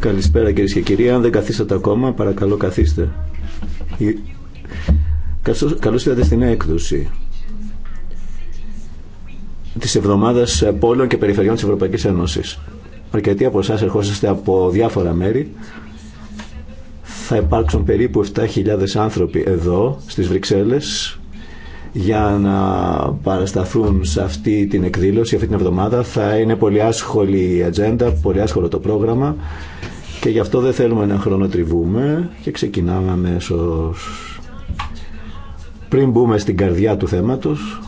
Καλησπέρα κυρίε και κύριοι. Αν δεν καθίσατε ακόμα, παρακαλώ καθίστε. Καλώς ήρθατε στην έκδοση της εβδομάδας πόλεων και περιφερειών της Ευρωπαϊκής Ένωσης. Αρκετοί από εσάς ερχόσαστε από διάφορα μέρη. Θα υπάρξουν περίπου 7.000 άνθρωποι εδώ, στις Βρυξέλλες, για να παρασταθούν σε αυτή την εκδήλωση αυτή την εβδομάδα. Θα είναι πολύ άσχολη η ατζέντα, πολύ άσχολο το πρόγραμμα και γι' αυτό δεν θέλουμε να χρονοτριβούμε και ξεκινάμε αμέσω. Πριν μπούμε στην καρδιά του θέματος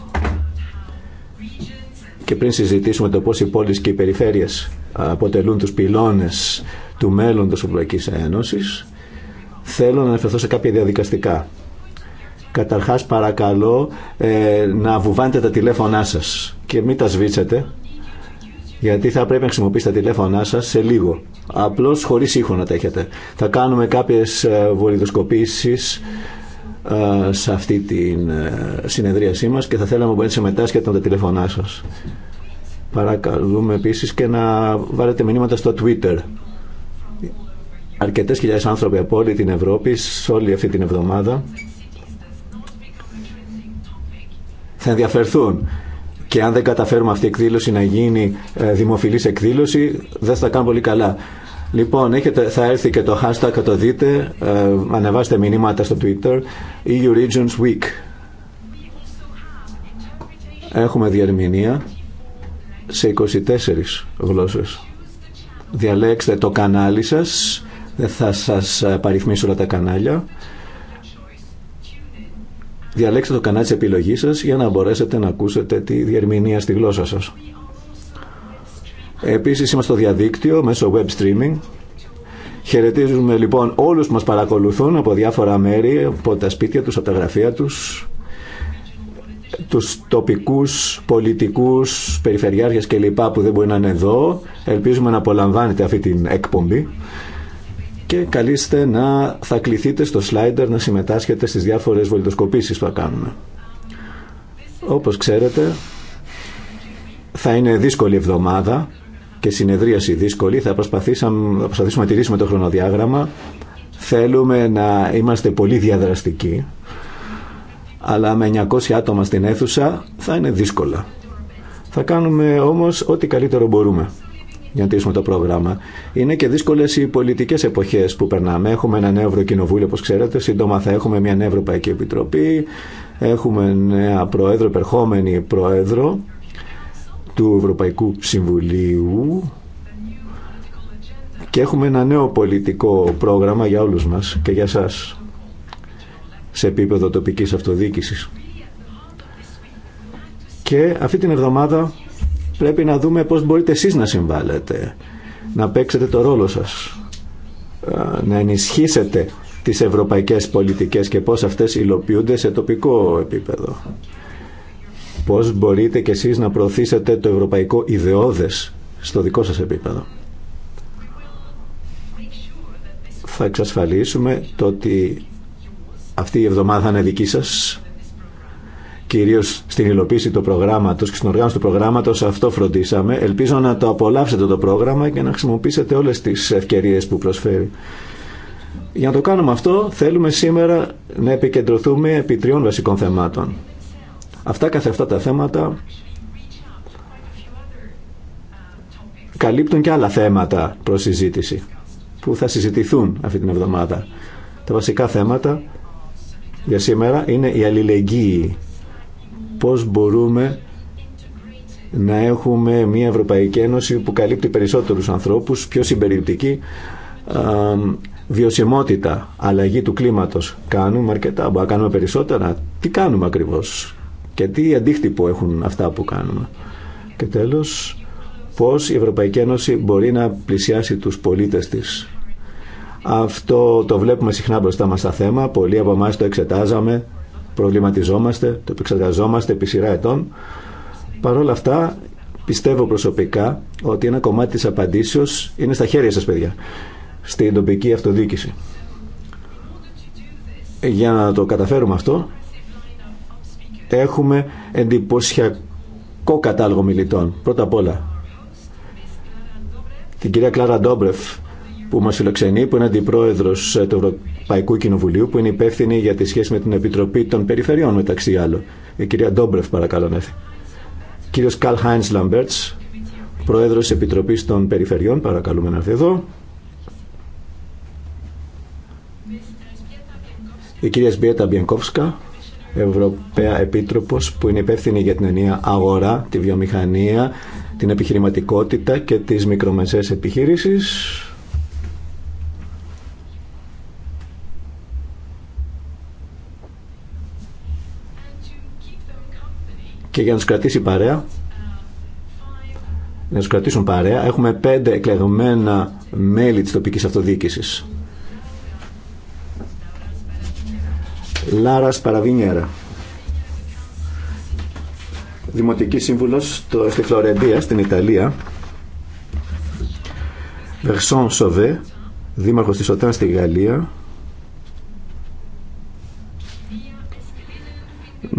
και πριν συζητήσουμε το πώς οι πόλεις και οι περιφέρειες αποτελούν τους πυλώνες του μέλλοντος Ευρωπαϊκής Ένωσης, θέλω να αναφερθώ σε κάποια διαδικαστικά Καταρχάς παρακαλώ ε, να βουβάνετε τα τηλέφωνά σας και μην τα σβήσετε γιατί θα πρέπει να χρησιμοποιήσετε τα τηλέφωνά σας σε λίγο. Απλώς χωρίς ήχο να τα έχετε. Θα κάνουμε κάποιες ε, βολιδοσκοπήσεις ε, σε αυτή τη συνεδρίασή μας και θα θέλαμε να μπορείτε να συμμετάσχετε με τα τηλέφωνά σας. Παρακαλούμε επίσης και να βάλετε μηνύματα στο Twitter. Αρκετές χιλιάδες άνθρωποι από όλη την Ευρώπη, σε όλη αυτή την εβδομάδα, θα ενδιαφερθούν. Και αν δεν καταφέρουμε αυτή η εκδήλωση να γίνει ε, δημοφιλής εκδήλωση, δεν θα κάνουμε πολύ καλά. Λοιπόν, έχετε, θα έρθει και το hashtag, θα το δείτε, ε, ανεβάστε μηνύματα στο Twitter, EU Regions Week. Έχουμε διαρμηνία σε 24 γλώσσες. Διαλέξτε το κανάλι σας, δεν θα σας ε, παριθμίσω όλα τα κανάλια. Διαλέξτε το κανάλι της επιλογής σας για να μπορέσετε να ακούσετε τη διερμηνία στη γλώσσα σας. Επίσης είμαστε στο διαδίκτυο μέσω web streaming. Χαιρετίζουμε λοιπόν όλους που μας παρακολουθούν από διάφορα μέρη, από τα σπίτια τους, από τα γραφεία τους, τους τοπικούς, πολιτικούς, περιφερειάρχες κλπ. που δεν μπορεί να είναι εδώ. Ελπίζουμε να απολαμβάνετε αυτή την εκπομπή και καλείστε να θα κληθείτε στο slider να συμμετάσχετε στις διάφορες βολιδοσκοπήσεις που θα κάνουμε. Όπως ξέρετε, θα είναι δύσκολη εβδομάδα και συνεδρίαση δύσκολη. Θα, θα προσπαθήσουμε να τηρήσουμε το χρονοδιάγραμμα. Θέλουμε να είμαστε πολύ διαδραστικοί. Αλλά με 900 άτομα στην αίθουσα θα είναι δύσκολα. Θα κάνουμε όμως ό,τι καλύτερο μπορούμε για να τηρήσουμε το πρόγραμμα. Είναι και δύσκολε οι πολιτικέ εποχέ που περνάμε. Έχουμε ένα νέο Ευρωκοινοβούλιο, όπω ξέρετε. Σύντομα θα έχουμε μια νέα Ευρωπαϊκή Επιτροπή. Έχουμε νέα Προέδρο, υπερχόμενη Προέδρο του Ευρωπαϊκού Συμβουλίου. Και έχουμε ένα νέο πολιτικό πρόγραμμα για όλους μας και για σας σε επίπεδο τοπικής αυτοδιοίκησης. Και αυτή την εβδομάδα Πρέπει να δούμε πώς μπορείτε εσείς να συμβάλλετε, να παίξετε το ρόλο σας, να ενισχύσετε τις ευρωπαϊκές πολιτικές και πώς αυτές υλοποιούνται σε τοπικό επίπεδο. Πώς μπορείτε κι εσείς να προωθήσετε το ευρωπαϊκό ιδεώδες στο δικό σας επίπεδο. Θα εξασφαλίσουμε το ότι αυτή η εβδομάδα είναι δική σας Κυρίω στην υλοποίηση του προγράμματο και στην οργάνωση του προγράμματος αυτό φροντίσαμε. Ελπίζω να το απολαύσετε το πρόγραμμα και να χρησιμοποιήσετε όλες τις ευκαιρίες που προσφέρει. Για να το κάνουμε αυτό θέλουμε σήμερα να επικεντρωθούμε επί τριών βασικών θεμάτων. Αυτά καθ' αυτά τα θέματα καλύπτουν και άλλα θέματα προ συζήτηση που θα συζητηθούν αυτή την εβδομάδα. Τα βασικά θέματα για σήμερα είναι η αλληλεγγύη πώς μπορούμε να έχουμε μια Ευρωπαϊκή Ένωση που καλύπτει περισσότερους ανθρώπους, πιο συμπεριληπτική, βιωσιμότητα, αλλαγή του κλίματος. Κάνουμε αρκετά, μπορούμε να κάνουμε περισσότερα. Τι κάνουμε ακριβώς και τι αντίκτυπο έχουν αυτά που κάνουμε. Και τέλος, πώς η Ευρωπαϊκή Ένωση μπορεί να πλησιάσει τους πολίτες της. Αυτό το βλέπουμε συχνά μπροστά μας στα θέμα, πολλοί από εμά το εξετάζαμε, προβληματιζόμαστε, το επεξεργαζόμαστε επί σειρά ετών. Παρ' όλα αυτά, πιστεύω προσωπικά ότι ένα κομμάτι της απαντήσεως είναι στα χέρια σας, παιδιά, στην τοπική αυτοδιοίκηση. Για να το καταφέρουμε αυτό, έχουμε εντυπωσιακό κατάλογο μιλητών. Πρώτα απ' όλα, την κυρία Κλάρα Ντόμπρεφ, που μας φιλοξενεί, που είναι αντιπρόεδρος του Ευρωπαϊκού Παϊκού Κοινοβουλίου που είναι υπεύθυνη για τη σχέση με την Επιτροπή των Περιφερειών μεταξύ άλλων. Η κυρία Ντόμπρεφ παρακαλώ να έρθει. Κύριος Καλ Χάινς Λαμπέρτ, Πρόεδρος Επιτροπής των Περιφερειών, παρακαλούμε να έρθει εδώ. Η κυρία Σμπιέτα Μπιενκόφσκα, Ευρωπαία Επίτροπος που είναι υπεύθυνη για την ενία αγορά, τη βιομηχανία, την επιχειρηματικότητα και τις μικρομεσαίες επιχείρησεις. και για να του κρατήσει παρέα να τους κρατήσουν παρέα έχουμε πέντε εκλεγμένα μέλη της τοπικής αυτοδιοίκησης Λάρας Παραβινιέρα Δημοτική Σύμβουλος στο, στη Φλωρεντία, στην Ιταλία Βερσόν Σοβέ Δήμαρχος της Οτάν στη Γαλλία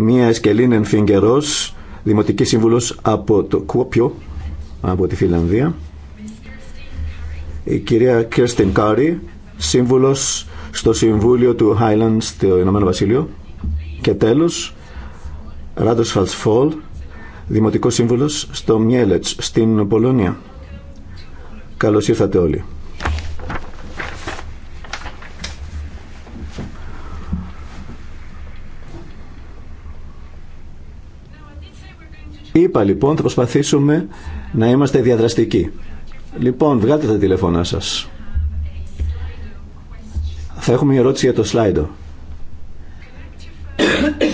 Μία Εσκελίνεν Φιγκερός, δημοτική σύμβουλος από το Κουόπιο, από τη Φιλανδία. Η κυρία Κέρστιν Κάρι, σύμβουλος στο Συμβούλιο του Highlands στο Ηνωμένο Βασίλειο. Και τέλο Ράτος Φαλσφόλ, δημοτικός σύμβουλος στο Μιέλετς στην Πολωνία. Καλώς ήρθατε όλοι. Είπα λοιπόν θα προσπαθήσουμε να είμαστε διαδραστικοί. Λοιπόν, βγάλτε τα τηλέφωνά σας. Θα έχουμε μια ερώτηση για το Slido.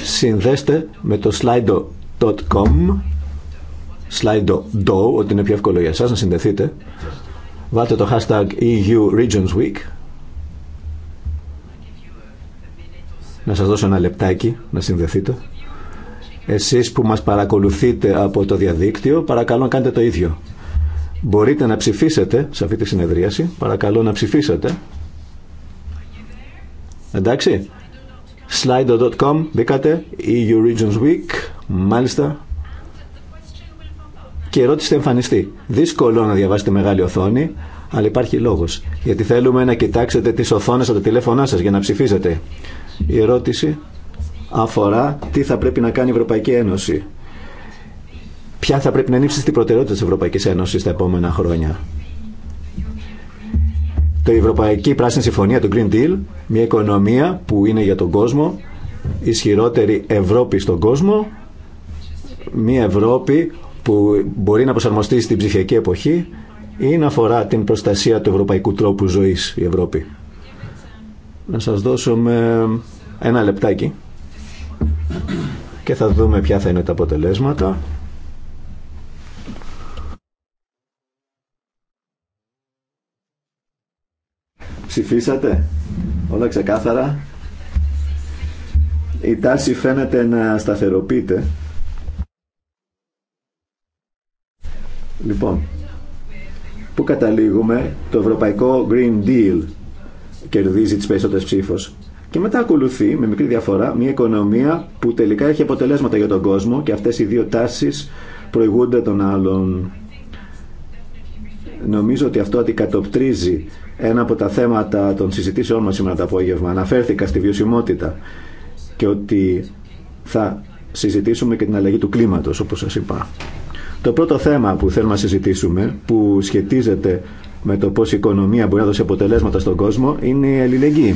Συνδέστε με το slido.com Slido Do, ότι είναι πιο εύκολο για εσάς να συνδεθείτε. Βάλτε το hashtag EU Regions Week. Να σας δώσω ένα λεπτάκι να συνδεθείτε. Εσείς που μας παρακολουθείτε από το διαδίκτυο, παρακαλώ κάντε το ίδιο. Μπορείτε να ψηφίσετε σε αυτή τη συνεδρίαση. Παρακαλώ να ψηφίσετε. Εντάξει. Slido.com μπήκατε. EU Regions Week. Μάλιστα. Και η ερώτηση θα εμφανιστεί. Δύσκολο να διαβάσετε μεγάλη οθόνη, αλλά υπάρχει λόγος. Γιατί θέλουμε να κοιτάξετε τις οθόνες από τα τηλέφωνά σας για να ψηφίζετε. Η ερώτηση αφορά τι θα πρέπει να κάνει η Ευρωπαϊκή Ένωση. Ποια θα πρέπει να είναι η προτεραιότητα της Ευρωπαϊκής Ένωσης τα επόμενα χρόνια. Το Ευρωπαϊκή Πράσινη Συμφωνία, το Green Deal, μια οικονομία που είναι για τον κόσμο, ισχυρότερη Ευρώπη στον κόσμο, μια Ευρώπη που μπορεί να προσαρμοστεί στην ψηφιακή εποχή ή να αφορά την προστασία του ευρωπαϊκού τρόπου ζωής η Ευρώπη. Να σας δώσουμε ένα λεπτάκι και θα δούμε ποια θα είναι τα αποτελέσματα. Ψηφίσατε όλα ξεκάθαρα. Η τάση φαίνεται να σταθεροποιείται. Λοιπόν, πού καταλήγουμε, το ευρωπαϊκό Green Deal κερδίζει τις περισσότερες ψήφους. Και μετά ακολουθεί με μικρή διαφορά μια οικονομία που τελικά έχει αποτελέσματα για τον κόσμο και αυτές οι δύο τάσεις προηγούνται των άλλων. Νομίζω ότι αυτό αντικατοπτρίζει ένα από τα θέματα των συζητήσεών μας σήμερα το απόγευμα. Αναφέρθηκα στη βιωσιμότητα και ότι θα συζητήσουμε και την αλλαγή του κλίματος όπως σας είπα. Το πρώτο θέμα που θέλουμε να συζητήσουμε που σχετίζεται με το πώς η οικονομία μπορεί να δώσει αποτελέσματα στον κόσμο είναι η αλληλεγγύη.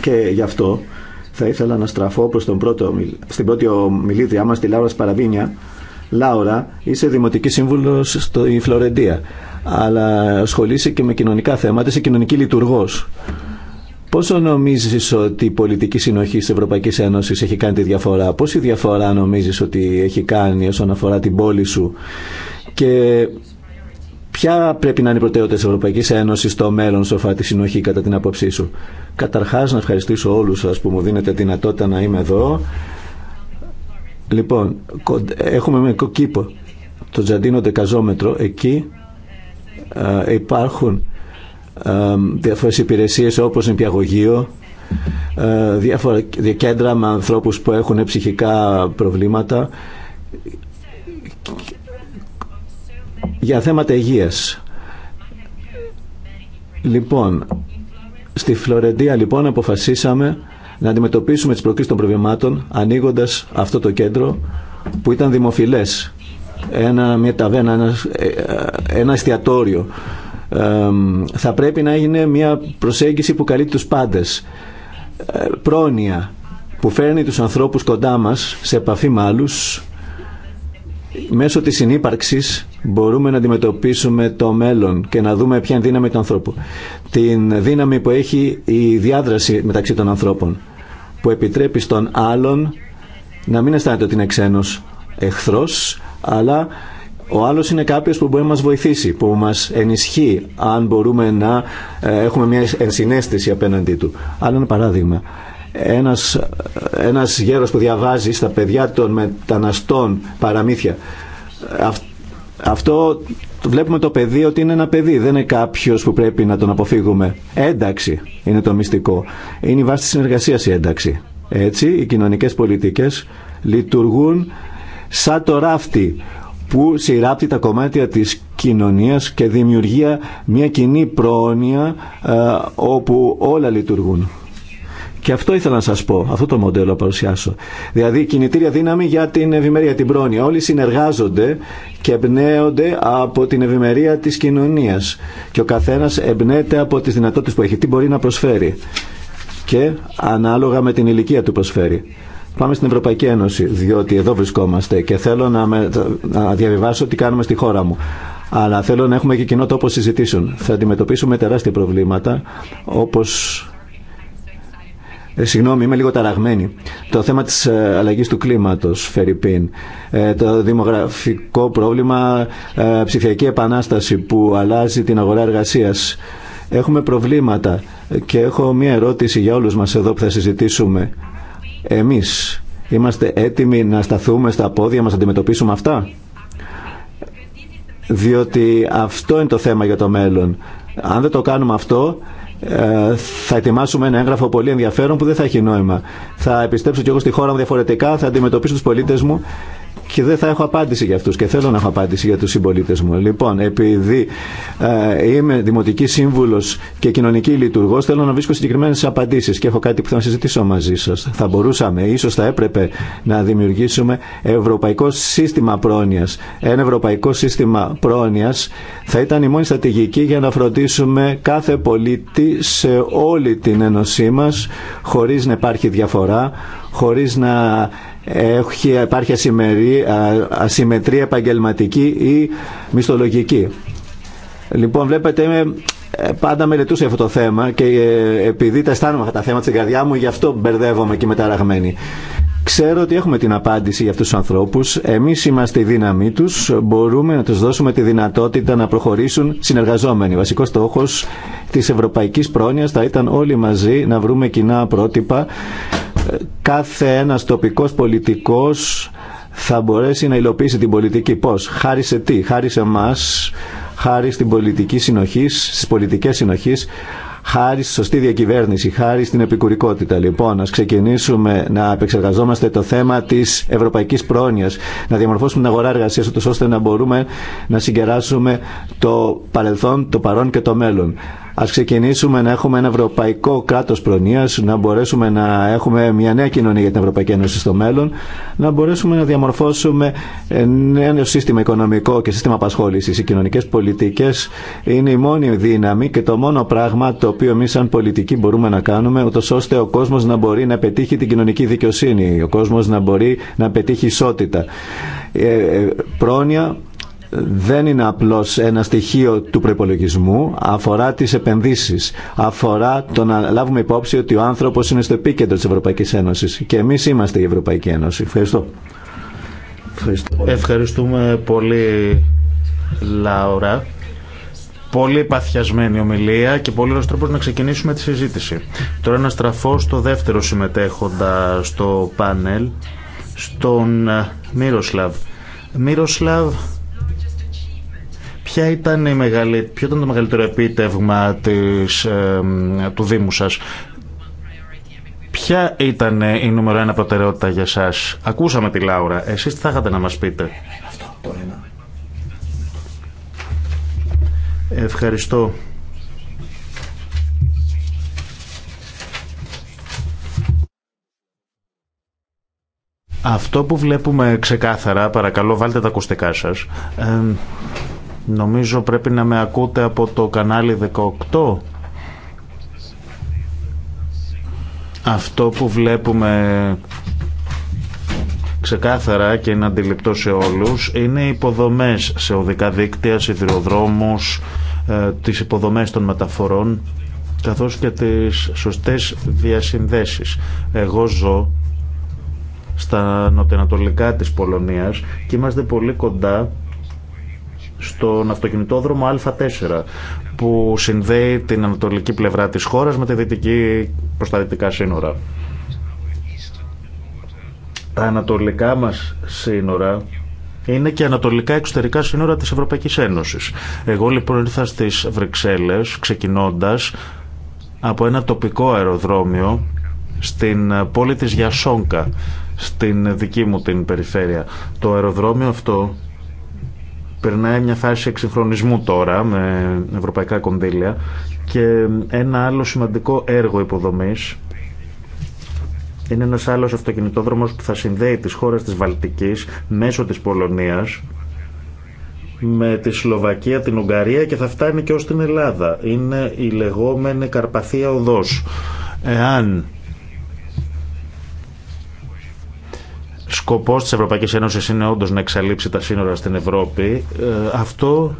Και γι' αυτό θα ήθελα να στραφώ προς τον πρώτο, στην πρώτη ομιλήτριά μας, τη Λάουρα Σπαραβίνια. Λάουρα, είσαι δημοτική σύμβουλος στη Φλωρεντία, αλλά ασχολείσαι και με κοινωνικά θέματα, είσαι κοινωνική λειτουργός. Πόσο νομίζει ότι η πολιτική συνοχή τη Ευρωπαϊκή Ένωση έχει κάνει τη διαφορά, Πόση διαφορά νομίζει ότι έχει κάνει όσον αφορά την πόλη σου Ποια πρέπει να είναι η προτεραιότητα τη Ευρωπαϊκή Ένωση στο μέλλον, σοφά τη συνοχή, κατά την άποψή σου. Καταρχά, να ευχαριστήσω όλου σα που μου δίνετε τη δυνατότητα να είμαι εδώ. Λοιπόν, έχουμε με κήπο, το Τζαντίνο Δεκαζόμετρο. Εκεί υπάρχουν διάφορε υπηρεσίε όπω είναι πιαγωγείο, διάφορα κέντρα με ανθρώπους που έχουν ψυχικά προβλήματα για θέματα υγείας. Λοιπόν, στη Φλωρεντία λοιπόν αποφασίσαμε να αντιμετωπίσουμε τις προκλήσεις των προβλημάτων ανοίγοντας αυτό το κέντρο που ήταν δημοφιλές. Ένα, μια ταβένα, ένα, ε, ένα εστιατόριο. θα πρέπει να έγινε μια προσέγγιση που καλεί τους πάντες. Ε, πρόνοια που φέρνει τους ανθρώπους κοντά μας σε επαφή με άλλους μέσω της συνύπαρξης μπορούμε να αντιμετωπίσουμε το μέλλον και να δούμε ποια είναι δύναμη του ανθρώπου. Την δύναμη που έχει η διάδραση μεταξύ των ανθρώπων που επιτρέπει στον άλλον να μην αισθάνεται ότι είναι ξένος εχθρός αλλά ο άλλος είναι κάποιος που μπορεί να μας βοηθήσει, που μας ενισχύει αν μπορούμε να ε, έχουμε μια ενσυναίσθηση απέναντί του. Άλλο ένα παράδειγμα. Ένας, ένας γέρος που διαβάζει στα παιδιά των μεταναστών παραμύθια. Αυτό βλέπουμε το παιδί ότι είναι ένα παιδί, δεν είναι κάποιος που πρέπει να τον αποφύγουμε. Ένταξη είναι το μυστικό. Είναι η βάση της συνεργασίας η ένταξη. Έτσι, οι κοινωνικές πολιτικές λειτουργούν σαν το ράφτη που σειράπτει τα κομμάτια της κοινωνίας και δημιουργεί μια κοινή πρόνοια ε, όπου όλα λειτουργούν. Και αυτό ήθελα να σα πω, αυτό το μοντέλο να παρουσιάσω. Δηλαδή κινητήρια δύναμη για την ευημερία, την πρόνοια. Όλοι συνεργάζονται και εμπνέονται από την ευημερία τη κοινωνία. Και ο καθένα εμπνέεται από τι δυνατότητε που έχει, τι μπορεί να προσφέρει. Και ανάλογα με την ηλικία του προσφέρει. Πάμε στην Ευρωπαϊκή Ένωση, διότι εδώ βρισκόμαστε και θέλω να, με, διαβιβάσω τι κάνουμε στη χώρα μου. Αλλά θέλω να έχουμε και κοινό τόπο συζητήσεων. Θα αντιμετωπίσουμε τεράστια προβλήματα, όπως ε, συγγνώμη, είμαι λίγο ταραγμένη. Το θέμα της ε, αλλαγής του κλίματος, Φερρυπίν. Ε, το δημογραφικό πρόβλημα, ψηφιακή επανάσταση που αλλάζει την αγορά εργασίας. Έχουμε προβλήματα και έχω μία ερώτηση για όλους μας εδώ που θα συζητήσουμε. Εμείς είμαστε έτοιμοι να σταθούμε στα πόδια μας, να αντιμετωπίσουμε αυτά. Διότι αυτό είναι το θέμα για το μέλλον. Αν δεν το κάνουμε αυτό, θα ετοιμάσουμε ένα έγγραφο πολύ ενδιαφέρον που δεν θα έχει νόημα. Θα επιστρέψω κι εγώ στη χώρα μου διαφορετικά, θα αντιμετωπίσω του πολίτε μου και δεν θα έχω απάντηση για αυτούς και θέλω να έχω απάντηση για τους συμπολίτε μου. Λοιπόν, επειδή ε, είμαι δημοτική σύμβουλος και κοινωνική λειτουργός, θέλω να βρίσκω συγκεκριμένε απαντήσεις και έχω κάτι που θα συζητήσω μαζί σας. Θα μπορούσαμε, ίσως θα έπρεπε να δημιουργήσουμε ευρωπαϊκό σύστημα πρόνοιας. Ένα ευρωπαϊκό σύστημα πρόνοιας θα ήταν η μόνη στρατηγική για να φροντίσουμε κάθε πολίτη σε όλη την ένωσή μα, χωρίς να υπάρχει διαφορά, χωρίς να έχει, υπάρχει ασημετρία επαγγελματική ή μισθολογική. Λοιπόν, βλέπετε, είμαι, ε, πάντα μελετούσε αυτό το θέμα και ε, επειδή τα αισθάνομαι αυτά τα θέματα στην καρδιά μου, γι' αυτό μπερδεύομαι και μεταραγμένη. Ξέρω ότι έχουμε την απάντηση για αυτούς τους ανθρώπους. Εμείς είμαστε η δύναμή τους. Μπορούμε να τους δώσουμε τη δυνατότητα να προχωρήσουν συνεργαζόμενοι. Βασικός στόχος της ευρωπαϊκής πρόνοιας θα ήταν όλοι μαζί να βρούμε κοινά πρότυπα κάθε ένας τοπικός πολιτικός θα μπορέσει να υλοποιήσει την πολιτική. Πώς, χάρη σε τι, χάρη σε εμάς, χάρη στην πολιτική συνοχής, στις πολιτικές συνοχής, χάρη στη σωστή διακυβέρνηση, χάρη στην επικουρικότητα. Λοιπόν, ας ξεκινήσουμε να επεξεργαζόμαστε το θέμα της ευρωπαϊκής πρόνοιας, να διαμορφώσουμε την αγορά εργασία, ώστε να μπορούμε να συγκεράσουμε το παρελθόν, το παρόν και το μέλλον. Ας ξεκινήσουμε να έχουμε ένα ευρωπαϊκό κράτος προνοίας, να μπορέσουμε να έχουμε μια νέα κοινωνία για την Ευρωπαϊκή Ένωση στο μέλλον, να μπορέσουμε να διαμορφώσουμε ένα σύστημα οικονομικό και σύστημα απασχόλησης. Οι κοινωνικές πολιτικές είναι η μόνη δύναμη και το μόνο πράγμα το οποίο εμείς σαν πολιτικοί μπορούμε να κάνουμε, ούτως ώστε ο κόσμος να μπορεί να πετύχει την κοινωνική δικαιοσύνη, ο κόσμος να μπορεί να πετύχει ισότητα. Ε, ε, πρόνοια δεν είναι απλώς ένα στοιχείο του προπολογισμού, αφορά τις επενδύσεις, αφορά το να λάβουμε υπόψη ότι ο άνθρωπος είναι στο επίκεντρο της Ευρωπαϊκής Ένωσης και εμείς είμαστε η Ευρωπαϊκή Ένωση. Ευχαριστώ. Ευχαριστούμε πολύ Λάουρα. Πολύ παθιασμένη ομιλία και πολύ ωραίος τρόπος να ξεκινήσουμε τη συζήτηση. Τώρα να στραφώ στο δεύτερο συμμετέχοντα στο πάνελ, στον ε, Μύροσλαβ. Μύροσλαβ, ποια ήταν μεγαλή, ποιο ήταν το μεγαλύτερο επίτευγμα της, του Δήμου σας. Ποια ήταν η νούμερο ένα προτεραιότητα για σας. Ακούσαμε τη Λάουρα. Εσείς τι θα είχατε να μας πείτε. Ευχαριστώ. Αυτό που βλέπουμε ξεκάθαρα, παρακαλώ βάλτε τα ακουστικά σας, Νομίζω πρέπει να με ακούτε από το κανάλι 18. Αυτό που βλέπουμε ξεκάθαρα και είναι αντιληπτό σε όλους είναι οι υποδομές σε οδικά δίκτυα, σιδηροδρόμους, ε, τις υποδομές των μεταφορών καθώς και τις σωστές διασυνδέσεις. Εγώ ζω στα νοτιοανατολικά της Πολωνίας και είμαστε πολύ κοντά στον αυτοκινητόδρομο Α4 που συνδέει την ανατολική πλευρά της χώρας με τη δυτική προς τα δυτικά σύνορα. Τα ανατολικά μας σύνορα είναι και ανατολικά εξωτερικά σύνορα της Ευρωπαϊκής Ένωσης. Εγώ λοιπόν ήρθα στις Βρυξέλλες ξεκινώντας από ένα τοπικό αεροδρόμιο στην πόλη της Γιασόνκα, στην δική μου την περιφέρεια. Το αεροδρόμιο αυτό περνάει μια φάση εξυγχρονισμού τώρα με ευρωπαϊκά κονδύλια και ένα άλλο σημαντικό έργο υποδομής είναι ένας άλλος αυτοκινητόδρομος που θα συνδέει τις χώρες της Βαλτικής μέσω της Πολωνίας με τη Σλοβακία, την Ουγγαρία και θα φτάνει και ως την Ελλάδα. Είναι η λεγόμενη Καρπαθία Οδός. Εάν σκοπός της Ευρωπαϊκής Ένωσης είναι όντως να εξαλείψει τα σύνορα στην Ευρώπη, ε, αυτό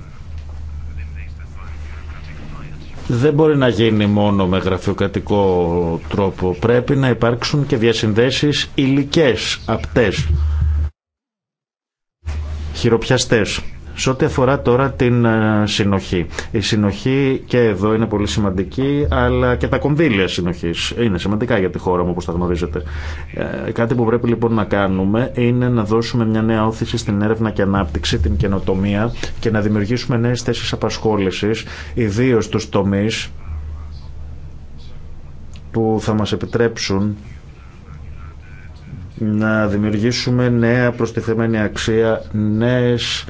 δεν μπορεί να γίνει μόνο με γραφειοκρατικό τρόπο. Πρέπει να υπάρξουν και διασυνδέσεις υλικές, απτές, χειροπιαστές. Σε ό,τι αφορά τώρα την ε, συνοχή. Η συνοχή και εδώ είναι πολύ σημαντική, αλλά και τα κονδύλια συνοχή είναι σημαντικά για τη χώρα μου, όπω τα γνωρίζετε. Ε, κάτι που πρέπει λοιπόν να κάνουμε είναι να δώσουμε μια νέα όθηση στην έρευνα και ανάπτυξη, την καινοτομία και να δημιουργήσουμε νέε θέσει απασχόληση, ιδίω στου τομεί που θα μας επιτρέψουν να δημιουργήσουμε νέα προστιθεμένη αξία, νέες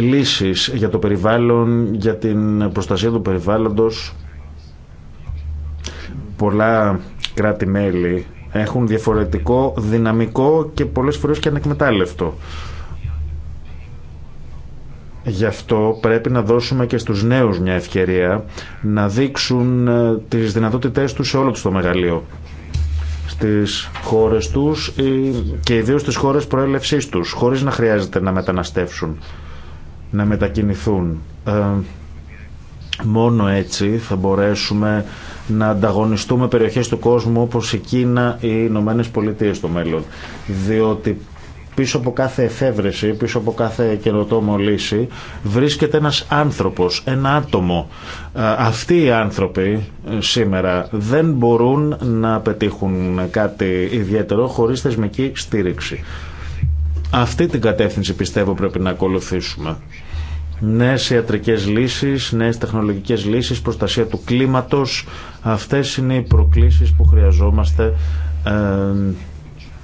λύσεις για το περιβάλλον, για την προστασία του περιβάλλοντος. Πολλά κράτη-μέλη έχουν διαφορετικό, δυναμικό και πολλές φορές και ανεκμετάλλευτο. Γι' αυτό πρέπει να δώσουμε και στους νέους μια ευκαιρία να δείξουν ε, τις δυνατότητές τους σε όλο τους το μεγαλείο. Στις χώρες τους ε, και ιδίως στις χώρες προέλευσής τους, χωρίς να χρειάζεται να μεταναστεύσουν να μετακινηθούν. Ε, μόνο έτσι θα μπορέσουμε να ανταγωνιστούμε περιοχές του κόσμου όπως η Κίνα ή οι Ηνωμένε Πολιτείε στο μέλλον. Διότι πίσω από κάθε εφεύρεση, πίσω από κάθε καινοτόμο λύση βρίσκεται ένας άνθρωπος, ένα άτομο. Ε, αυτοί οι άνθρωποι ε, σήμερα δεν μπορούν να πετύχουν κάτι ιδιαίτερο χωρίς θεσμική στήριξη. Αυτή την κατεύθυνση πιστεύω πρέπει να ακολουθήσουμε νέες ιατρικές λύσεις, νέε τεχνολογικές λύσεις, προστασία του κλίματος. Αυτές είναι οι προκλήσεις που χρειαζόμαστε ε,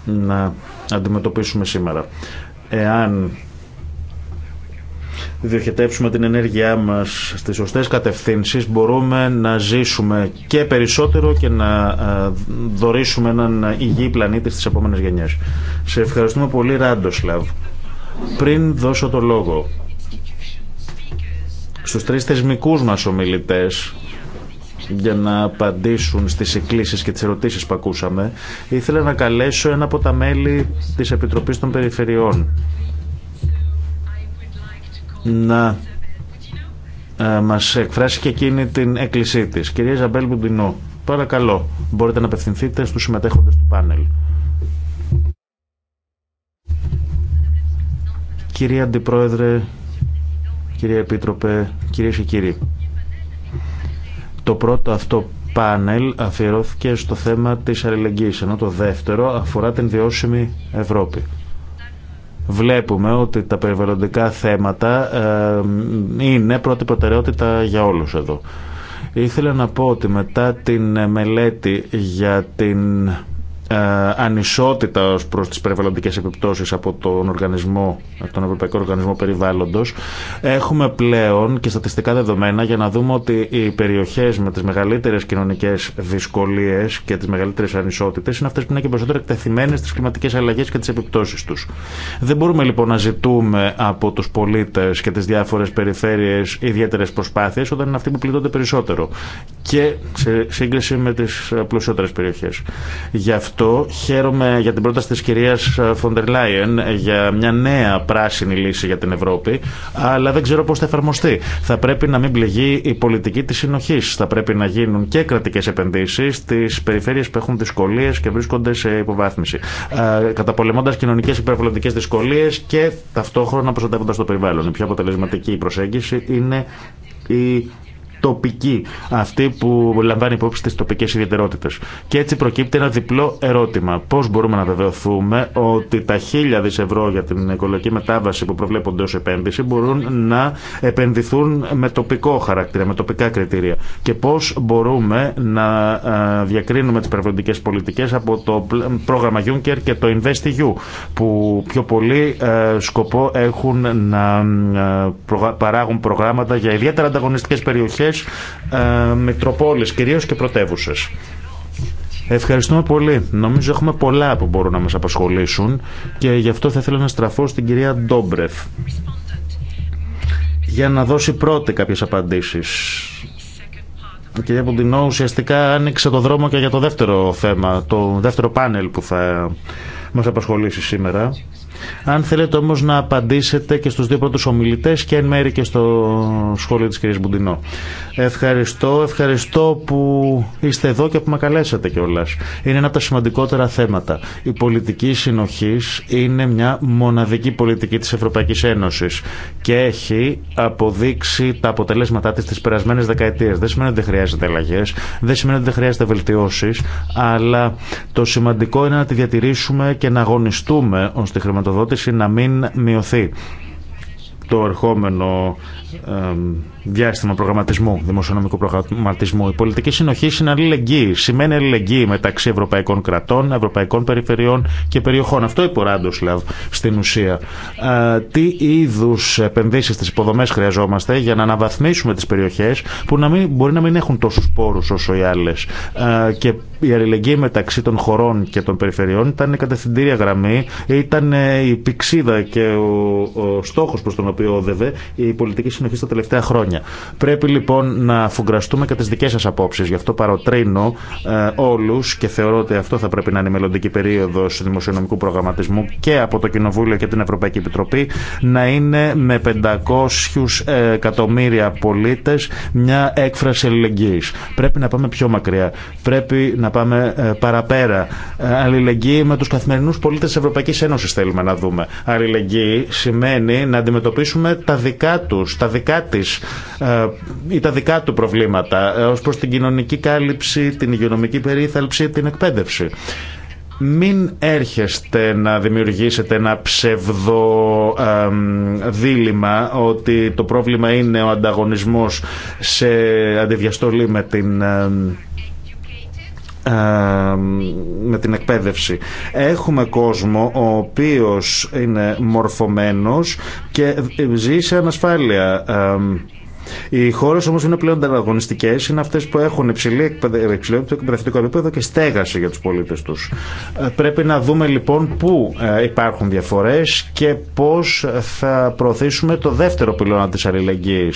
να αντιμετωπίσουμε σήμερα. Εάν διοχετεύσουμε την ενέργειά μας στις σωστές κατευθύνσεις μπορούμε να ζήσουμε και περισσότερο και να ε, δωρήσουμε έναν υγιή πλανήτη στις επόμενες γενιές. Σε ευχαριστούμε πολύ Ράντοσλαβ. Πριν δώσω το λόγο στους τρεις θεσμικούς μας ομιλητές για να απαντήσουν στις εκκλήσεις και τις ερωτήσεις που ακούσαμε. Ήθελα να καλέσω ένα από τα μέλη της Επιτροπής των Περιφερειών να ε, μας εκφράσει και εκείνη την έκκλησή της. Κυρία Ζαμπέλ Μπουντινό, παρακαλώ, μπορείτε να απευθυνθείτε στους συμμετέχοντες του πάνελ. Κυρία Αντιπρόεδρε, κύριε Επίτροπε, κυρίες και κύριοι. Το πρώτο αυτό πάνελ αφιερώθηκε στο θέμα της αλληλεγγύης, ενώ το δεύτερο αφορά την βιώσιμη Ευρώπη. Βλέπουμε ότι τα περιβαλλοντικά θέματα ε, είναι πρώτη προτεραιότητα για όλους εδώ. Ήθελα να πω ότι μετά την μελέτη για την ε, ανισότητα ως προς τις περιβαλλοντικές επιπτώσεις από τον, οργανισμό, τον Ευρωπαϊκό Οργανισμό Περιβάλλοντος έχουμε πλέον και στατιστικά δεδομένα για να δούμε ότι οι περιοχές με τις μεγαλύτερες κοινωνικές δυσκολίες και τις μεγαλύτερες ανισότητες είναι αυτές που είναι και περισσότερο εκτεθειμένες στις κλιματικές αλλαγές και τις επιπτώσεις τους. Δεν μπορούμε λοιπόν να ζητούμε από τους πολίτες και τις διάφορες περιφέρειες ιδιαίτερες προσπάθειες όταν είναι αυτοί που περισσότερο και σε σύγκριση με τις πλουσιότερες περιοχές. Γι' αυτό αυτό χαίρομαι για την πρόταση της κυρίας Φοντερ Λάιεν για μια νέα πράσινη λύση για την Ευρώπη, αλλά δεν ξέρω πώς θα εφαρμοστεί. Θα πρέπει να μην πληγεί η πολιτική της συνοχής. Θα πρέπει να γίνουν και κρατικές επενδύσεις στις περιφέρειες που έχουν δυσκολίες και βρίσκονται σε υποβάθμιση. Καταπολεμώντας κοινωνικές υπερβολοντικές δυσκολίες και ταυτόχρονα προστατεύοντας το περιβάλλον. Η πιο αποτελεσματική προσέγγιση είναι η τοπική, αυτή που λαμβάνει υπόψη τι τοπικέ ιδιαιτερότητε. Και έτσι προκύπτει ένα διπλό ερώτημα. Πώ μπορούμε να βεβαιωθούμε ότι τα χίλια δι ευρώ για την οικολογική μετάβαση που προβλέπονται ω επένδυση μπορούν να επενδυθούν με τοπικό χαρακτήρα, με τοπικά κριτήρια. Και πώ μπορούμε να διακρίνουμε τι περιβαλλοντικέ πολιτικέ από το πρόγραμμα Juncker και το InvestEU, που πιο πολύ σκοπό έχουν να παράγουν προγράμματα για ιδιαίτερα ανταγωνιστικέ περιοχέ ε, κυρίως και πρωτεύουσες Ευχαριστούμε πολύ. Νομίζω έχουμε πολλά που μπορούν να μας απασχολήσουν και γι' αυτό θα ήθελα να στραφώ στην κυρία Ντόμπρεφ για να δώσει πρώτη κάποιες απαντήσεις. Η κυρία Ποντινό ουσιαστικά άνοιξε το δρόμο και για το δεύτερο θέμα, το δεύτερο πάνελ που θα μας απασχολήσει σήμερα αν θέλετε όμω να απαντήσετε και στου δύο πρώτου ομιλητέ και εν μέρη και στο σχόλιο τη κυρία Μπουντινό. Ευχαριστώ, ευχαριστώ που είστε εδώ και που με καλέσατε κιόλα. Είναι ένα από τα σημαντικότερα θέματα. Η πολιτική συνοχή είναι μια μοναδική πολιτική τη Ευρωπαϊκή Ένωση και έχει αποδείξει τα αποτελέσματά τη τι περασμένε δεκαετίε. Δεν σημαίνει ότι δεν χρειάζεται αλλαγέ, δεν σημαίνει ότι δεν χρειάζεται βελτιώσει, αλλά το σημαντικό είναι να τη διατηρήσουμε και να αγωνιστούμε ώστε η χρηματοδότηση να μην μειωθεί το ερχόμενο διάστημα προγραμματισμού, δημοσιονομικού προγραμματισμού. Η πολιτική συνοχή είναι αλληλεγγύη. Σημαίνει αλληλεγγύη μεταξύ ευρωπαϊκών κρατών, ευρωπαϊκών περιφερειών και περιοχών. Αυτό είπε ο Ράντοσλαβ στην ουσία. Ε, τι είδου επενδύσει στι υποδομέ χρειαζόμαστε για να αναβαθμίσουμε τι περιοχέ που να μην, μπορεί να μην έχουν τόσου πόρου όσο οι άλλε. Ε, και η αλληλεγγύη μεταξύ των χωρών και των περιφερειών ήταν η κατευθυντήρια γραμμή, ήταν η πηξίδα και ο, ο στόχο προ τον οποίο όδευε η πολιτική συνοχή τα τελευταία χρόνια. Πρέπει λοιπόν να φουγκραστούμε και τι δικέ σα απόψει. Γι' αυτό παροτρύνω ε, όλου και θεωρώ ότι αυτό θα πρέπει να είναι η μελλοντική περίοδο δημοσιονομικού προγραμματισμού και από το Κοινοβούλιο και την Ευρωπαϊκή Επιτροπή να είναι με 500 ε, εκατομμύρια πολίτε μια έκφραση αλληλεγγύη. Πρέπει να πάμε πιο μακριά. Πρέπει να πάμε ε, παραπέρα. Ε, αλληλεγγύη με του καθημερινού πολίτε τη Ευρωπαϊκή Ένωση θέλουμε να δούμε. Αλληλεγγύη σημαίνει να αντιμετωπίσουμε τα δικά του, δικά της ε, ή τα δικά του προβλήματα ε, ως προς την κοινωνική κάλυψη, την υγειονομική περίθαλψη, την εκπαίδευση μην έρχεστε να δημιουργήσετε ένα ψευδό δίλημα ότι το πρόβλημα είναι ο ανταγωνισμός σε αντιδιαστολή με την με την εκπαίδευση. Έχουμε κόσμο ο οποίος είναι μορφωμένος και ζει σε ανασφάλεια. Οι χώρε όμω είναι πλέον ανταγωνιστικέ, είναι αυτέ που έχουν υψηλή εκπαιδευτικό επίπεδο και στέγαση για του πολίτε του. Ε, πρέπει να δούμε λοιπόν πού ε, υπάρχουν διαφορέ και πώ θα προωθήσουμε το δεύτερο πυλώνα τη αλληλεγγύη,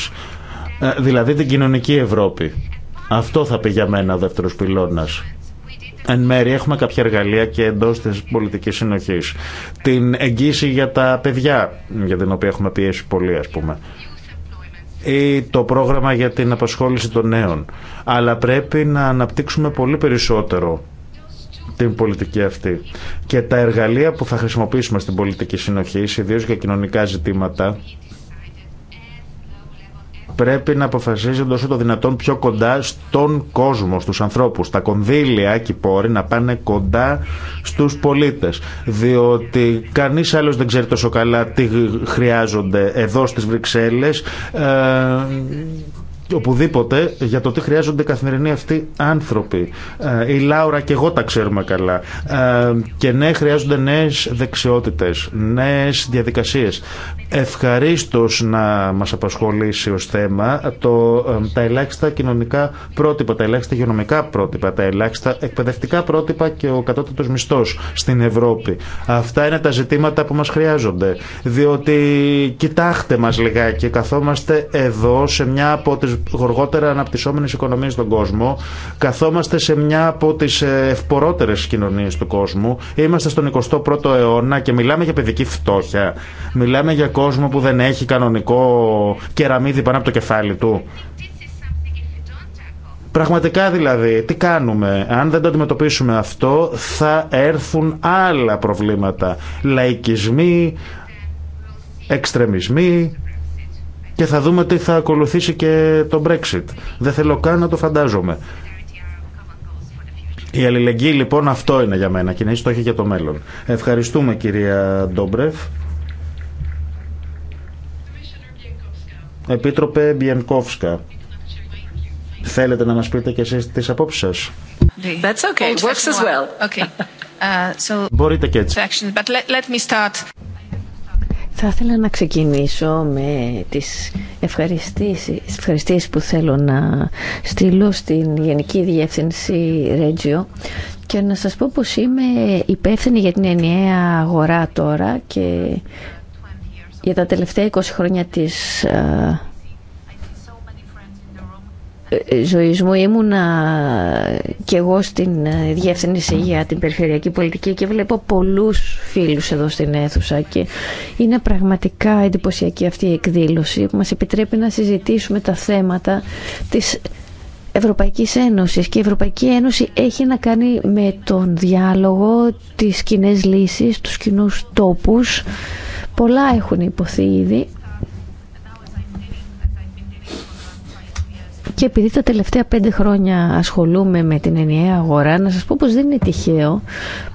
ε, δηλαδή την κοινωνική Ευρώπη. Αυτό θα πει για μένα ο δεύτερο πυλώνα. Εν μέρει έχουμε κάποια εργαλεία και εντό τη πολιτική συνοχή. Την εγγύηση για τα παιδιά, για την οποία έχουμε πιέσει πολύ, α πούμε. Ή το πρόγραμμα για την απασχόληση των νέων. Αλλά πρέπει να αναπτύξουμε πολύ περισσότερο την πολιτική αυτή. Και τα εργαλεία που θα χρησιμοποιήσουμε στην πολιτική συνοχή, ιδίω για κοινωνικά ζητήματα, πρέπει να αποφασίζονται όσο το δυνατόν πιο κοντά στον κόσμο, στους ανθρώπους. Τα κονδύλια και οι πόροι να πάνε κοντά στους πολίτες. Διότι κανείς άλλος δεν ξέρει τόσο καλά τι χρειάζονται εδώ στις Βρυξέλλες ε, οπουδήποτε για το τι χρειάζονται καθημερινοί αυτοί άνθρωποι. Ε, η Λάουρα και εγώ τα ξέρουμε καλά. Ε, και ναι, χρειάζονται νέε δεξιότητε, νέε διαδικασίε. Ευχαρίστω να μα απασχολήσει ω θέμα το, ε, τα ελάχιστα κοινωνικά πρότυπα, τα ελάχιστα υγειονομικά πρότυπα, τα ελάχιστα εκπαιδευτικά πρότυπα και ο κατώτατο μισθό στην Ευρώπη. Αυτά είναι τα ζητήματα που μα χρειάζονται. Διότι κοιτάξτε μα λιγάκι, καθόμαστε εδώ σε μια από γοργότερα αναπτυσσόμενε οικονομίε στον κόσμο. Καθόμαστε σε μια από τι ε, ευπορότερε κοινωνίε του κόσμου. Είμαστε στον 21ο αιώνα και μιλάμε για παιδική φτώχεια. Μιλάμε για κόσμο που δεν έχει κανονικό κεραμίδι πάνω από το κεφάλι του. Πραγματικά δηλαδή, τι κάνουμε. Αν δεν το αντιμετωπίσουμε αυτό, θα έρθουν άλλα προβλήματα. Λαϊκισμοί, εξτρεμισμοί, και θα δούμε τι θα ακολουθήσει και το Brexit. Δεν θέλω καν να το φαντάζομαι. Η αλληλεγγύη λοιπόν αυτό είναι για μένα και είναι η στόχη για το μέλλον. Ευχαριστούμε κυρία Ντόμπρεφ. Επίτροπε Μπιενκόφσκα. Θέλετε να μας πείτε και εσείς τις απόψεις σας. That's okay. Works as well. Okay. Uh, so... Μπορείτε και έτσι. Θα ήθελα να ξεκινήσω με τις ευχαριστήσεις, που θέλω να στείλω στην Γενική Διεύθυνση Ρέτζιο και να σας πω πως είμαι υπεύθυνη για την ενιαία αγορά τώρα και για τα τελευταία 20 χρόνια της ε, ε, ζωής μου ήμουνα και εγώ στην ε, διεύθυνση για την περιφερειακή πολιτική και βλέπω πολλούς φίλους εδώ στην αίθουσα και είναι πραγματικά εντυπωσιακή αυτή η εκδήλωση που μας επιτρέπει να συζητήσουμε τα θέματα της Ευρωπαϊκής Ένωσης και η Ευρωπαϊκή Ένωση έχει να κάνει με τον διάλογο, τις κοινέ λύσεις, τους κοινού τόπους. Πολλά έχουν υποθεί ήδη Και επειδή τα τελευταία πέντε χρόνια ασχολούμαι με την ενιαία αγορά, να σας πω πως δεν είναι τυχαίο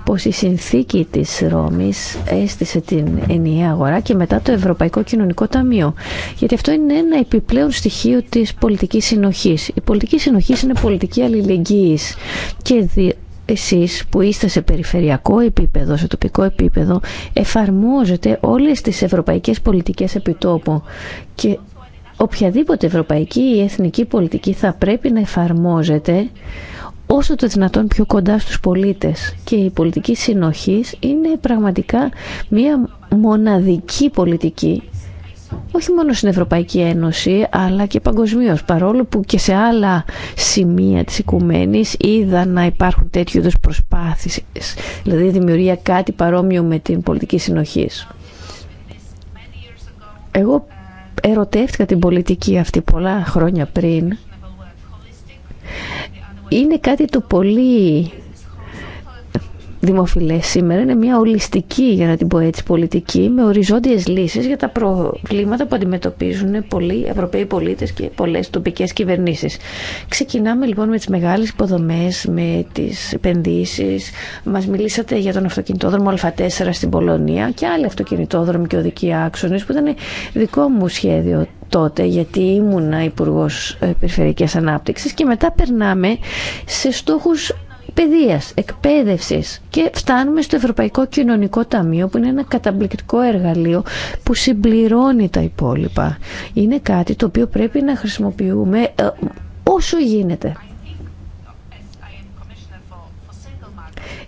πως η συνθήκη της Ρώμης έστησε την ενιαία αγορά και μετά το Ευρωπαϊκό Κοινωνικό Ταμείο. Γιατί αυτό είναι ένα επιπλέον στοιχείο της πολιτικής συνοχής. Η πολιτική συνοχής είναι πολιτική αλληλεγγύης και δι εσείς που είστε σε περιφερειακό επίπεδο, σε τοπικό επίπεδο, εφαρμόζετε όλες τις ευρωπαϊκές πολιτικές επιτόπου και οποιαδήποτε ευρωπαϊκή ή εθνική πολιτική θα πρέπει να εφαρμόζεται όσο το δυνατόν πιο κοντά στους πολίτες και η πολιτική συνοχής είναι πραγματικά μία μοναδική πολιτική όχι μόνο στην Ευρωπαϊκή Ένωση αλλά και παγκοσμίω. παρόλο που και σε άλλα σημεία της οικουμένης είδα να υπάρχουν τέτοιου είδους προσπάθειες δηλαδή δημιουργία κάτι παρόμοιο με την πολιτική συνοχής. Εγώ ερωτεύτηκα την πολιτική αυτή πολλά χρόνια πριν είναι κάτι το πολύ δημοφιλές σήμερα είναι μια ολιστική, για να την πω έτσι, πολιτική με οριζόντιες λύσεις για τα προβλήματα που αντιμετωπίζουν πολλοί Ευρωπαίοι πολίτες και πολλές τοπικές κυβερνήσεις. Ξεκινάμε λοιπόν με τις μεγάλες υποδομές, με τις επενδύσει. Μας μιλήσατε για τον αυτοκινητόδρομο Α4 στην Πολωνία και άλλοι αυτοκινητόδρομοι και οδικοί άξονε, που ήταν δικό μου σχέδιο τότε γιατί ήμουνα υπουργό ε, Περιφερειακής Ανάπτυξης και μετά περνάμε σε στόχους παιδείας, εκπαίδευσης και φτάνουμε στο Ευρωπαϊκό Κοινωνικό Ταμείο που είναι ένα καταπληκτικό εργαλείο που συμπληρώνει τα υπόλοιπα. Είναι κάτι το οποίο πρέπει να χρησιμοποιούμε ε, όσο γίνεται.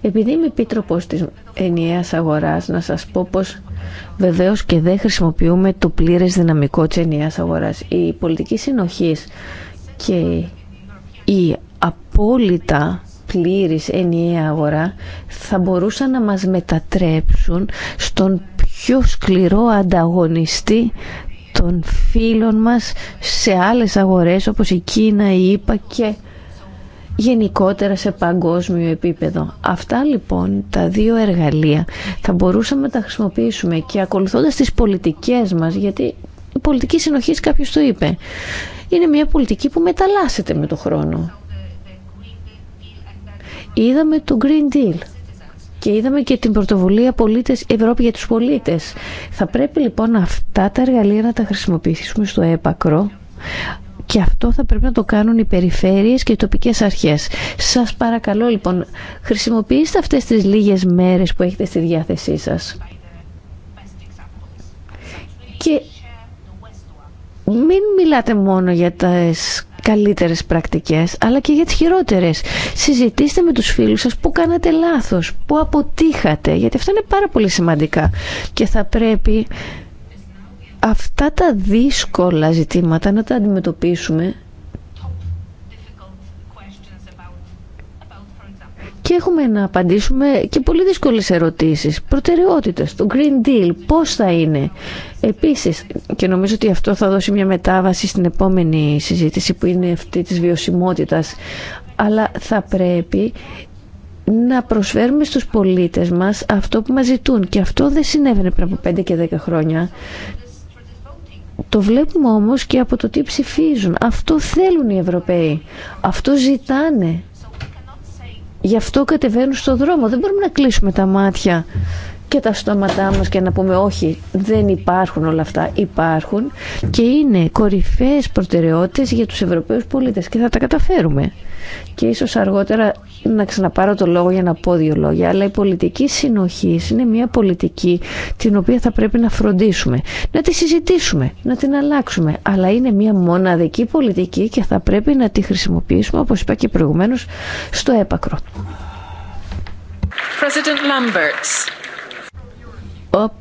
Επειδή είμαι επίτροπο τη ενιαία αγορά, να σας πω πω βεβαίω και δεν χρησιμοποιούμε το πλήρε δυναμικό τη ενιαία αγορά. Η πολιτική συνοχή και η απόλυτα πλήρης ενιαία αγορά θα μπορούσαν να μας μετατρέψουν στον πιο σκληρό ανταγωνιστή των φίλων μας σε άλλες αγορές όπως η Κίνα, η ΕΠΑ και γενικότερα σε παγκόσμιο επίπεδο. Αυτά λοιπόν τα δύο εργαλεία θα μπορούσαμε να τα χρησιμοποιήσουμε και ακολουθώντας τις πολιτικές μας γιατί η πολιτική συνοχής κάποιος το είπε είναι μια πολιτική που μεταλλάσσεται με το χρόνο Είδαμε το Green Deal και είδαμε και την πρωτοβουλία πολίτες, Ευρώπη για τους πολίτες. Θα πρέπει λοιπόν αυτά τα εργαλεία να τα χρησιμοποιήσουμε στο έπακρο και αυτό θα πρέπει να το κάνουν οι περιφέρειες και οι τοπικές αρχές. Σας παρακαλώ λοιπόν, χρησιμοποιήστε αυτές τις λίγες μέρες που έχετε στη διάθεσή σας. Και μην μιλάτε μόνο για τις καλύτερες πρακτικές αλλά και για τις χειρότερες. Συζητήστε με τους φίλους σας που κάνατε λάθος, που αποτύχατε γιατί αυτά είναι πάρα πολύ σημαντικά και θα πρέπει αυτά τα δύσκολα ζητήματα να τα αντιμετωπίσουμε και έχουμε να απαντήσουμε και πολύ δύσκολες ερωτήσεις. Προτεραιότητες, το Green Deal, πώς θα είναι. Επίσης, και νομίζω ότι αυτό θα δώσει μια μετάβαση στην επόμενη συζήτηση που είναι αυτή της βιωσιμότητας, αλλά θα πρέπει να προσφέρουμε στους πολίτες μας αυτό που μας ζητούν και αυτό δεν συνέβαινε πριν από 5 και 10 χρόνια το βλέπουμε όμως και από το τι ψηφίζουν αυτό θέλουν οι Ευρωπαίοι αυτό ζητάνε Γι' αυτό κατεβαίνουν στον δρόμο. Δεν μπορούμε να κλείσουμε τα μάτια και τα στόματά μας και να πούμε όχι δεν υπάρχουν όλα αυτά, υπάρχουν και είναι κορυφαίες προτεραιότητες για τους Ευρωπαίους πολίτες και θα τα καταφέρουμε. Και ίσως αργότερα να ξαναπάρω το λόγο για να πω δύο λόγια, αλλά η πολιτική συνοχή είναι μια πολιτική την οποία θα πρέπει να φροντίσουμε, να τη συζητήσουμε, να την αλλάξουμε, αλλά είναι μια μοναδική πολιτική και θα πρέπει να τη χρησιμοποιήσουμε, όπως είπα και προηγουμένως, στο έπακρο. President ο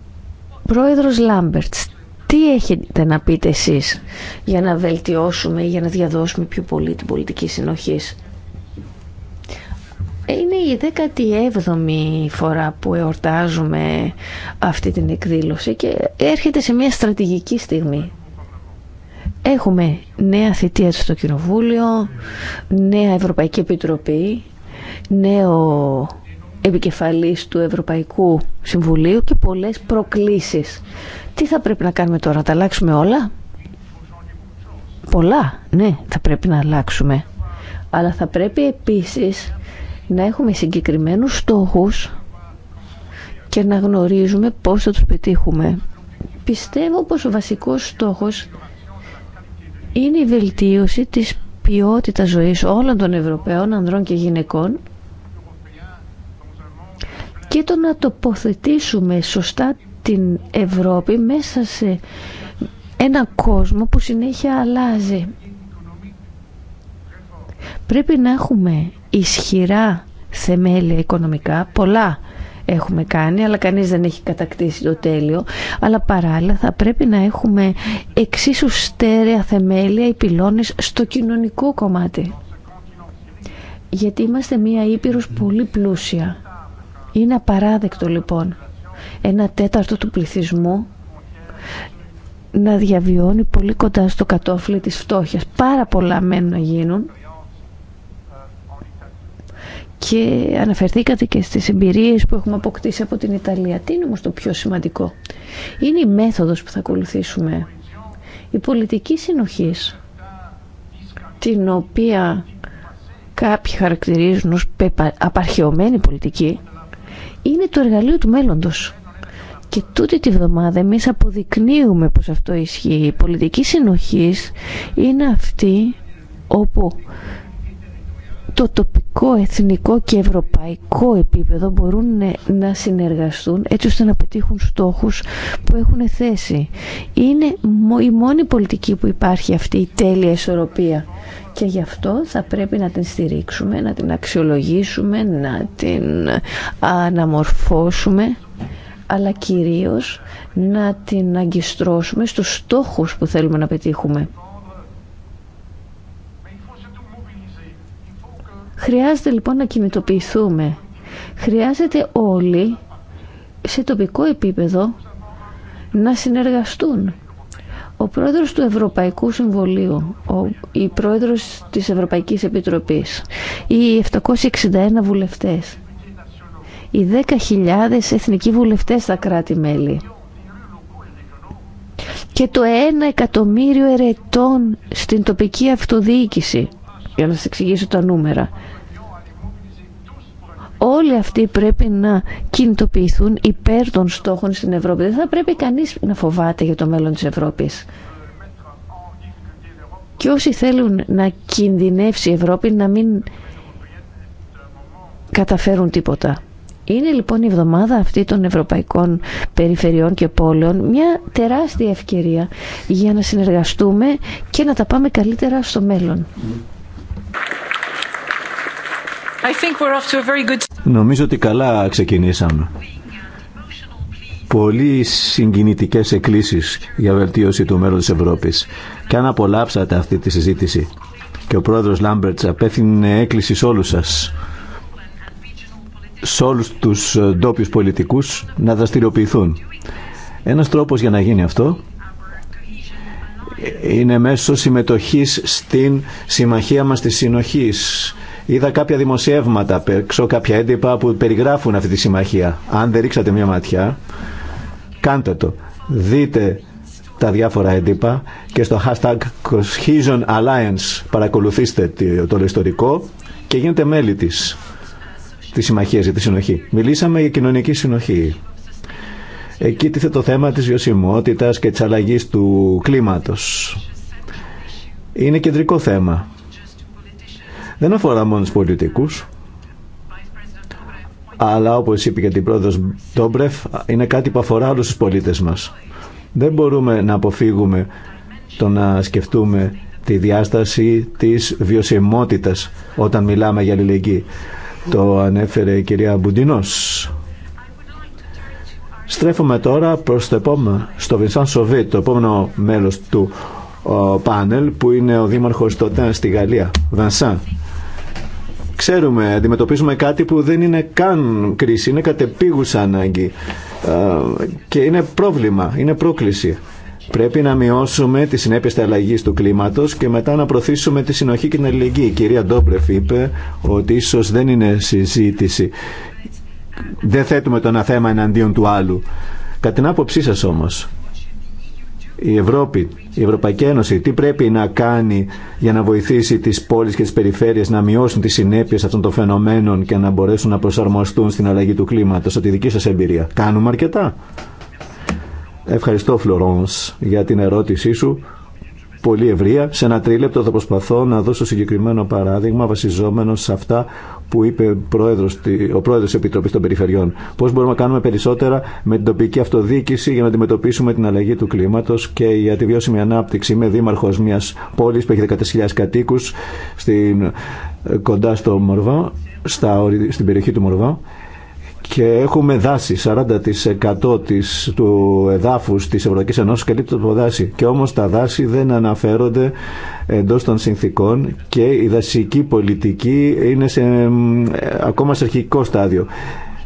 πρόεδρος Λάμπερτ, τι έχετε να πείτε εσείς για να βελτιώσουμε ή για να διαδώσουμε πιο πολύ την πολιτική συνοχή. Είναι η 17η φορά που εορτάζουμε αυτή την εκδήλωση και έρχεται σε μια στρατηγική στιγμή. Έχουμε νέα θητεία στο Κοινοβούλιο, νέα Ευρωπαϊκή Επιτροπή, νέο επικεφαλής του Ευρωπαϊκού Συμβουλίου και πολλές προκλήσεις. Τι θα πρέπει να κάνουμε τώρα, θα τα αλλάξουμε όλα? Πολλά, ναι, θα πρέπει να αλλάξουμε. Αλλά θα πρέπει επίσης να έχουμε συγκεκριμένους στόχους και να γνωρίζουμε πώς θα τους πετύχουμε. Πιστεύω πως ο βασικός στόχος είναι η βελτίωση της ποιότητας ζωής όλων των Ευρωπαίων ανδρών και γυναικών και το να τοποθετήσουμε σωστά την Ευρώπη μέσα σε ένα κόσμο που συνέχεια αλλάζει. Πρέπει να έχουμε ισχυρά θεμέλια οικονομικά, πολλά έχουμε κάνει, αλλά κανείς δεν έχει κατακτήσει το τέλειο, αλλά παράλληλα θα πρέπει να έχουμε εξίσου στέρεα θεμέλια οι πυλώνες στο κοινωνικό κομμάτι. Γιατί είμαστε μία ήπειρος πολύ πλούσια είναι απαράδεκτο λοιπόν ένα τέταρτο του πληθυσμού να διαβιώνει πολύ κοντά στο κατόφλι της φτώχειας. Πάρα πολλά μένουν να γίνουν και αναφερθήκατε και στις εμπειρίες που έχουμε αποκτήσει από την Ιταλία. Τι είναι όμως το πιο σημαντικό. Είναι η μέθοδος που θα ακολουθήσουμε. Η πολιτική συνοχής, την οποία κάποιοι χαρακτηρίζουν ως απαρχαιωμένη πολιτική, είναι το εργαλείο του μέλλοντος. Και τούτη τη βδομάδα εμείς αποδεικνύουμε πως αυτό ισχύει. Η πολιτική συνοχής είναι αυτή όπου το τοπικό, εθνικό και ευρωπαϊκό επίπεδο μπορούν να συνεργαστούν έτσι ώστε να πετύχουν στόχους που έχουν θέσει. Είναι η μόνη πολιτική που υπάρχει αυτή η τέλεια ισορροπία και γι' αυτό θα πρέπει να την στηρίξουμε, να την αξιολογήσουμε, να την αναμορφώσουμε αλλά κυρίως να την αγκιστρώσουμε στους στόχους που θέλουμε να πετύχουμε. Χρειάζεται λοιπόν να κινητοποιηθούμε. Χρειάζεται όλοι σε τοπικό επίπεδο να συνεργαστούν ο πρόεδρος του Ευρωπαϊκού Συμβολίου, ο, η πρόεδρος της Ευρωπαϊκής Επιτροπής, οι 761 βουλευτές, οι 10.000 εθνικοί βουλευτές στα κράτη-μέλη και το 1 εκατομμύριο ερετών στην τοπική αυτοδιοίκηση, για να σας εξηγήσω τα νούμερα όλοι αυτοί πρέπει να κινητοποιηθούν υπέρ των στόχων στην Ευρώπη. Δεν θα πρέπει κανείς να φοβάται για το μέλλον της Ευρώπης. Και όσοι θέλουν να κινδυνεύσει η Ευρώπη να μην καταφέρουν τίποτα. Είναι λοιπόν η εβδομάδα αυτή των ευρωπαϊκών περιφερειών και πόλεων μια τεράστια ευκαιρία για να συνεργαστούμε και να τα πάμε καλύτερα στο μέλλον. Νομίζω ότι καλά ξεκινήσαμε. Πολύ συγκινητικές εκκλήσεις για βελτίωση του μέλλοντος της Ευρώπης. Και αν απολαύσατε αυτή τη συζήτηση και ο πρόεδρος Λάμπερτς απέθυνε έκκληση σε όλους σας σε όλους τους ντόπιου πολιτικούς να δραστηριοποιηθούν. Ένας τρόπος για να γίνει αυτό είναι μέσω συμμετοχής στην συμμαχία μας της συνοχής Είδα κάποια δημοσιεύματα, έξω, κάποια έντυπα που περιγράφουν αυτή τη συμμαχία. Αν δεν ρίξατε μια ματιά, κάντε το. Δείτε τα διάφορα έντυπα και στο hashtag Cohesion Alliance παρακολουθήστε το ιστορικό και γίνετε μέλη της, της συμμαχίας για τη συνοχή. Μιλήσαμε για κοινωνική συνοχή. Εκεί τίθε το θέμα της βιωσιμότητας και της αλλαγής του κλίματος. Είναι κεντρικό θέμα δεν αφορά μόνο τους πολιτικούς, αλλά όπως είπε και την πρόεδρος Ντόμπρεφ, είναι κάτι που αφορά όλους τους πολίτες μας. Δεν μπορούμε να αποφύγουμε το να σκεφτούμε τη διάσταση της βιωσιμότητας όταν μιλάμε για αλληλεγγύη. Το ανέφερε η κυρία Μπουντινός. Στρέφουμε τώρα προς το επόμενο, στο Βινσάν Σοβίτ, το επόμενο μέλος του πάνελ που είναι ο δήμαρχος τότε στη Γαλλία, Βανσάν. Ξέρουμε, αντιμετωπίζουμε κάτι που δεν είναι καν κρίση, είναι κατεπίγουσα ανάγκη και είναι πρόβλημα, είναι πρόκληση. Πρέπει να μειώσουμε τι συνέπειε της αλλαγή του κλίματος και μετά να προθίσουμε τη συνοχή και την αλληλεγγύη. Η κυρία Ντόμπρεφ είπε ότι ίσως δεν είναι συζήτηση. Δεν θέτουμε το ένα θέμα εναντίον του άλλου. Κατά την άποψή σα όμω, η Ευρώπη, η Ευρωπαϊκή Ένωση, τι πρέπει να κάνει για να βοηθήσει τις πόλεις και τις περιφέρειες να μειώσουν τις συνέπειες αυτών των φαινομένων και να μπορέσουν να προσαρμοστούν στην αλλαγή του κλίματος, από τη δική σας εμπειρία. Κάνουμε αρκετά. Ευχαριστώ Φλωρόνς για την ερώτησή σου πολύ ευρεία. Σε ένα τρίλεπτο θα προσπαθώ να δώσω συγκεκριμένο παράδειγμα βασιζόμενο σε αυτά που είπε πρόεδρος, ο πρόεδρο τη Επιτροπή των Περιφερειών. Πώ μπορούμε να κάνουμε περισσότερα με την τοπική αυτοδιοίκηση για να αντιμετωπίσουμε την αλλαγή του κλίματο και για τη βιώσιμη ανάπτυξη. Είμαι δήμαρχο μια πόλη που έχει 14.000 κατοίκου κοντά στο Μορβά, στην περιοχή του Μορβά και έχουμε δάση, 40% της, του εδάφους της Ευρωπαϊκής Ενώσης καλύπτει από δάση. Και όμως τα δάση δεν αναφέρονται εντός των συνθήκων και η δασική πολιτική είναι σε, ε, ακόμα σε αρχικό στάδιο.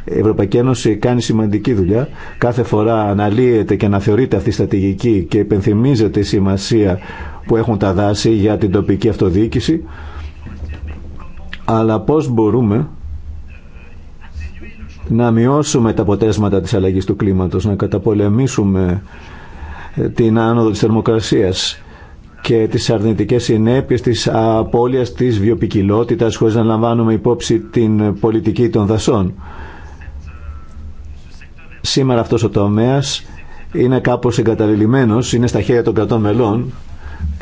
Η Ευρωπαϊκή Ένωση κάνει σημαντική δουλειά. Κάθε φορά αναλύεται και αναθεωρείται αυτή η στρατηγική και υπενθυμίζεται η σημασία που έχουν τα δάση για την τοπική αυτοδιοίκηση. Αλλά πώς μπορούμε να μειώσουμε τα αποτέλεσματα της αλλαγής του κλίματος, να καταπολεμήσουμε ε, την άνοδο της θερμοκρασίας και τις αρνητικές συνέπειες της απώλειας της βιοπικιλότητας χωρίς να λαμβάνουμε υπόψη την πολιτική των δασών. Σήμερα αυτός ο τομέας είναι κάπως εγκαταλελειμμένος, είναι στα χέρια των κρατών μελών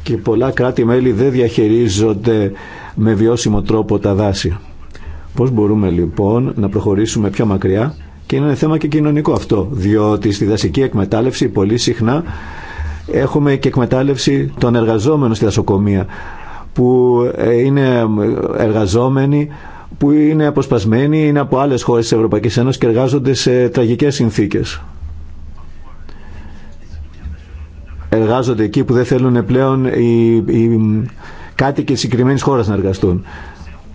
και πολλά κράτη-μέλη δεν διαχειρίζονται με βιώσιμο τρόπο τα δάση. Πώς μπορούμε λοιπόν να προχωρήσουμε πιο μακριά και είναι θέμα και κοινωνικό αυτό, διότι στη δασική εκμετάλλευση πολύ συχνά έχουμε και εκμετάλλευση των εργαζόμενων στη δασοκομεία που ε, είναι ε, εργαζόμενοι που είναι αποσπασμένοι, είναι από άλλες χώρες της Ευρωπαϊκής Ένωσης και εργάζονται σε τραγικές συνθήκες. Εργάζονται εκεί που δεν θέλουν πλέον οι, οι κάτοικοι συγκεκριμένη χώρας να εργαστούν.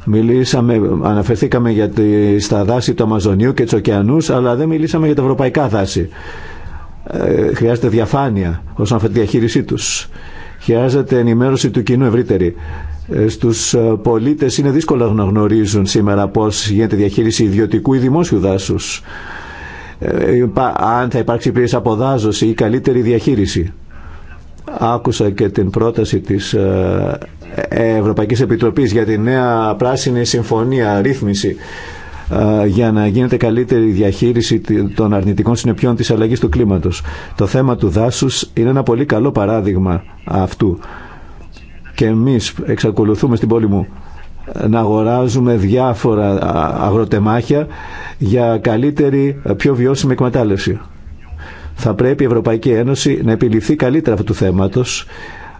Μιλήσαμε, αναφερθήκαμε για τη, στα δάση του Αμαζονίου και του ωκεανού, αλλά δεν μιλήσαμε για τα ευρωπαϊκά δάση. Ε, χρειάζεται διαφάνεια όσον αφορά τη διαχείρισή του. Χρειάζεται ενημέρωση του κοινού ευρύτερη. Ε, Στου ε, πολίτε είναι δύσκολο να γνωρίζουν σήμερα πώ γίνεται η διαχείριση ιδιωτικού ή δημόσιου δάσου. Ε, αν θα υπάρξει πλήρη αποδάζωση ή καλύτερη διαχείριση. Άκουσα και την πρόταση της ε, Ευρωπαϊκή Επιτροπής για τη νέα πράσινη συμφωνία, ρύθμιση για να γίνεται καλύτερη διαχείριση των αρνητικών συνεπειών της αλλαγής του κλίματος. Το θέμα του δάσους είναι ένα πολύ καλό παράδειγμα αυτού. Και εμείς εξακολουθούμε στην πόλη μου να αγοράζουμε διάφορα αγροτεμάχια για καλύτερη, πιο βιώσιμη εκμετάλλευση. Θα πρέπει η Ευρωπαϊκή Ένωση να επιληφθεί καλύτερα αυτού του θέματος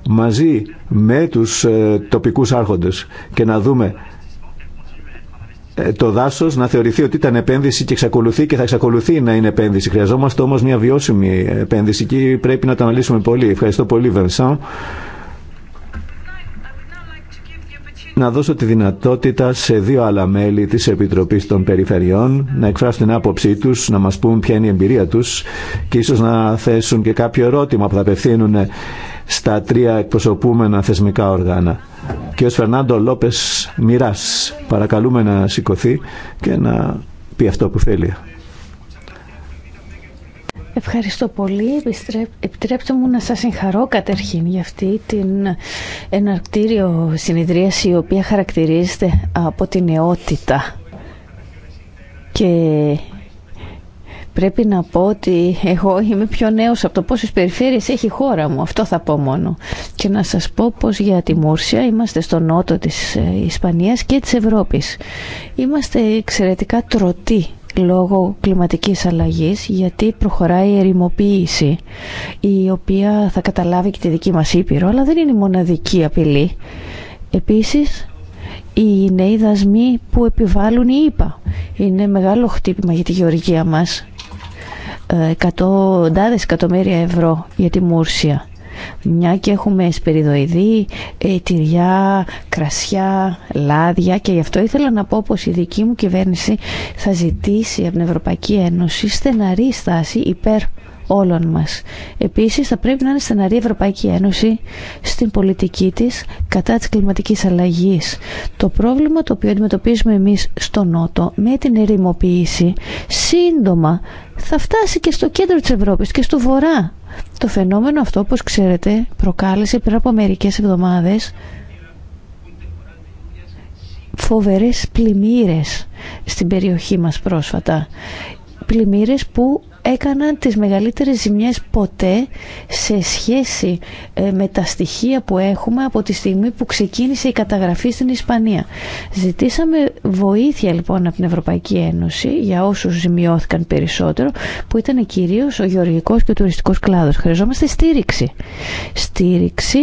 μαζί με τους ε, τοπικούς άρχοντες και να δούμε ε, το δάσος να θεωρηθεί ότι ήταν επένδυση και εξακολουθεί και θα εξακολουθεί να είναι επένδυση. Χρειαζόμαστε όμως μια βιώσιμη επένδυση και πρέπει να το αναλύσουμε πολύ. Ευχαριστώ πολύ Βενσάν. να δώσω τη δυνατότητα σε δύο άλλα μέλη της Επιτροπής των Περιφερειών να εκφράσουν την άποψή τους, να μας πούν ποια είναι η εμπειρία τους και ίσως να θέσουν και κάποιο ερώτημα που θα απευθύνουν στα τρία εκπροσωπούμενα θεσμικά οργάνα. Και Φερνάντο Λόπες Μοιράς παρακαλούμε να σηκωθεί και να πει αυτό που θέλει. Ευχαριστώ πολύ. Επιτρέψτε μου να σας συγχαρώ κατερχήν για αυτή την εναρκτήριο συνειδρίαση η οποία χαρακτηρίζεται από την νεότητα. Και πρέπει να πω ότι εγώ είμαι πιο νέος από το πόσες περιφέρειες έχει η χώρα μου. Αυτό θα πω μόνο. Και να σας πω πως για τη Μούρσια είμαστε στο νότο της ε, Ισπανίας και της Ευρώπης. Είμαστε εξαιρετικά τρωτοί λόγω κλιματικής αλλαγής γιατί προχωράει η ερημοποίηση η οποία θα καταλάβει και τη δική μας Ήπειρο αλλά δεν είναι η μοναδική απειλή. Επίσης οι νέοι δασμοί που επιβάλλουν η είναι μεγάλο χτύπημα για τη γεωργία μας ε, εκατοντάδες εκατομμύρια ευρώ για τη Μούρσια μια και έχουμε σπεριδοειδή, ε, τυριά, κρασιά, λάδια και γι' αυτό ήθελα να πω πως η δική μου κυβέρνηση θα ζητήσει από την Ευρωπαϊκή Ένωση στεναρή στάση υπέρ όλων μας. Επίσης θα πρέπει να είναι στεναρή η Ευρωπαϊκή Ένωση στην πολιτική της κατά της κλιματικής αλλαγής. Το πρόβλημα το οποίο αντιμετωπίζουμε εμείς στο Νότο με την ερημοποίηση σύντομα θα φτάσει και στο κέντρο της Ευρώπης και στο Βορρά. Το φαινόμενο αυτό όπως ξέρετε προκάλεσε πριν από μερικές εβδομάδες φοβερές πλημμύρες στην περιοχή μας πρόσφατα. Πλημμύρες που έκαναν τις μεγαλύτερες ζημιές ποτέ σε σχέση ε, με τα στοιχεία που έχουμε από τη στιγμή που ξεκίνησε η καταγραφή στην Ισπανία. Ζητήσαμε βοήθεια λοιπόν από την Ευρωπαϊκή Ένωση για όσους ζημιώθηκαν περισσότερο που ήταν κυρίως ο γεωργικός και ο τουριστικός κλάδος. Χρειαζόμαστε στήριξη. Στήριξη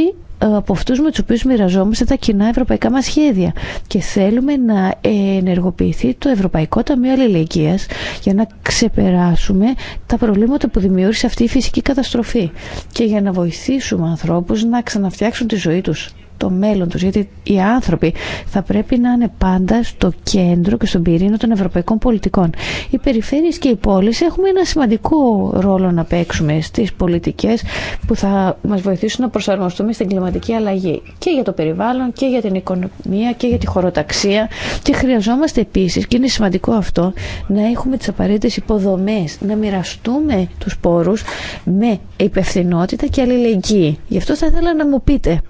από αυτού με του οποίου μοιραζόμαστε τα κοινά ευρωπαϊκά μας σχέδια και θέλουμε να ενεργοποιηθεί το Ευρωπαϊκό Ταμείο Αλληλεγγύας για να ξεπεράσουμε τα προβλήματα που δημιούργησε αυτή η φυσική καταστροφή και για να βοηθήσουμε ανθρώπους να ξαναφτιάξουν τη ζωή τους το μέλλον τους γιατί οι άνθρωποι θα πρέπει να είναι πάντα στο κέντρο και στον πυρήνα των ευρωπαϊκών πολιτικών. Οι περιφέρειες και οι πόλεις έχουμε ένα σημαντικό ρόλο να παίξουμε στις πολιτικές που θα μας βοηθήσουν να προσαρμοστούμε στην κλιματική αλλαγή και για το περιβάλλον και για την οικονομία και για τη χωροταξία και χρειαζόμαστε επίσης και είναι σημαντικό αυτό να έχουμε τις απαραίτητες υποδομές να μοιραστούμε τους πόρους με υπευθυνότητα και αλληλεγγύη. Γι' αυτό θα ήθελα να μου πείτε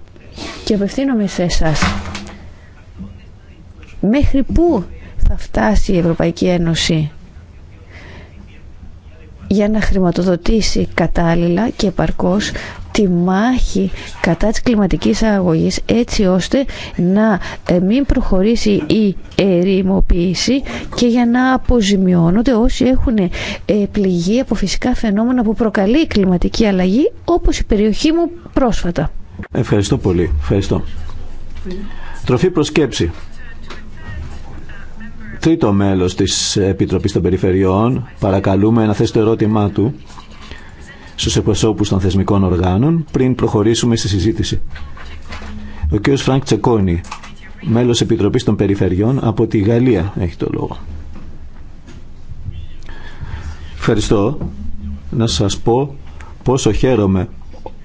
και απευθύνομαι σε εσά, Μέχρι πού θα φτάσει η Ευρωπαϊκή Ένωση για να χρηματοδοτήσει κατάλληλα και επαρκώς τη μάχη κατά της κλιματικής αγωγής έτσι ώστε να ε, μην προχωρήσει η ερημοποίηση και για να αποζημιώνονται όσοι έχουν ε, πληγεί από φυσικά φαινόμενα που προκαλεί η κλιματική αλλαγή όπως η περιοχή μου πρόσφατα. Ευχαριστώ πολύ. Ευχαριστώ. Τροφή προσκέψη. Τρίτο μέλος της Επιτροπής των Περιφερειών. Παρακαλούμε να θέσει το ερώτημά του στους εκπροσώπους των θεσμικών οργάνων πριν προχωρήσουμε στη συζήτηση. Ο κ. Φρανκ Τσεκόνη, μέλος Επιτροπής των Περιφερειών από τη Γαλλία, έχει το λόγο. Ευχαριστώ να σας πω πόσο χαίρομαι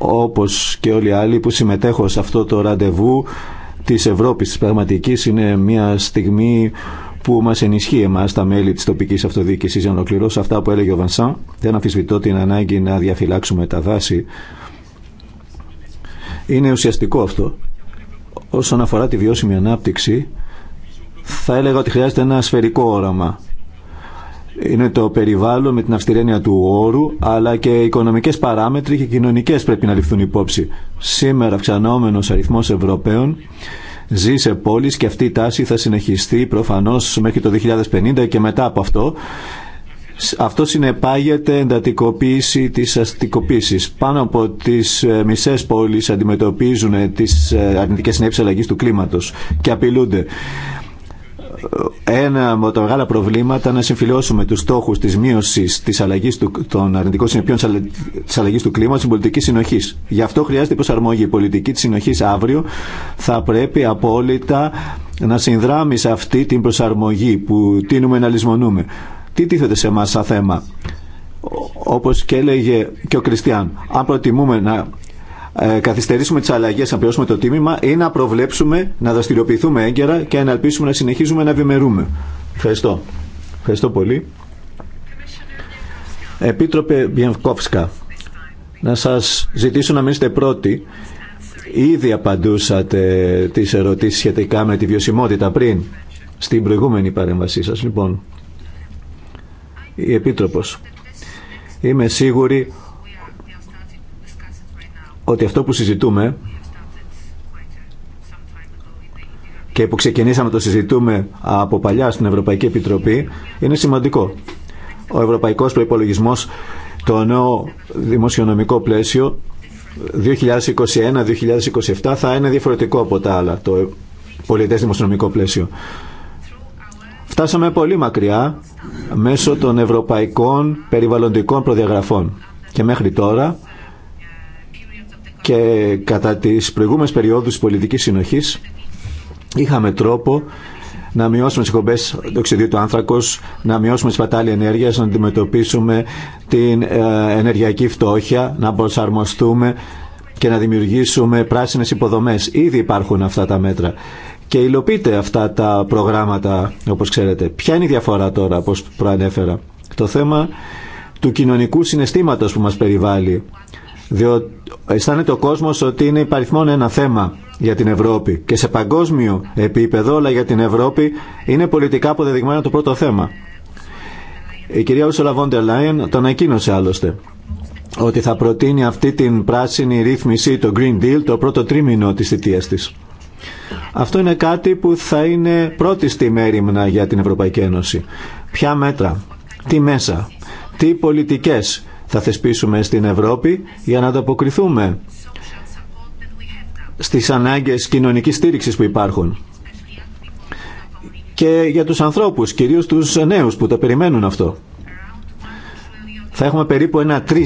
όπως και όλοι οι άλλοι που συμμετέχω σε αυτό το ραντεβού της Ευρώπης, της πραγματικής, είναι μια στιγμή που μα ενισχύει εμά, τα μέλη τη τοπική αυτοδιοίκηση, για να ολοκληρώσω αυτά που έλεγε ο Βανσάν. Δεν αμφισβητώ την ανάγκη να διαφυλάξουμε τα δάση. Είναι ουσιαστικό αυτό. Όσον αφορά τη βιώσιμη ανάπτυξη, θα έλεγα ότι χρειάζεται ένα σφαιρικό όραμα είναι το περιβάλλον με την αυστηρένεια του όρου, αλλά και οικονομικές παράμετροι και κοινωνικές πρέπει να ληφθούν υπόψη. Σήμερα αυξανόμενος αριθμός Ευρωπαίων ζει σε πόλεις και αυτή η τάση θα συνεχιστεί προφανώς μέχρι το 2050 και μετά από αυτό. Αυτό συνεπάγεται εντατικοποίηση της αστικοποίησης. Πάνω από τις ε, μισές πόλεις αντιμετωπίζουν τις ε, αρνητικές συνέπειες αλλαγής του κλίματος και απειλούνται ένα από τα μεγάλα προβλήματα να συμφιλώσουμε τους στόχου της μείωση της αλλαγής του, των αρνητικών συνεπειών τη αλλαγή του κλίματος στην πολιτική συνοχής. Γι' αυτό χρειάζεται προσαρμόγη. Η πολιτική τη συνοχής αύριο θα πρέπει απόλυτα να συνδράμει σε αυτή την προσαρμογή που τίνουμε να λησμονούμε. Τι τίθεται σε εμά σαν θέμα Όπω και έλεγε και ο Κριστιαν, αν προτιμούμε να ε, καθυστερήσουμε τι αλλαγέ, να πληρώσουμε το τίμημα ή να προβλέψουμε, να δραστηριοποιηθούμε έγκαιρα και να ελπίσουμε να συνεχίζουμε να ευημερούμε. Ευχαριστώ. Ευχαριστώ πολύ. Επίτροπε Μπιενκόφσκα, να σας ζητήσω να μείνετε πρώτοι. Ήδη απαντούσατε τις ερωτήσεις σχετικά με τη βιωσιμότητα πριν, στην προηγούμενη παρέμβασή σας. Λοιπόν, η Επίτροπος, είμαι σίγουρη ότι αυτό που συζητούμε και που ξεκινήσαμε το συζητούμε από παλιά στην Ευρωπαϊκή Επιτροπή είναι σημαντικό. Ο ευρωπαϊκός προϋπολογισμός, το νέο δημοσιονομικό πλαίσιο 2021-2027 θα είναι διαφορετικό από τα άλλα, το πολιτές δημοσιονομικό πλαίσιο. Φτάσαμε πολύ μακριά μέσω των ευρωπαϊκών περιβαλλοντικών προδιαγραφών και μέχρι τώρα και κατά τις προηγούμενες περιόδους της πολιτικής συνοχής είχαμε τρόπο να μειώσουμε τις εκπομπές οξυδίου του άνθρακος, να μειώσουμε τις σπατάλη ενέργειας, να αντιμετωπίσουμε την ε, ενεργειακή φτώχεια, να προσαρμοστούμε και να δημιουργήσουμε πράσινες υποδομές. Ήδη υπάρχουν αυτά τα μέτρα. Και υλοποιείται αυτά τα προγράμματα, όπως ξέρετε. Ποια είναι η διαφορά τώρα, όπως προανέφερα. Το θέμα του κοινωνικού συναισθήματο που μας περιβάλλει διότι αισθάνεται ο κόσμος ότι είναι υπαριθμόν ένα θέμα για την Ευρώπη και σε παγκόσμιο επίπεδο αλλά για την Ευρώπη είναι πολιτικά αποδεδειγμένο το πρώτο θέμα. Η κυρία Ούσολα Βόντερ Λάιεν το ανακοίνωσε άλλωστε ότι θα προτείνει αυτή την πράσινη ρύθμιση, το Green Deal, το πρώτο τρίμηνο της θητείας της. Αυτό είναι κάτι που θα είναι πρώτη στη μέρημνα για την Ευρωπαϊκή Ένωση. Ποια μέτρα, τι μέσα, τι πολιτικές, θα θεσπίσουμε στην Ευρώπη για να ανταποκριθούμε στις ανάγκες κοινωνικής στήριξης που υπάρχουν. Και για τους ανθρώπους, κυρίως τους νέους που τα περιμένουν αυτό. Θα έχουμε περίπου ένα 3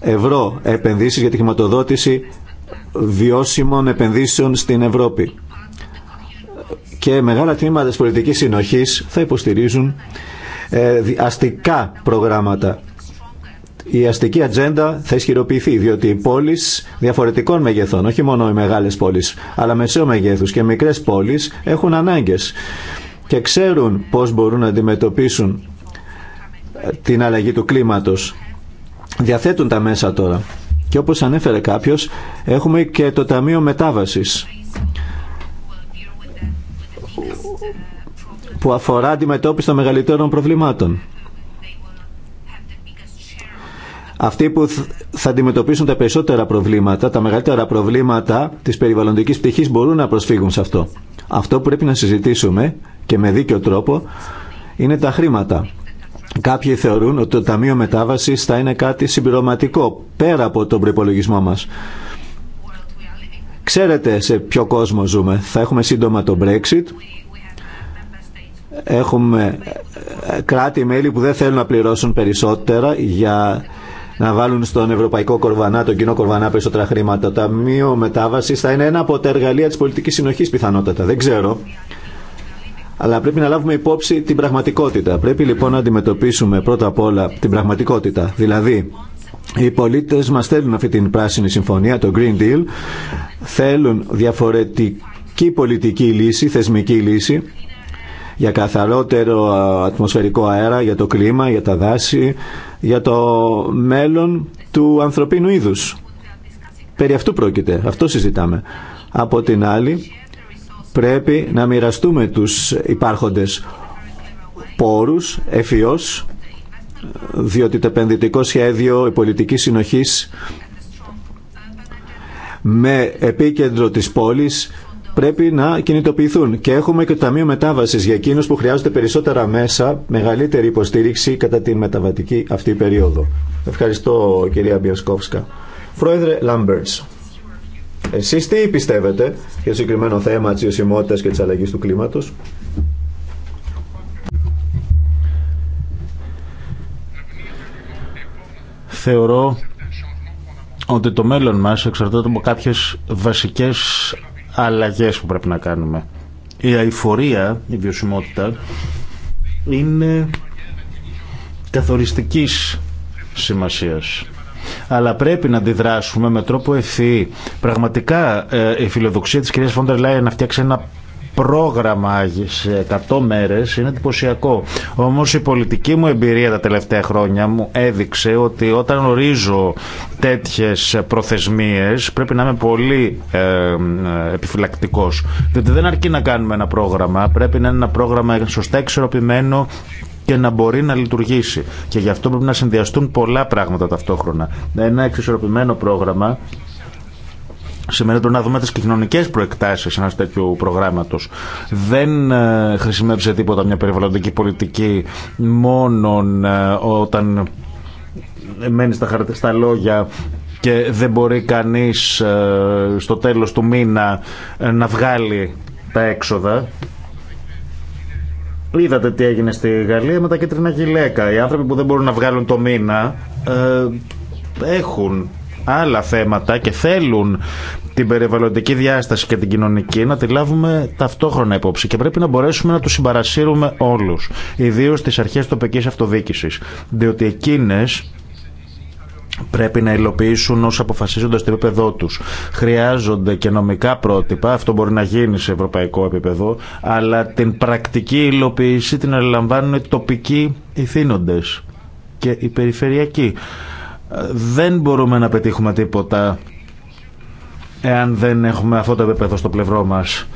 ευρώ επενδύσεις για τη χρηματοδότηση βιώσιμων επενδύσεων στην Ευρώπη. Και μεγάλα τμήματα της πολιτικής συνοχής θα υποστηρίζουν ε, αστικά προγράμματα η αστική ατζέντα θα ισχυροποιηθεί, διότι οι πόλει διαφορετικών μεγεθών, όχι μόνο οι μεγάλε πόλει, αλλά μεσαίου μεγέθου και μικρέ πόλει έχουν ανάγκε και ξέρουν πώ μπορούν να αντιμετωπίσουν ε, την αλλαγή του κλίματο. Διαθέτουν τα μέσα τώρα. Και όπως ανέφερε κάποιος, έχουμε και το Ταμείο Μετάβασης που αφορά αντιμετώπιση των μεγαλύτερων προβλημάτων αυτοί που θα αντιμετωπίσουν τα περισσότερα προβλήματα, τα μεγαλύτερα προβλήματα της περιβαλλοντικής πτυχής μπορούν να προσφύγουν σε αυτό. Αυτό που πρέπει να συζητήσουμε και με δίκιο τρόπο είναι τα χρήματα. Κάποιοι θεωρούν ότι το Ταμείο Μετάβασης θα είναι κάτι συμπληρωματικό πέρα από τον προπολογισμό μας. Ξέρετε σε ποιο κόσμο ζούμε. Θα έχουμε σύντομα το Brexit. Έχουμε ε, κράτη-μέλη που δεν θέλουν να πληρώσουν περισσότερα για να βάλουν στον ευρωπαϊκό κορβανά, τον κοινό κορβανά περισσότερα χρήματα. Το Ταμείο Μετάβαση θα είναι ένα από τα εργαλεία τη πολιτική συνοχή πιθανότατα. Δεν ξέρω. Αλλά πρέπει να λάβουμε υπόψη την πραγματικότητα. Πρέπει λοιπόν να αντιμετωπίσουμε πρώτα απ' όλα την πραγματικότητα. Δηλαδή, οι πολίτε μα θέλουν αυτή την πράσινη συμφωνία, το Green Deal. Θέλουν διαφορετική πολιτική λύση, θεσμική λύση για καθαρότερο ατμοσφαιρικό αέρα, για το κλίμα, για τα δάση, για το μέλλον του ανθρωπίνου είδους. Περί αυτού πρόκειται, αυτό συζητάμε. Από την άλλη, πρέπει να μοιραστούμε τους υπάρχοντες πόρους εφιός, διότι το επενδυτικό σχέδιο η πολιτική συνοχής με επίκεντρο της πόλης πρέπει να κινητοποιηθούν. Και έχουμε και το Ταμείο Μετάβαση για εκείνου που χρειάζονται περισσότερα μέσα, μεγαλύτερη υποστήριξη κατά τη μεταβατική αυτή περίοδο. Ευχαριστώ, κυρία Μπιασκόφσκα. Πρόεδρε Λάμπερτ, εσεί τι πιστεύετε για το συγκεκριμένο θέμα τη ιωσιμότητα και τη αλλαγή του κλίματο. Θεωρώ ότι το μέλλον μας εξαρτάται από κάποιες βασικές Αλλαγέ που πρέπει να κάνουμε. Η αηφορία, η βιωσιμότητα, είναι καθοριστικής σημασίας. Αλλά πρέπει να αντιδράσουμε με τρόπο ευθύ. Πραγματικά ε, η φιλοδοξία της κυρίας Φόντερ Λάιεν να φτιάξει ένα πρόγραμμα σε 100 μέρες είναι εντυπωσιακό. Όμως η πολιτική μου εμπειρία τα τελευταία χρόνια μου έδειξε ότι όταν ορίζω τέτοιες προθεσμίες πρέπει να είμαι πολύ ε, επιφυλακτικός. Διότι δεν αρκεί να κάνουμε ένα πρόγραμμα, πρέπει να είναι ένα πρόγραμμα σωστά εξορροπημένο και να μπορεί να λειτουργήσει. Και γι' αυτό πρέπει να συνδυαστούν πολλά πράγματα ταυτόχρονα. Ένα εξισορροπημένο πρόγραμμα Σημαίνει το να δούμε τι κοινωνικέ προεκτάσει ενό τέτοιου προγράμματο. Δεν ε, χρησιμεύει σε τίποτα μια περιβαλλοντική πολιτική μόνο ε, όταν μένει στα, στα λόγια και δεν μπορεί κανείς ε, στο τέλος του μήνα να βγάλει τα έξοδα. Είδατε τι έγινε στη Γαλλία με τα κίτρινα γυλαίκα. Οι άνθρωποι που δεν μπορούν να βγάλουν το μήνα έχουν άλλα θέματα και θέλουν την περιβαλλοντική διάσταση και την κοινωνική να τη λάβουμε ταυτόχρονα υπόψη και πρέπει να μπορέσουμε να του συμπαρασύρουμε όλου, ιδίω τι αρχέ τοπική αυτοδιοίκηση. Διότι εκείνε πρέπει να υλοποιήσουν όσα αποφασίζονται στο επίπεδό του. Χρειάζονται και νομικά πρότυπα, αυτό μπορεί να γίνει σε ευρωπαϊκό επίπεδο, αλλά την πρακτική υλοποίηση την αναλαμβάνουν οι τοπικοί ηθήνοντε και οι περιφερειακοί δεν μπορούμε να πετύχουμε τίποτα εάν δεν έχουμε αυτό το επίπεδο στο πλευρό μας.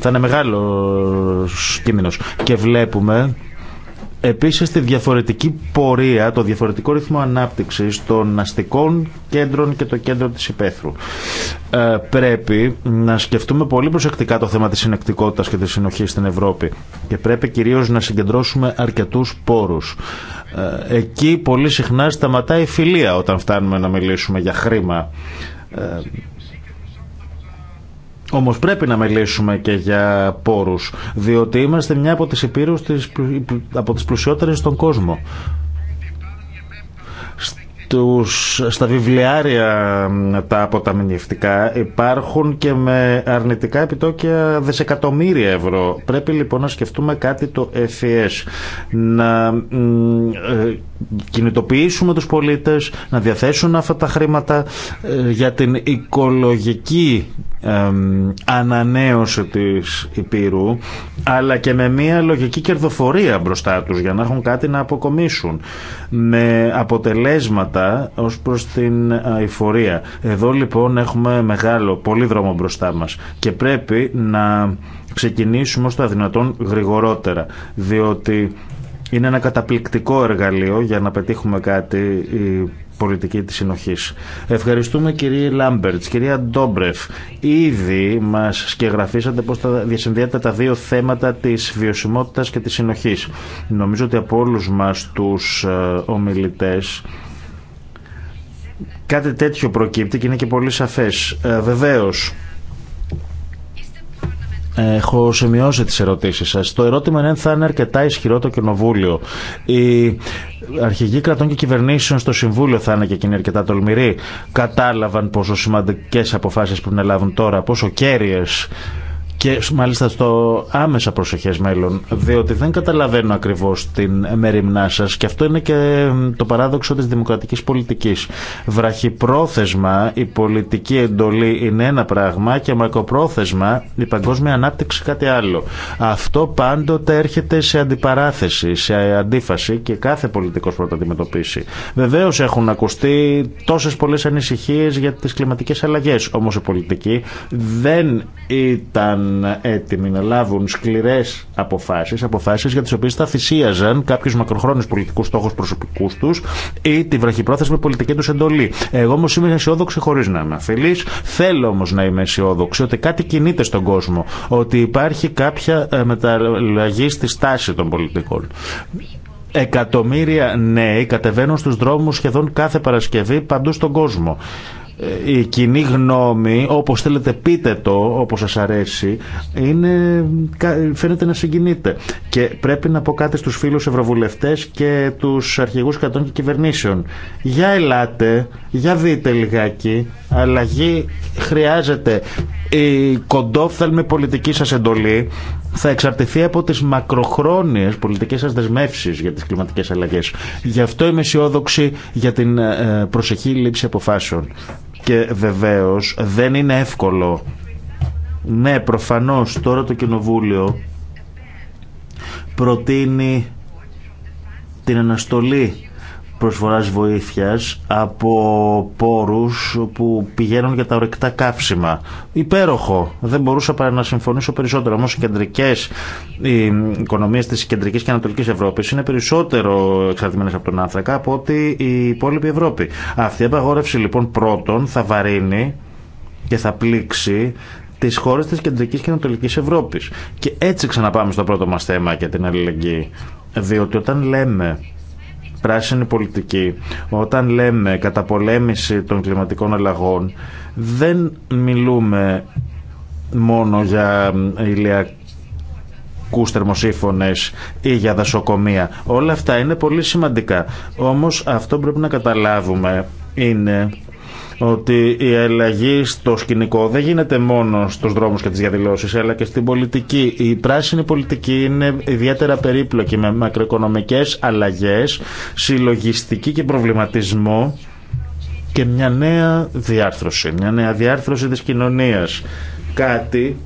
θα είναι μεγάλο κίνδυνος. Και βλέπουμε Επίσης τη διαφορετική πορεία, το διαφορετικό ρυθμό ανάπτυξης των αστικών κέντρων και το κέντρο της υπαίθρου. Ε, πρέπει να σκεφτούμε πολύ προσεκτικά το θέμα της συνεκτικότητας και της συνοχής στην Ευρώπη και πρέπει κυρίως να συγκεντρώσουμε αρκετούς πόρους. Ε, εκεί πολύ συχνά σταματάει η φιλία όταν φτάνουμε να μιλήσουμε για χρήμα. Ε, Όμω πρέπει να μιλήσουμε και για πόρου, διότι είμαστε μια από τι υπήρου από τι πλουσιότερε στον κόσμο. Τους, στα βιβλιάρια τα αποταμινιευτικά υπάρχουν και με αρνητικά επιτόκια δισεκατομμύρια ευρώ. Πρέπει λοιπόν να σκεφτούμε κάτι το FES, να ε, κινητοποιήσουμε τους πολίτες, να διαθέσουν αυτά τα χρήματα ε, για την οικολογική ανανέωση της Υπήρου αλλά και με μια λογική κερδοφορία μπροστά τους για να έχουν κάτι να αποκομίσουν με αποτελέσματα ως προς την αηφορία. Εδώ λοιπόν έχουμε μεγάλο, πολύ δρόμο μπροστά μας και πρέπει να ξεκινήσουμε ως τα δυνατόν γρηγορότερα διότι είναι ένα καταπληκτικό εργαλείο για να πετύχουμε κάτι πολιτική της συνοχής. Ευχαριστούμε κυρία Λάμπερτς, κυρία Ντόμπρεφ. Ήδη μας σκεγγραφίσατε πώς θα τα δύο θέματα της βιωσιμότητας και της συνοχής. Νομίζω ότι από όλου μας τους ε, ομιλητές κάτι τέτοιο προκύπτει και είναι και πολύ σαφές. Ε, βεβαίως, Έχω σημειώσει τις ερωτήσεις σας. Το ερώτημα είναι θα είναι αρκετά ισχυρό το Κοινοβούλιο. Οι αρχηγοί κρατών και κυβερνήσεων στο Συμβούλιο θα είναι και εκείνοι αρκετά τολμηροί. Κατάλαβαν πόσο σημαντικές αποφάσεις πρέπει να λάβουν τώρα, πόσο κέρυες και μάλιστα στο άμεσα προσεχές μέλλον, διότι δεν καταλαβαίνω ακριβώς την μεριμνά σας και αυτό είναι και το παράδοξο της δημοκρατικής πολιτικής. Βραχυπρόθεσμα η πολιτική εντολή είναι ένα πράγμα και μακροπρόθεσμα η παγκόσμια ανάπτυξη κάτι άλλο. Αυτό πάντοτε έρχεται σε αντιπαράθεση, σε αντίφαση και κάθε πολιτικός πρέπει να αντιμετωπίσει. Βεβαίω έχουν ακουστεί τόσες πολλές ανησυχίες για τις κλιματικές αλλαγές, όμως η πολιτική δεν ήταν έτοιμοι να λάβουν σκληρέ αποφάσει, αποφάσει για τι οποίε θα θυσίαζαν κάποιου μακροχρόνιου πολιτικού στόχου προσωπικού του ή τη βραχυπρόθεσμη πολιτική του εντολή. Εγώ όμω είμαι αισιόδοξη χωρί να είμαι αφιλή. Θέλω όμω να είμαι αισιόδοξη ότι κάτι κινείται στον κόσμο, ότι υπάρχει κάποια ε, μεταλλαγή στη στάση των πολιτικών. Εκατομμύρια νέοι κατεβαίνουν στους δρόμους σχεδόν κάθε Παρασκευή παντού στον κόσμο. Ε, η κοινή γνώμη, όπως θέλετε πείτε το, όπως σας αρέσει, είναι, φαίνεται να συγκινείται. Και πρέπει να πω κάτι στους φίλους ευρωβουλευτές και τους αρχηγούς κρατών και κυβερνήσεων. Για ελάτε, για δείτε λιγάκι, αλλαγή χρειάζεται η κοντόφθαλμη πολιτική σας εντολή θα εξαρτηθεί από τι μακροχρόνιε πολιτικέ σα δεσμεύσει για τι κλιματικέ αλλαγέ. Γι' αυτό είμαι αισιόδοξη για την ε, προσεχή λήψη αποφάσεων. Και βεβαίω δεν είναι εύκολο. Ναι, προφανώς τώρα το Κοινοβούλιο προτείνει την αναστολή προσφοράς βοήθειας από πόρους που πηγαίνουν για τα ορεκτά καύσιμα. Υπέροχο. Δεν μπορούσα παρά να συμφωνήσω περισσότερο. Όμως οι κεντρικές οι οικονομίες της κεντρικής και ανατολικής Ευρώπης είναι περισσότερο εξαρτημένες από τον άνθρακα από ότι η υπόλοιπη Ευρώπη. Αυτή η απαγόρευση λοιπόν πρώτον θα βαρύνει και θα πλήξει τι χώρε τη κεντρική και ανατολική Ευρώπη. Και έτσι ξαναπάμε στο πρώτο μα θέμα και την αλληλεγγύη. Διότι όταν λέμε πράσινη πολιτική, όταν λέμε καταπολέμηση των κλιματικών αλλαγών, δεν μιλούμε μόνο για ηλιακούς κούς θερμοσύφωνες ή για δασοκομεία. Όλα αυτά είναι πολύ σημαντικά. Όμως αυτό πρέπει να καταλάβουμε είναι ότι η αλλαγή στο σκηνικό δεν γίνεται μόνο στους δρόμους και τις διαδηλώσεις αλλά και στην πολιτική. Η πράσινη πολιτική είναι ιδιαίτερα περίπλοκη με μακροοικονομικές αλλαγές, συλλογιστική και προβληματισμό και μια νέα διάρθρωση, μια νέα διάρθρωση της κοινωνίας. Κάτι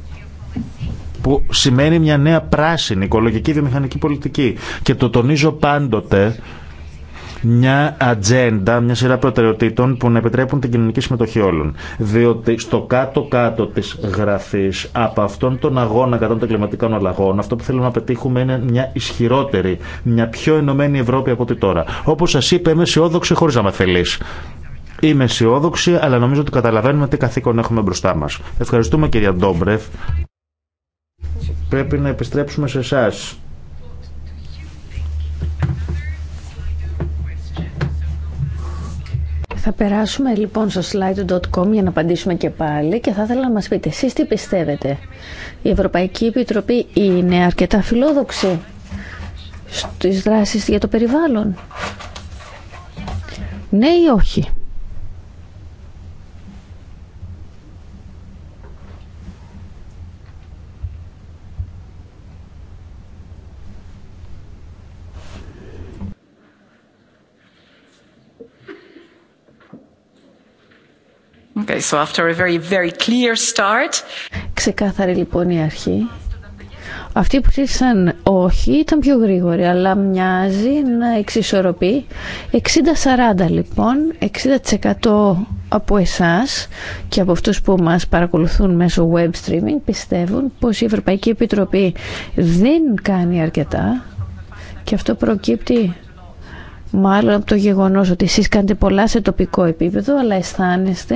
που σημαίνει μια νέα πράσινη οικολογική βιομηχανική πολιτική. Και το τονίζω πάντοτε μια ατζέντα, μια σειρά προτεραιοτήτων που να επιτρέπουν την κοινωνική συμμετοχή όλων. Διότι στο κάτω-κάτω τη γραφή από αυτόν τον αγώνα κατά των κλιματικών αλλαγών, αυτό που θέλουμε να πετύχουμε είναι μια ισχυρότερη, μια πιο ενωμένη Ευρώπη από ό,τι τώρα. Όπω σα είπα, είμαι αισιόδοξη χωρί να με θελεί. Είμαι αισιόδοξη, αλλά νομίζω ότι καταλαβαίνουμε τι καθήκον έχουμε μπροστά μα. Ευχαριστούμε, κυρία Ντόμπρεφ. Πρέπει να επιστρέψουμε σε εσά. Θα περάσουμε λοιπόν στο slide.com για να απαντήσουμε και πάλι και θα ήθελα να μας πείτε εσείς τι πιστεύετε. Η Ευρωπαϊκή Επιτροπή είναι αρκετά φιλόδοξη στις δράσεις για το περιβάλλον. Ναι ή όχι. Ξεκάθαρη λοιπόν η αρχή. Αυτοί που ψήφισαν όχι ήταν πιο γρήγοροι, αλλά μοιάζει να εξισορροπεί. 60-40 λοιπόν, 60% από εσάς και από αυτούς που μας παρακολουθούν μέσω web streaming πιστεύουν πως η Ευρωπαϊκή Επιτροπή δεν κάνει αρκετά και αυτό προκύπτει μάλλον από το γεγονός ότι εσείς κάνετε πολλά σε τοπικό επίπεδο αλλά αισθάνεστε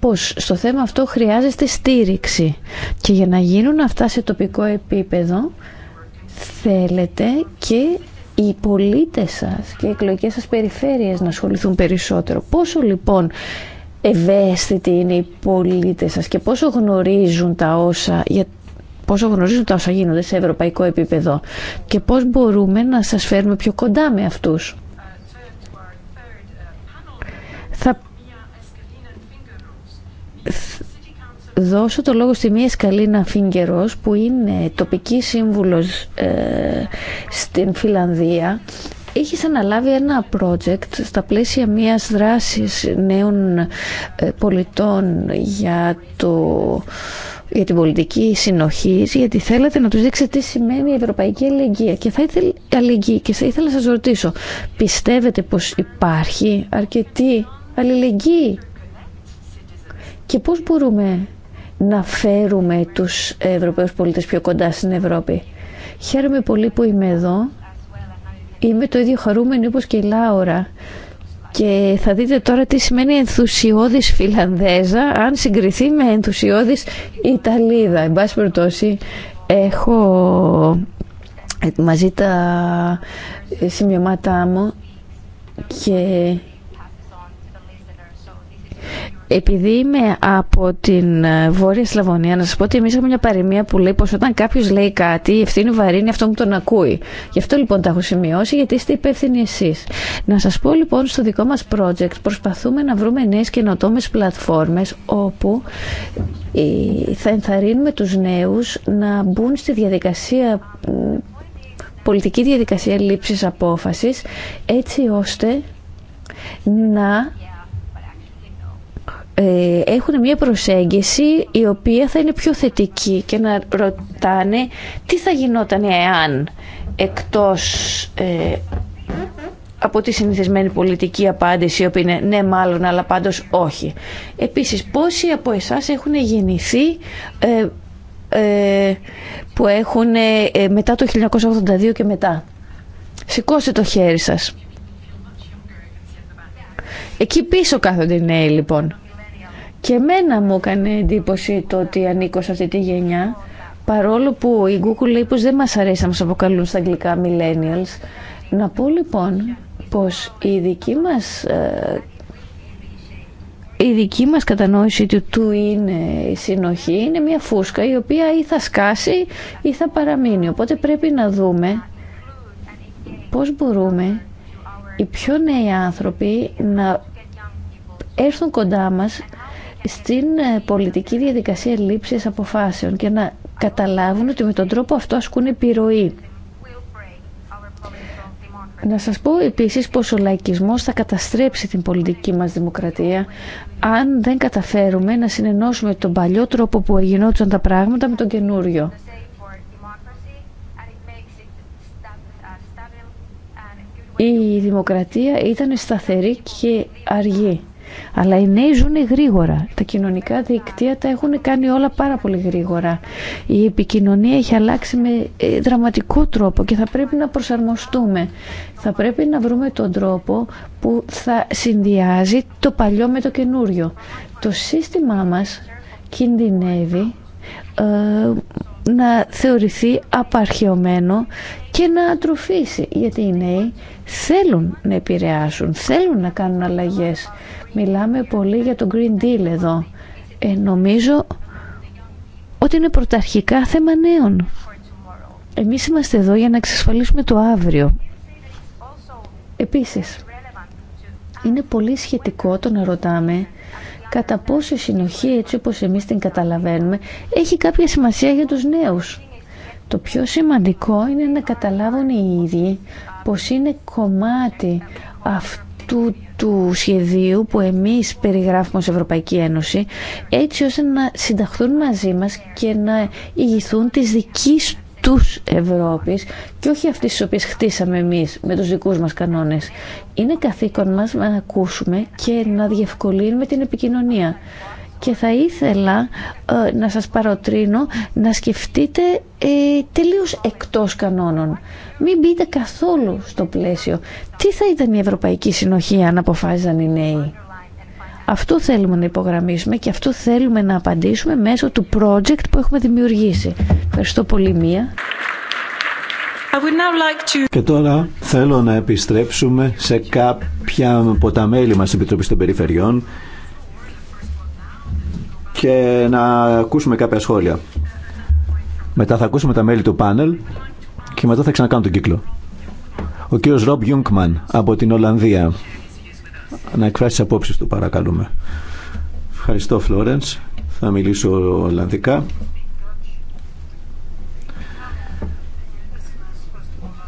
πως στο θέμα αυτό χρειάζεστε στήριξη και για να γίνουν αυτά σε τοπικό επίπεδο θέλετε και οι πολίτες σας και οι εκλογικές σας περιφέρειες να ασχοληθούν περισσότερο. Πόσο λοιπόν ευαίσθητοι είναι οι πολίτες σας και πόσο γνωρίζουν τα όσα πόσο γνωρίζουν τα όσα γίνονται σε ευρωπαϊκό επίπεδο και πώς μπορούμε να σας φέρουμε πιο κοντά με αυτούς. Θα δώσω το λόγο στη Μία Σκαλίνα Φίγκερος που είναι τοπική σύμβουλος ε, στην Φιλανδία έχει αναλάβει ένα project στα πλαίσια μιας δράσης νέων ε, πολιτών για το για την πολιτική συνοχή, γιατί θέλετε να του δείξετε τι σημαίνει η ευρωπαϊκή αλληλεγγύη. Και θα ήθελα, και θα ήθελα να σα ρωτήσω, πιστεύετε πω υπάρχει αρκετή αλληλεγγύη και πώς μπορούμε να φέρουμε τους Ευρωπαίους πολίτες πιο κοντά στην Ευρώπη. Χαίρομαι πολύ που είμαι εδώ. Είμαι το ίδιο χαρούμενη όπως και η Λάουρα και θα δείτε τώρα τι σημαίνει ενθουσιώδης Φιλανδέζα αν συγκριθεί με ενθουσιώδης Ιταλίδα. Εν πάση περιπτώσει έχω ε, μαζί τα ε, σημειωμάτά μου και επειδή είμαι από την ε, Βόρεια Σλαβωνία, να σα πω ότι εμεί έχουμε μια παροιμία που λέει πω όταν κάποιο λέει κάτι, η ευθύνη βαρύνει αυτό που τον ακούει. Γι' αυτό λοιπόν τα έχω σημειώσει, γιατί είστε υπεύθυνοι εσεί. Να σα πω λοιπόν στο δικό μα project προσπαθούμε να βρούμε νέε καινοτόμε πλατφόρμε όπου ε, θα ενθαρρύνουμε του νέου να μπουν στη διαδικασία πολιτική διαδικασία λήψης απόφασης έτσι ώστε να ε, έχουν μια προσέγγιση η οποία θα είναι πιο θετική και να ρωτάνε τι θα γινόταν εάν εκτός ε, από τη συνηθισμένη πολιτική απάντηση η οποία είναι ναι μάλλον αλλά πάντως όχι. Επίσης πόσοι από εσάς έχουν γεννηθεί ε, που έχουν μετά το 1982 και μετά. Σηκώστε το χέρι σας. Εκεί πίσω κάθονται οι νέοι λοιπόν. Και μένα μου έκανε εντύπωση το ότι ανήκω σε αυτή τη γενιά, παρόλο που η Google λέει πως δεν μας αρέσει να μας αποκαλούν στα αγγλικά millennials. Να πω λοιπόν πως η δική μας ε, η δική μας κατανόηση του του είναι η συνοχή είναι μια φούσκα η οποία ή θα σκάσει ή θα παραμείνει. Οπότε πρέπει να δούμε πώς μπορούμε οι πιο νέοι άνθρωποι να έρθουν κοντά μας στην ε, πολιτική διαδικασία λήψης αποφάσεων και να καταλάβουν ότι με τον τρόπο αυτό ασκούν επιρροή. Να σας πω επίσης πως ο λαϊκισμός θα καταστρέψει την πολιτική μας δημοκρατία αν δεν καταφέρουμε να συνενώσουμε τον παλιό τρόπο που γινόντουσαν τα πράγματα με τον καινούριο. Η δημοκρατία ήταν σταθερή και αργή. Αλλά οι νέοι ζουν γρήγορα. Τα κοινωνικά δικτύα τα έχουν κάνει όλα πάρα πολύ γρήγορα. Η επικοινωνία έχει αλλάξει με ε, δραματικό τρόπο και θα πρέπει να προσαρμοστούμε. Θα πρέπει να βρούμε τον τρόπο που θα συνδυάζει το παλιό με το καινούριο. Το σύστημά μας κινδυνεύει ε, να θεωρηθεί απαρχαιωμένο και να ατροφήσει γιατί οι νέοι θέλουν να επηρεάσουν, θέλουν να κάνουν αλλαγές Μιλάμε πολύ για το Green Deal εδώ. Ε, νομίζω ότι είναι πρωταρχικά θέμα νέων. Εμείς είμαστε εδώ για να εξασφαλίσουμε το αύριο. Επίσης, είναι πολύ σχετικό το να ρωτάμε κατά πόσο η συνοχή, έτσι όπως εμείς την καταλαβαίνουμε, έχει κάποια σημασία για τους νέους. Το πιο σημαντικό είναι να καταλάβουν οι ίδιοι πως είναι κομμάτι αυτού του σχεδίου που εμείς περιγράφουμε ως Ευρωπαϊκή Ένωση έτσι ώστε να συνταχθούν μαζί μας και να ηγηθούν της δικής τους Ευρώπης και όχι αυτές τις οποίες χτίσαμε εμείς με τους δικούς μας κανόνες. Είναι καθήκον μας να ακούσουμε και να διευκολύνουμε την επικοινωνία και θα ήθελα ε, να σας παροτρύνω να σκεφτείτε ε, τελείως εκτός κανόνων. Μην μπείτε καθόλου στο πλαίσιο. Τι θα ήταν η Ευρωπαϊκή Συνοχή αν αποφάσιζαν οι νέοι. Αυτό θέλουμε να υπογραμμίσουμε και αυτό θέλουμε να απαντήσουμε μέσω του project που έχουμε δημιουργήσει. Ευχαριστώ πολύ μία. Και τώρα θέλω να επιστρέψουμε σε κάποια από τα μέλη μας της Επιτροπή των Περιφερειών και να ακούσουμε κάποια σχόλια. Μετά θα ακούσουμε τα μέλη του πάνελ και μετά θα ξανακάνουμε τον κύκλο. Ο κύριος Ρομπ Γιούγκμαν από την Ολλανδία. Να εκφράσει τι απόψει του, παρακαλούμε. Ευχαριστώ, Φλόρενς. Θα μιλήσω Ολλανδικά.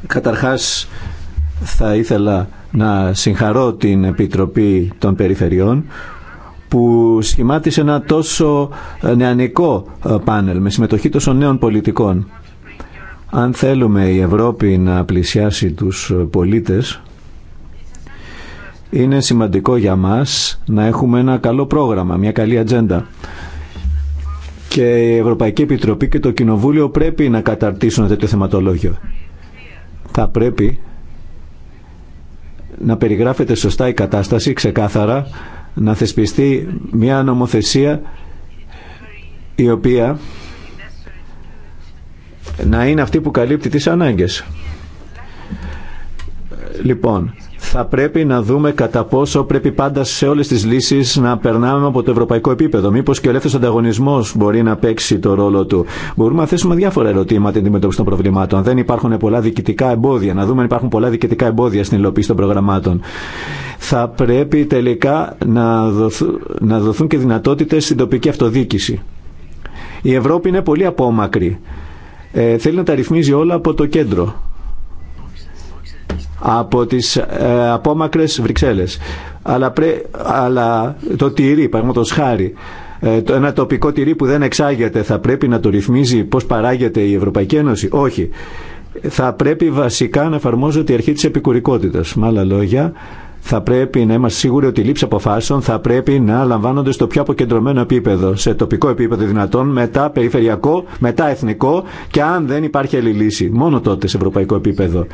Καταρχάς, θα ήθελα να συγχαρώ την Επιτροπή των Περιφερειών που σχημάτισε ένα τόσο ε, νεανικό ε, πάνελ με συμμετοχή τόσων νέων πολιτικών. Αν θέλουμε η Ευρώπη να πλησιάσει τους ε, πολίτες, είναι σημαντικό για μας να έχουμε ένα καλό πρόγραμμα, μια καλή ατζέντα. Και η Ευρωπαϊκή Επιτροπή και το Κοινοβούλιο πρέπει να καταρτήσουν τέτοιο θεματολόγιο. Θα πρέπει να περιγράφεται σωστά η κατάσταση, ξεκάθαρα, να θεσπιστεί μια νομοθεσία η οποία να είναι αυτή που καλύπτει τις ανάγκες. Λοιπόν, θα πρέπει να δούμε κατά πόσο πρέπει πάντα σε όλες τις λύσεις να περνάμε από το ευρωπαϊκό επίπεδο. Μήπως και ο ελεύθερος ανταγωνισμός μπορεί να παίξει το ρόλο του. Μπορούμε να θέσουμε διάφορα ερωτήματα την αντιμετώπιση των προβλημάτων. Δεν υπάρχουν πολλά διοικητικά εμπόδια. Να δούμε αν υπάρχουν πολλά διοικητικά εμπόδια στην υλοποίηση των προγραμμάτων. Θα πρέπει τελικά να, να δοθούν και δυνατότητες στην τοπική αυτοδιοίκηση. Η Ευρώπη είναι πολύ απόμακρη. Ε, θέλει να τα ρυθμίζει όλα από το κέντρο από τις ε, απόμακρες Βρυξέλλες. Αλλά, αλλά το τυρί, παραδείγματος χάρη, ε, το, ένα τοπικό τυρί που δεν εξάγεται θα πρέπει να το ρυθμίζει πώς παράγεται η Ευρωπαϊκή Ένωση. Όχι. Θα πρέπει βασικά να εφαρμόζεται η αρχή της επικουρικότητας. Με άλλα λόγια, θα πρέπει να είμαστε σίγουροι ότι οι λήψει αποφάσεων θα πρέπει να λαμβάνονται στο πιο αποκεντρωμένο επίπεδο, σε τοπικό επίπεδο δυνατόν, μετά περιφερειακό, μετά εθνικό και αν δεν υπάρχει άλλη λύση. Μόνο τότε σε ευρωπαϊκό επίπεδο.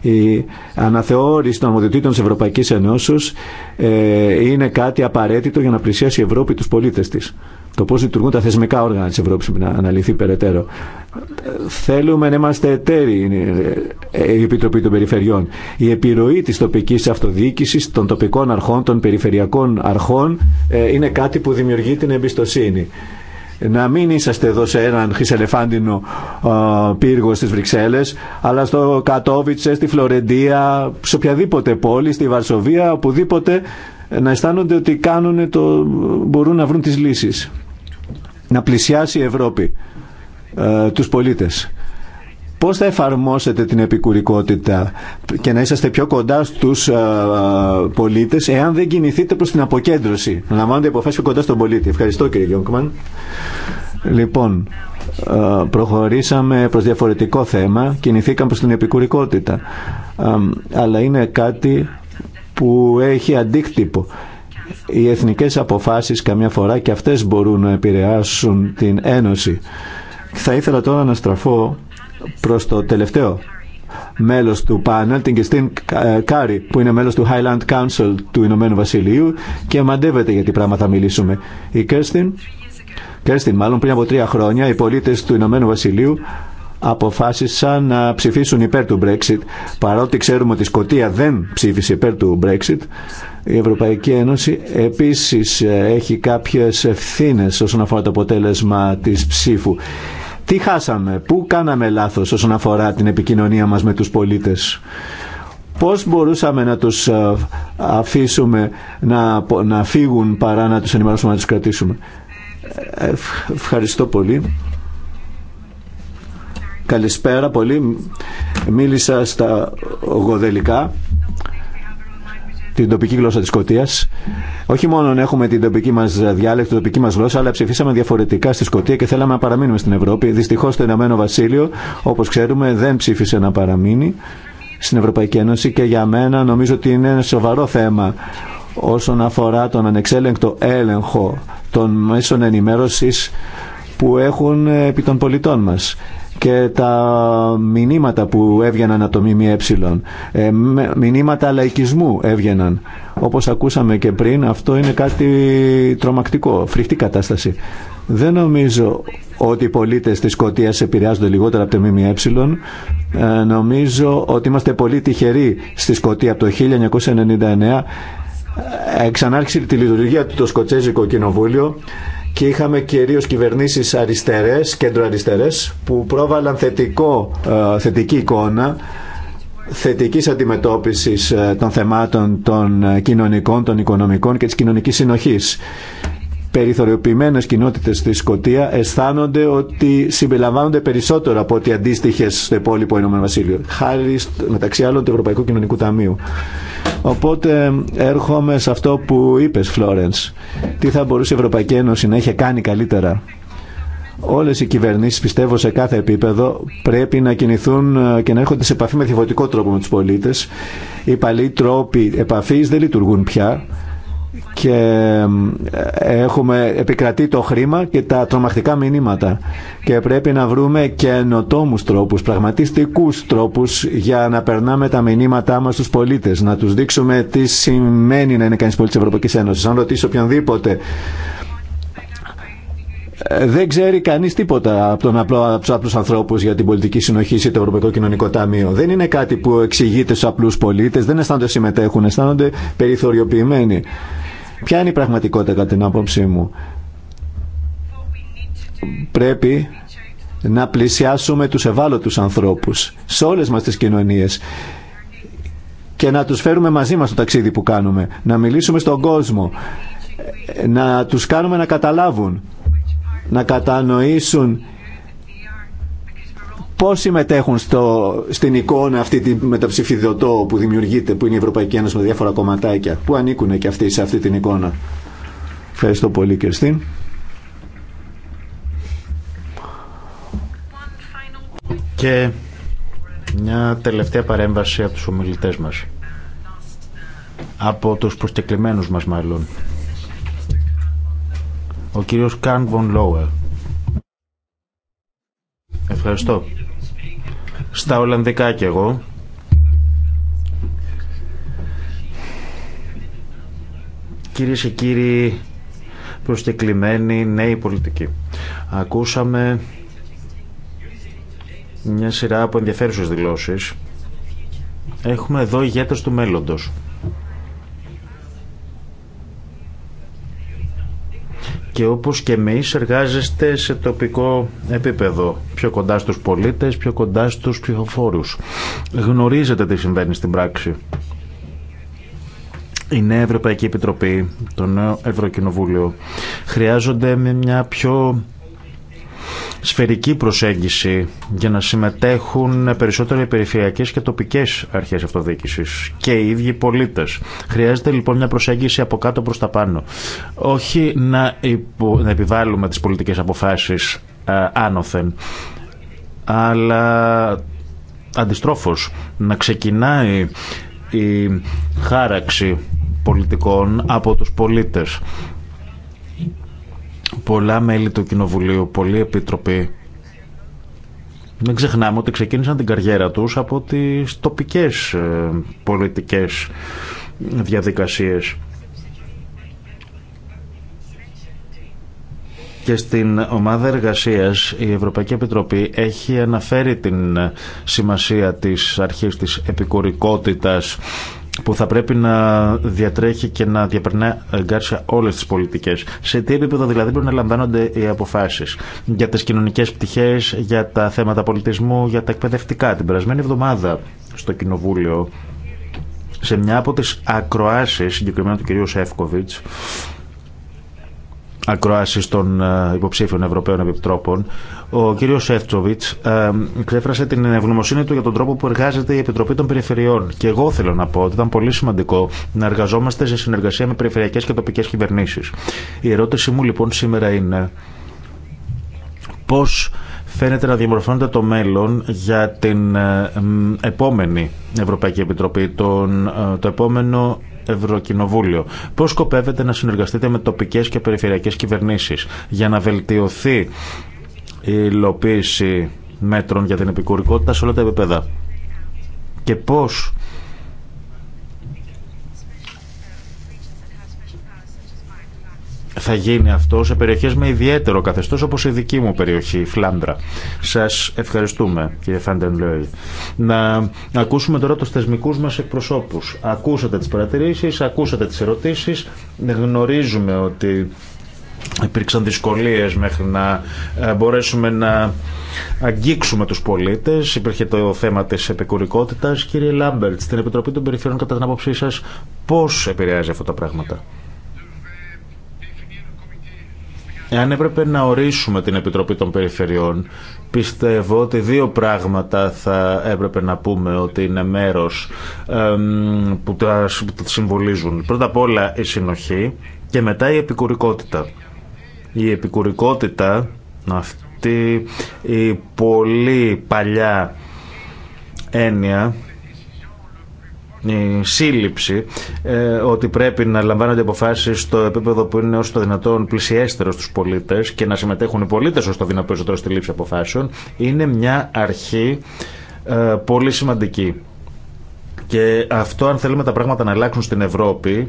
Η αναθεώρηση των αρμοδιοτήτων τη Ευρωπαϊκή Ενώσεω ε, είναι κάτι απαραίτητο για να πλησιάσει η Ευρώπη του πολίτε τη. Το πώ λειτουργούν τα θεσμικά όργανα τη Ευρώπη να αναλυθεί περαιτέρω. Θέλουμε να είμαστε εταίροι ε, η Επιτροπή των Περιφερειών. Η επιρροή τη τοπική αυτοδιοίκηση των τοπικών αρχών, των περιφερειακών αρχών ε, είναι κάτι που δημιουργεί την εμπιστοσύνη. Να μην είσαστε εδώ σε έναν χρυσελεφάντινο πύργο στις Βρυξέλλες, αλλά στο Κατόβιτσε, στη Φλωρεντία, σε οποιαδήποτε πόλη, στη Βαρσοβία, οπουδήποτε, ε, να αισθάνονται ότι το, μπορούν να βρουν τις λύσεις. Να πλησιάσει η Ευρώπη, ε, τους πολίτες πώς θα εφαρμόσετε την επικουρικότητα και να είσαστε πιο κοντά στους ε, πολίτες εάν δεν κινηθείτε προς την αποκέντρωση. Να λαμβάνονται υποφάσεις κοντά στον πολίτη. Ευχαριστώ κύριε Γιόγκμαν. Λοιπόν, ε, προχωρήσαμε προς διαφορετικό θέμα, κινηθήκαμε προς την επικουρικότητα. Ε, αλλά είναι κάτι που έχει αντίκτυπο. Οι εθνικές αποφάσεις καμιά φορά και αυτές μπορούν να επηρεάσουν την Ένωση. Θα ήθελα τώρα να στραφώ προς το τελευταίο μέλος του πάνελ, την Κριστίν ε, Κάρι, που είναι μέλος του Highland Council του Ηνωμένου Βασιλείου και μαντεύεται για τι πράγματα μιλήσουμε. Η Κέρστιν, Κέρστιν μάλλον πριν από τρία χρόνια, οι πολίτες του Ηνωμένου Βασιλείου αποφάσισαν να ψηφίσουν υπέρ του Brexit. Παρότι ξέρουμε ότι η Σκοτία δεν ψήφισε υπέρ του Brexit, η Ευρωπαϊκή Ένωση επίσης έχει κάποιες ευθύνες όσον αφορά το αποτέλεσμα της ψήφου. Τι χάσαμε, πού κάναμε λάθος όσον αφορά την επικοινωνία μας με τους πολίτες. Πώς μπορούσαμε να τους ε, αφήσουμε να, να φύγουν παρά να τους ενημερώσουμε να τους κρατήσουμε. Ε, ευχαριστώ πολύ. Καλησπέρα πολύ. Μίλησα στα γοδελικά την τοπική γλώσσα της Σκωτία. Όχι μόνο έχουμε την τοπική μας διάλεκτο, την τοπική μας γλώσσα, αλλά ψηφίσαμε διαφορετικά στη Σκωτία και θέλαμε να παραμείνουμε στην Ευρώπη. Δυστυχώς το Ηνωμένο Βασίλειο, όπως ξέρουμε, δεν ψήφισε να παραμείνει στην Ευρωπαϊκή Ένωση και για μένα νομίζω ότι είναι ένα σοβαρό θέμα όσον αφορά τον ανεξέλεγκτο έλεγχο των μέσων ενημέρωσης που έχουν επί των πολιτών μας και τα μηνύματα που έβγαιναν από το ΜΜΕ. Ε, μηνύματα λαϊκισμού έβγαιναν. Όπως ακούσαμε και πριν, αυτό είναι κάτι τρομακτικό, φρικτή κατάσταση. Δεν νομίζω ότι οι πολίτες της Σκωτίας επηρεάζονται λιγότερα από το ΜΜΕ. Ε, νομίζω ότι είμαστε πολύ τυχεροί στη Σκωτία από το 1999 ε, Εξανάρχισε τη λειτουργία του το Σκοτσέζικο Κοινοβούλιο και είχαμε κυρίω κυβερνήσεις αριστερές, κέντρο αριστερές που πρόβαλαν θετικό, ε, θετική εικόνα θετική αντιμετώπιση ε, των θεμάτων των ε, κοινωνικών, των οικονομικών και της κοινωνική συνοχή περιθωριοποιημένε κοινότητε στη Σκωτία αισθάνονται ότι συμπεριλαμβάνονται περισσότερο από ό,τι αντίστοιχε στο υπόλοιπο Ηνωμένο Βασίλειο. Χάρη μεταξύ άλλων του Ευρωπαϊκού Κοινωνικού Ταμείου. Οπότε έρχομαι σε αυτό που είπε Φλόρεν. Τι θα μπορούσε η Ευρωπαϊκή Ένωση να είχε κάνει καλύτερα. Όλε οι κυβερνήσει, πιστεύω σε κάθε επίπεδο πρέπει να κινηθούν ε, και να έρχονται σε επαφή με διαφορετικό τρόπο με του πολίτε. Οι παλιοί τρόποι επαφή δεν λειτουργούν πια και ε, έχουμε επικρατεί το χρήμα και τα τρομακτικά μηνύματα και πρέπει να βρούμε καινοτόμους τρόπους, πραγματιστικούς τρόπους για να περνάμε τα μηνύματά μας στους πολίτες, να τους δείξουμε τι σημαίνει να είναι κανείς πολίτης της Ευρωπαϊκής Ένωσης. Αν ρωτήσω οποιονδήποτε δεν ξέρει κανείς τίποτα από, τον απλό, από τους απλούς ανθρώπους για την πολιτική συνοχή ή το Ευρωπαϊκό Κοινωνικό Ταμείο. Δεν είναι κάτι που εξηγείται στους απλούς πολίτες, δεν αισθάνονται συμμετέχουν, αισθάνονται περιθωριοποιημένοι. Ποια είναι η πραγματικότητα κατά την άποψή μου. Πρέπει να πλησιάσουμε τους ευάλωτους ανθρώπους σε όλες μας τις κοινωνίες και να τους φέρουμε μαζί μας το ταξίδι που κάνουμε, να μιλήσουμε στον κόσμο, να τους κάνουμε να καταλάβουν, να κατανοήσουν Πώς συμμετέχουν στο, στην εικόνα αυτή τη ψηφιδωτό που δημιουργείται, που είναι η Ευρωπαϊκή Ένωση με διάφορα κομματάκια, που ανήκουν και αυτοί σε αυτή την εικόνα. Ευχαριστώ πολύ, Κριστίν. Και μια τελευταία παρέμβαση από τους ομιλητές μας. Από τους προσκεκλημένους μας μάλλον. Ο κύριος Καν Βον Λόουερ. Ευχαριστώ. Στα Ολλανδικά κι εγώ. Κυρίε και κύριοι προσκεκλημένοι νέοι πολιτικοί, ακούσαμε μια σειρά από ενδιαφέρουσες δηλώσεις. Έχουμε εδώ ηγέτες του μέλλοντος. και όπως και εμείς εργάζεστε σε τοπικό επίπεδο, πιο κοντά στους πολίτες, πιο κοντά στους ψηφοφόρους. Γνωρίζετε τι συμβαίνει στην πράξη. Η Νέα Ευρωπαϊκή Επιτροπή, το νέο Ευρωκοινοβούλιο χρειάζονται μια πιο σφαιρική προσέγγιση για να συμμετέχουν περισσότερο οι περιφερειακές και τοπικές αρχές αυτοδιοίκησης και οι ίδιοι πολίτες. Χρειάζεται λοιπόν μια προσέγγιση από κάτω προς τα πάνω. Όχι να, να επιβάλλουμε τις πολιτικές αποφάσεις ε, άνωθεν, αλλά αντιστρόφως να ξεκινάει η χάραξη πολιτικών από τους πολίτες πολλά μέλη του Κοινοβουλίου, πολλοί επίτροποι. Μην ξεχνάμε ότι ξεκίνησαν την καριέρα τους από τις τοπικές ε, πολιτικές διαδικασίες. Και στην ομάδα εργασίας η Ευρωπαϊκή Επιτροπή έχει αναφέρει την σημασία της αρχής της επικουρικότητας που θα πρέπει να διατρέχει και να διαπερνά εγκάρσια όλε τι πολιτικέ. Σε τι επίπεδο δηλαδή πρέπει να λαμβάνονται οι αποφάσει για τι κοινωνικέ πτυχέ, για τα θέματα πολιτισμού, για τα εκπαιδευτικά. Την περασμένη εβδομάδα στο Κοινοβούλιο, σε μια από τι ακροάσει συγκεκριμένα του κυρίου Σεύκοβιτ, ακροάσει των ε, υποψήφιων Ευρωπαίων Επιτρόπων, ο κ. Σεύτσοβιτ ε, ξέφρασε την ευγνωμοσύνη του για τον τρόπο που εργάζεται η Επιτροπή των Περιφερειών. Και εγώ θέλω να πω ότι ήταν πολύ σημαντικό να εργαζόμαστε σε συνεργασία με περιφερειακέ και τοπικέ κυβερνήσει. Η ερώτησή μου λοιπόν σήμερα είναι πώ φαίνεται να διαμορφώνεται το μέλλον για την ε, επόμενη Ευρωπαϊκή Επιτροπή, τον, το επόμενο Ευρωκοινοβούλιο. Πώ σκοπεύετε να συνεργαστείτε με τοπικέ και περιφερειακέ κυβερνήσει για να βελτιωθεί η υλοποίηση μέτρων για την επικουρικότητα σε όλα τα επίπεδα. Και πώς θα γίνει αυτό σε περιοχές με ιδιαίτερο καθεστώς όπως η δική μου περιοχή, η Φλάνδρα. Σας ευχαριστούμε κύριε Φάντεν Λόι. Να ακούσουμε τώρα τους θεσμικούς μας εκπροσώπους. Ακούσατε τις παρατηρήσεις, ακούσατε τις ερωτήσεις. Γνωρίζουμε ότι υπήρξαν δυσκολίες μέχρι να ε, μπορέσουμε να αγγίξουμε τους πολίτες. Υπήρχε το θέμα της επικουρικότητας. Κύριε Λάμπερτ, στην Επιτροπή των Περιφέρων, κατά την άποψή σας, πώς επηρεάζει αυτά τα πράγματα. Εάν έπρεπε να ορίσουμε την Επιτροπή των Περιφερειών, πιστεύω ότι δύο πράγματα θα έπρεπε να πούμε ότι είναι μέρος που τα συμβολίζουν. Πρώτα απ' όλα η συνοχή και μετά η επικουρικότητα. Η επικουρικότητα, αυτή η πολύ παλιά έννοια η σύλληψη ε, ότι πρέπει να λαμβάνονται αποφάσει στο επίπεδο που είναι όσο το δυνατόν πλησιέστερο στου πολίτε και να συμμετέχουν οι πολίτε όσο το δυνατόν περισσότερο στη λήψη αποφάσεων είναι μια αρχή ε, πολύ σημαντική. Και αυτό αν θέλουμε τα πράγματα να αλλάξουν στην Ευρώπη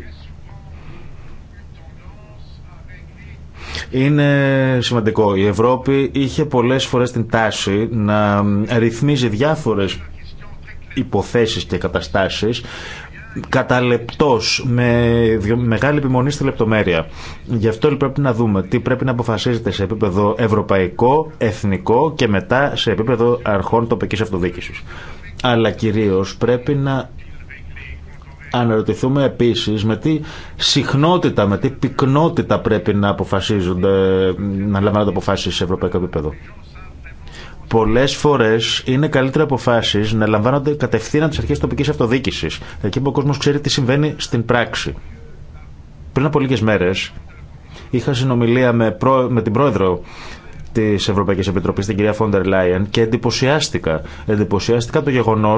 Είναι σημαντικό. Η Ευρώπη είχε πολλές φορές την τάση να ρυθμίζει διάφορες υποθέσεις και καταστάσεις καταλεπτός με μεγάλη επιμονή στη λεπτομέρεια. Γι' αυτό λοιπόν πρέπει να δούμε τι πρέπει να αποφασίζεται σε επίπεδο ευρωπαϊκό, εθνικό και μετά σε επίπεδο αρχών τοπικής αυτοδιοίκησης. Αλλά κυρίως πρέπει να αναρωτηθούμε επίσης με τι συχνότητα, με τι πυκνότητα πρέπει να αποφασίζονται, να λαμβάνονται αποφάσεις σε ευρωπαϊκό επίπεδο. Πολλέ φορέ είναι καλύτερα αποφάσει να λαμβάνονται κατευθείαν από τι αρχέ τοπική αυτοδιοίκηση, εκεί που ο κόσμο ξέρει τι συμβαίνει στην πράξη. Πριν από λίγε μέρε είχα συνομιλία με, με την πρόεδρο τη Ευρωπαϊκή Επιτροπή, την κυρία Φόντερ Λάιεν, και εντυπωσιάστηκα. Εντυπωσιάστηκα το γεγονό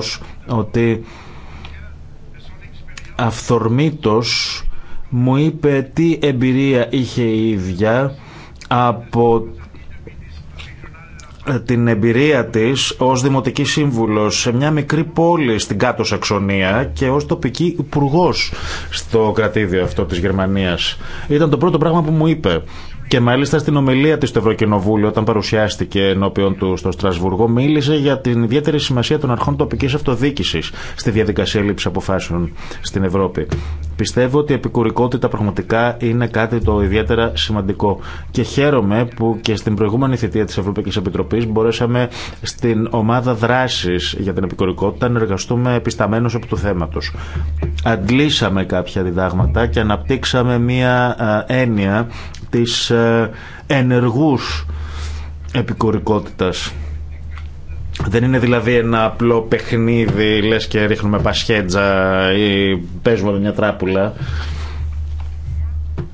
ότι αυθορμήτω μου είπε τι εμπειρία είχε η ίδια από ε, την εμπειρία της ως Δημοτική Σύμβουλος σε μια μικρή πόλη στην κάτω Σαξονία και ως τοπική υπουργό στο κρατήδιο αυτό της Γερμανίας. Ήταν το πρώτο πράγμα που μου είπε και μάλιστα στην ομιλία τη στο Ευρωκοινοβούλιο, όταν παρουσιάστηκε ενώπιον του στο Στρασβούργο, μίλησε για την ιδιαίτερη σημασία των αρχών τοπική αυτοδιοίκηση στη διαδικασία λήψη αποφάσεων στην Ευρώπη. Πιστεύω ότι η επικουρικότητα πραγματικά είναι κάτι το ιδιαίτερα σημαντικό. Και χαίρομαι που και στην προηγούμενη θητεία τη Ευρωπαϊκή Επιτροπή μπορέσαμε στην ομάδα δράση για την επικουρικότητα να εργαστούμε επισταμένω επί του θέματο. Αντλήσαμε κάποια διδάγματα και αναπτύξαμε μία έννοια της ε, ενεργούς επικουρικότητας. Δεν είναι δηλαδή ένα απλό παιχνίδι, λες και ρίχνουμε πασχέτζα ή παίζουμε μια τράπουλα.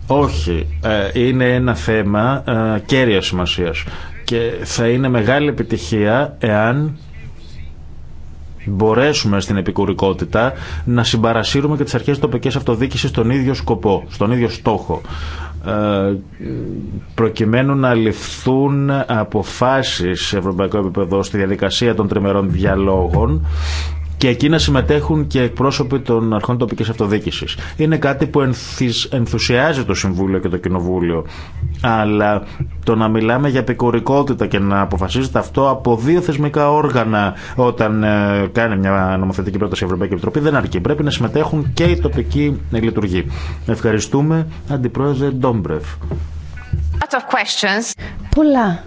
Όχι, ε, είναι ένα θέμα ε, κέρια σημασίας και θα είναι μεγάλη επιτυχία εάν μπορέσουμε στην επικουρικότητα να συμπαρασύρουμε και τις αρχές τοπικές αυτοδίκησης στον ίδιο σκοπό, στον ίδιο στόχο. Ε, προκειμένου να ληφθούν αποφάσεις σε ευρωπαϊκό επίπεδο στη διαδικασία των τριμερών διαλόγων και εκεί να συμμετέχουν και εκπρόσωποι των αρχών τοπικής αυτοδιοίκηση. Είναι κάτι που ενθουσιάζει το Συμβούλιο και το Κοινοβούλιο, αλλά το να μιλάμε για επικουρικότητα και να αποφασίζεται αυτό από δύο θεσμικά όργανα όταν ε, κάνει μια νομοθετική πρόταση η Ευρωπαϊκή Επιτροπή δεν αρκεί. Πρέπει να συμμετέχουν και οι τοπικοί λειτουργοί. Ευχαριστούμε, Αντιπρόεδρε Ντόμπρεφ. Πολλά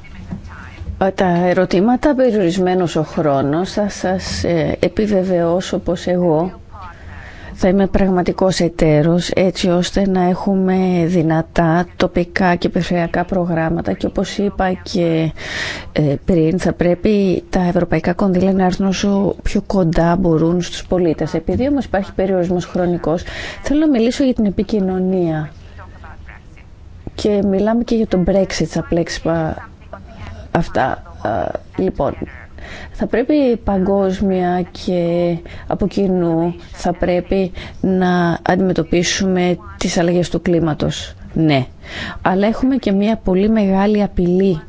τα ερωτήματα περιορισμένος ο χρόνος θα σας ε, επιβεβαιώσω πως εγώ θα είμαι πραγματικός εταίρος έτσι ώστε να έχουμε δυνατά τοπικά και περιφερειακά προγράμματα και όπως είπα και ε, πριν θα πρέπει τα ευρωπαϊκά κονδύλια να έρθουν όσο πιο κοντά μπορούν στους πολίτες. Επειδή όμως υπάρχει περιορισμός χρονικός θέλω να μιλήσω για την επικοινωνία και μιλάμε και για τον Brexit θα αυτά. Λοιπόν, θα πρέπει παγκόσμια και από κοινού θα πρέπει να αντιμετωπίσουμε τις αλλαγές του κλίματος. Ναι, αλλά έχουμε και μια πολύ μεγάλη απειλή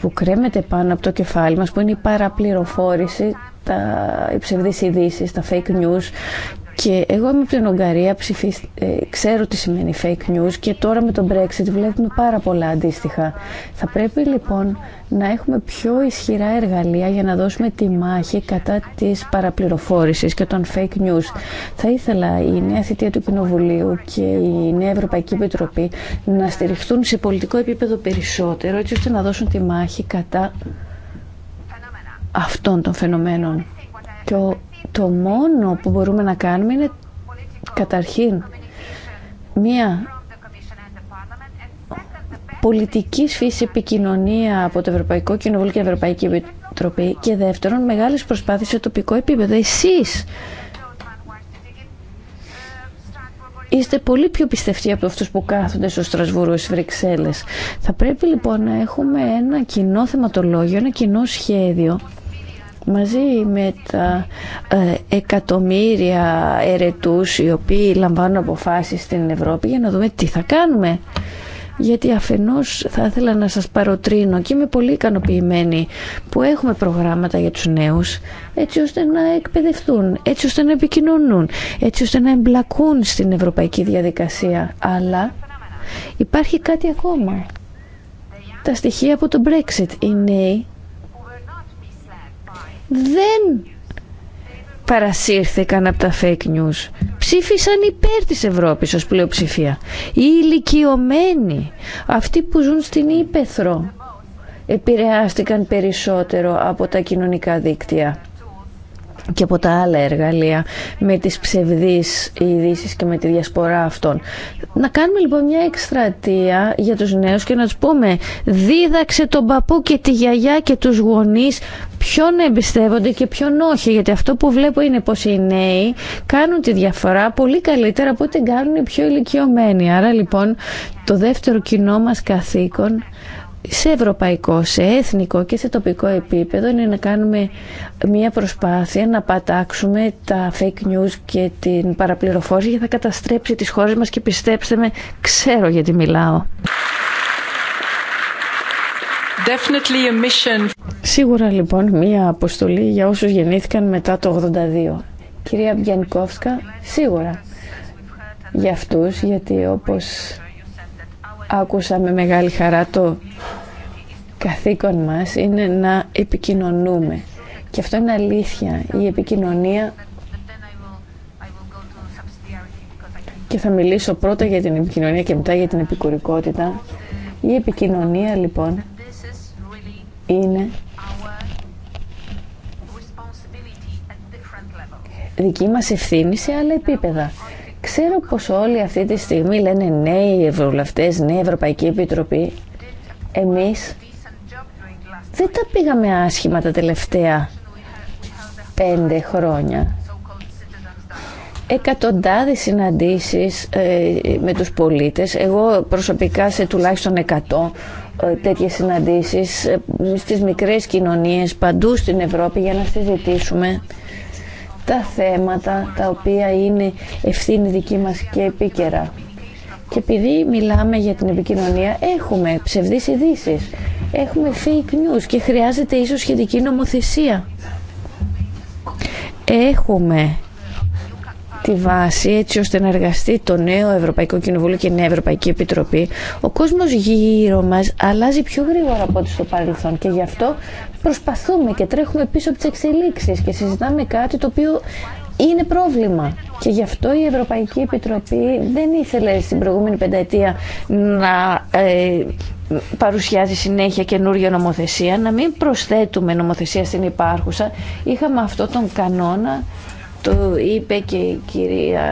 που κρέμεται πάνω από το κεφάλι μας που είναι η παραπληροφόρηση, τα, οι ειδήσει, τα fake news και εγώ είμαι από την Ουγγαρία, ψηφίσ... Ε, ξέρω τι σημαίνει fake news και τώρα με τον Brexit βλέπουμε πάρα πολλά αντίστοιχα. Θα πρέπει λοιπόν να έχουμε πιο ισχυρά εργαλεία για να δώσουμε τη μάχη κατά της παραπληροφόρησης και των fake news. Θα ήθελα η νέα θητεία του Κοινοβουλίου και η νέα Ευρωπαϊκή Επιτροπή να στηριχθούν σε πολιτικό επίπεδο περισσότερο έτσι ώστε να δώσουν τη μάχη κατά αυτών των φαινομένων. Το μόνο που μπορούμε να κάνουμε είναι καταρχήν μία πολιτική φύση επικοινωνία από το Ευρωπαϊκό Κοινοβούλιο και την Ευρωπαϊκή Επιτροπή και δεύτερον μεγάλες προσπάθειες σε τοπικό επίπεδο. Εσείς είστε πολύ πιο πιστευτοί από αυτούς που κάθονται στο Στρασβούργο στις Βρυξέλλες. Θα πρέπει λοιπόν να έχουμε ένα κοινό θεματολόγιο, ένα κοινό σχέδιο μαζί με τα ε, εκατομμύρια ερετούς οι οποίοι λαμβάνουν αποφάσεις στην Ευρώπη για να δούμε τι θα κάνουμε γιατί αφενός θα ήθελα να σας παροτρύνω και είμαι πολύ ικανοποιημένη που έχουμε προγράμματα για τους νέους έτσι ώστε να εκπαιδευτούν, έτσι ώστε να επικοινωνούν, έτσι ώστε να εμπλακούν στην ευρωπαϊκή διαδικασία. Αλλά υπάρχει κάτι ακόμα. Τα στοιχεία από το Brexit. Οι δεν παρασύρθηκαν από τα fake news. Ψήφισαν υπέρ της Ευρώπης ως πλειοψηφία. Οι ηλικιωμένοι, αυτοί που ζουν στην Ήπεθρο, επηρεάστηκαν περισσότερο από τα κοινωνικά δίκτυα και από τα άλλα εργαλεία με τις ψευδείς ειδήσει και με τη διασπορά αυτών. Να κάνουμε λοιπόν μια εκστρατεία για τους νέους και να τους πούμε δίδαξε τον παππού και τη γιαγιά και τους γονείς ποιον εμπιστεύονται και ποιον όχι γιατί αυτό που βλέπω είναι πως οι νέοι κάνουν τη διαφορά πολύ καλύτερα από ό,τι κάνουν οι πιο ηλικιωμένοι. Άρα λοιπόν το δεύτερο κοινό μας καθήκον σε ευρωπαϊκό, σε εθνικό και σε τοπικό επίπεδο είναι να κάνουμε μια προσπάθεια να πατάξουμε τα fake news και την παραπληροφόρηση για να καταστρέψει τις χώρες μας και πιστέψτε με, ξέρω γιατί μιλάω. Σίγουρα λοιπόν μια αποστολή για όσους γεννήθηκαν μετά το 82. Κυρία Μπιανκόφσκα, σίγουρα για αυτούς γιατί όπως άκουσα με μεγάλη χαρά το καθήκον μας είναι να επικοινωνούμε. Και αυτό είναι αλήθεια. Η επικοινωνία και θα μιλήσω πρώτα για την επικοινωνία και μετά για την επικουρικότητα. Η επικοινωνία λοιπόν είναι δική μας ευθύνη σε άλλα επίπεδα. Ξέρω πως όλοι αυτή τη στιγμή λένε ναι οι ευρωβουλευτές, ναι η Ευρωπαϊκή Επιτροπή. Εμείς δεν τα πήγαμε άσχημα τα τελευταία πέντε χρόνια. Εκατοντάδες συναντήσεις ε, με τους πολίτες. Εγώ προσωπικά σε τουλάχιστον 100 ε, τέτοιες συναντήσεις ε, στις μικρές κοινωνίες παντού στην Ευρώπη για να συζητήσουμε τα θέματα τα οποία είναι ευθύνη δική μας και επίκαιρα. Και επειδή μιλάμε για την επικοινωνία, έχουμε ψευδείς ειδήσει, έχουμε fake news και χρειάζεται ίσως σχετική νομοθεσία. Έχουμε τη βάση έτσι ώστε να εργαστεί το νέο Ευρωπαϊκό Κοινοβούλιο και η Νέα Ευρωπαϊκή Επιτροπή, ο κόσμος γύρω μας αλλάζει πιο γρήγορα από ό,τι στο παρελθόν και γι' αυτό προσπαθούμε και τρέχουμε πίσω από τις εξελίξεις και συζητάμε κάτι το οποίο είναι πρόβλημα. Και γι' αυτό η Ευρωπαϊκή Επιτροπή δεν ήθελε στην προηγούμενη πενταετία να ε, παρουσιάζει συνέχεια καινούργια νομοθεσία, να μην προσθέτουμε νομοθεσία στην υπάρχουσα. Είχαμε αυτό τον κανόνα, το είπε και η κυρία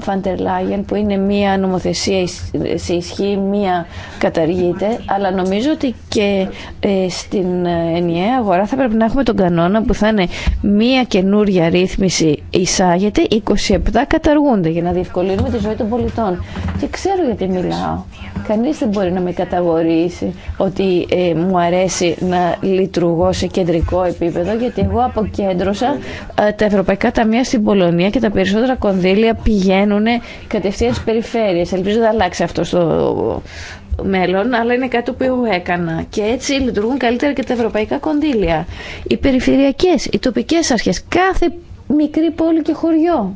Φαντερ Λάγεν που είναι μία νομοθεσία σε ισχύ, μία καταργείται, αλλά νομίζω ότι και ε, στην ε, ενιαία αγορά θα πρέπει να έχουμε τον κανόνα που θα είναι μία καινούρια ρύθμιση εισάγεται, 27 καταργούνται για να διευκολύνουμε τη ζωή των πολιτών. Και ξέρω γιατί μιλάω. Κανείς δεν μπορεί να με καταγορήσει ότι ε, μου αρέσει να λειτουργώ σε κεντρικό επίπεδο γιατί εγώ αποκέντρωσα ε, τα ευρωπαϊκά ταμεία στην Πολωνία και τα περισσότερα κονδύλια πηγαίνουν κατευθείαν στις περιφέρειες. Ελπίζω να αλλάξει αυτό στο μέλλον, αλλά είναι κάτι που έκανα. Και έτσι λειτουργούν καλύτερα και τα ευρωπαϊκά κονδύλια. Οι περιφερειακές, οι τοπικές αρχές, κάθε μικρή πόλη και χωριό.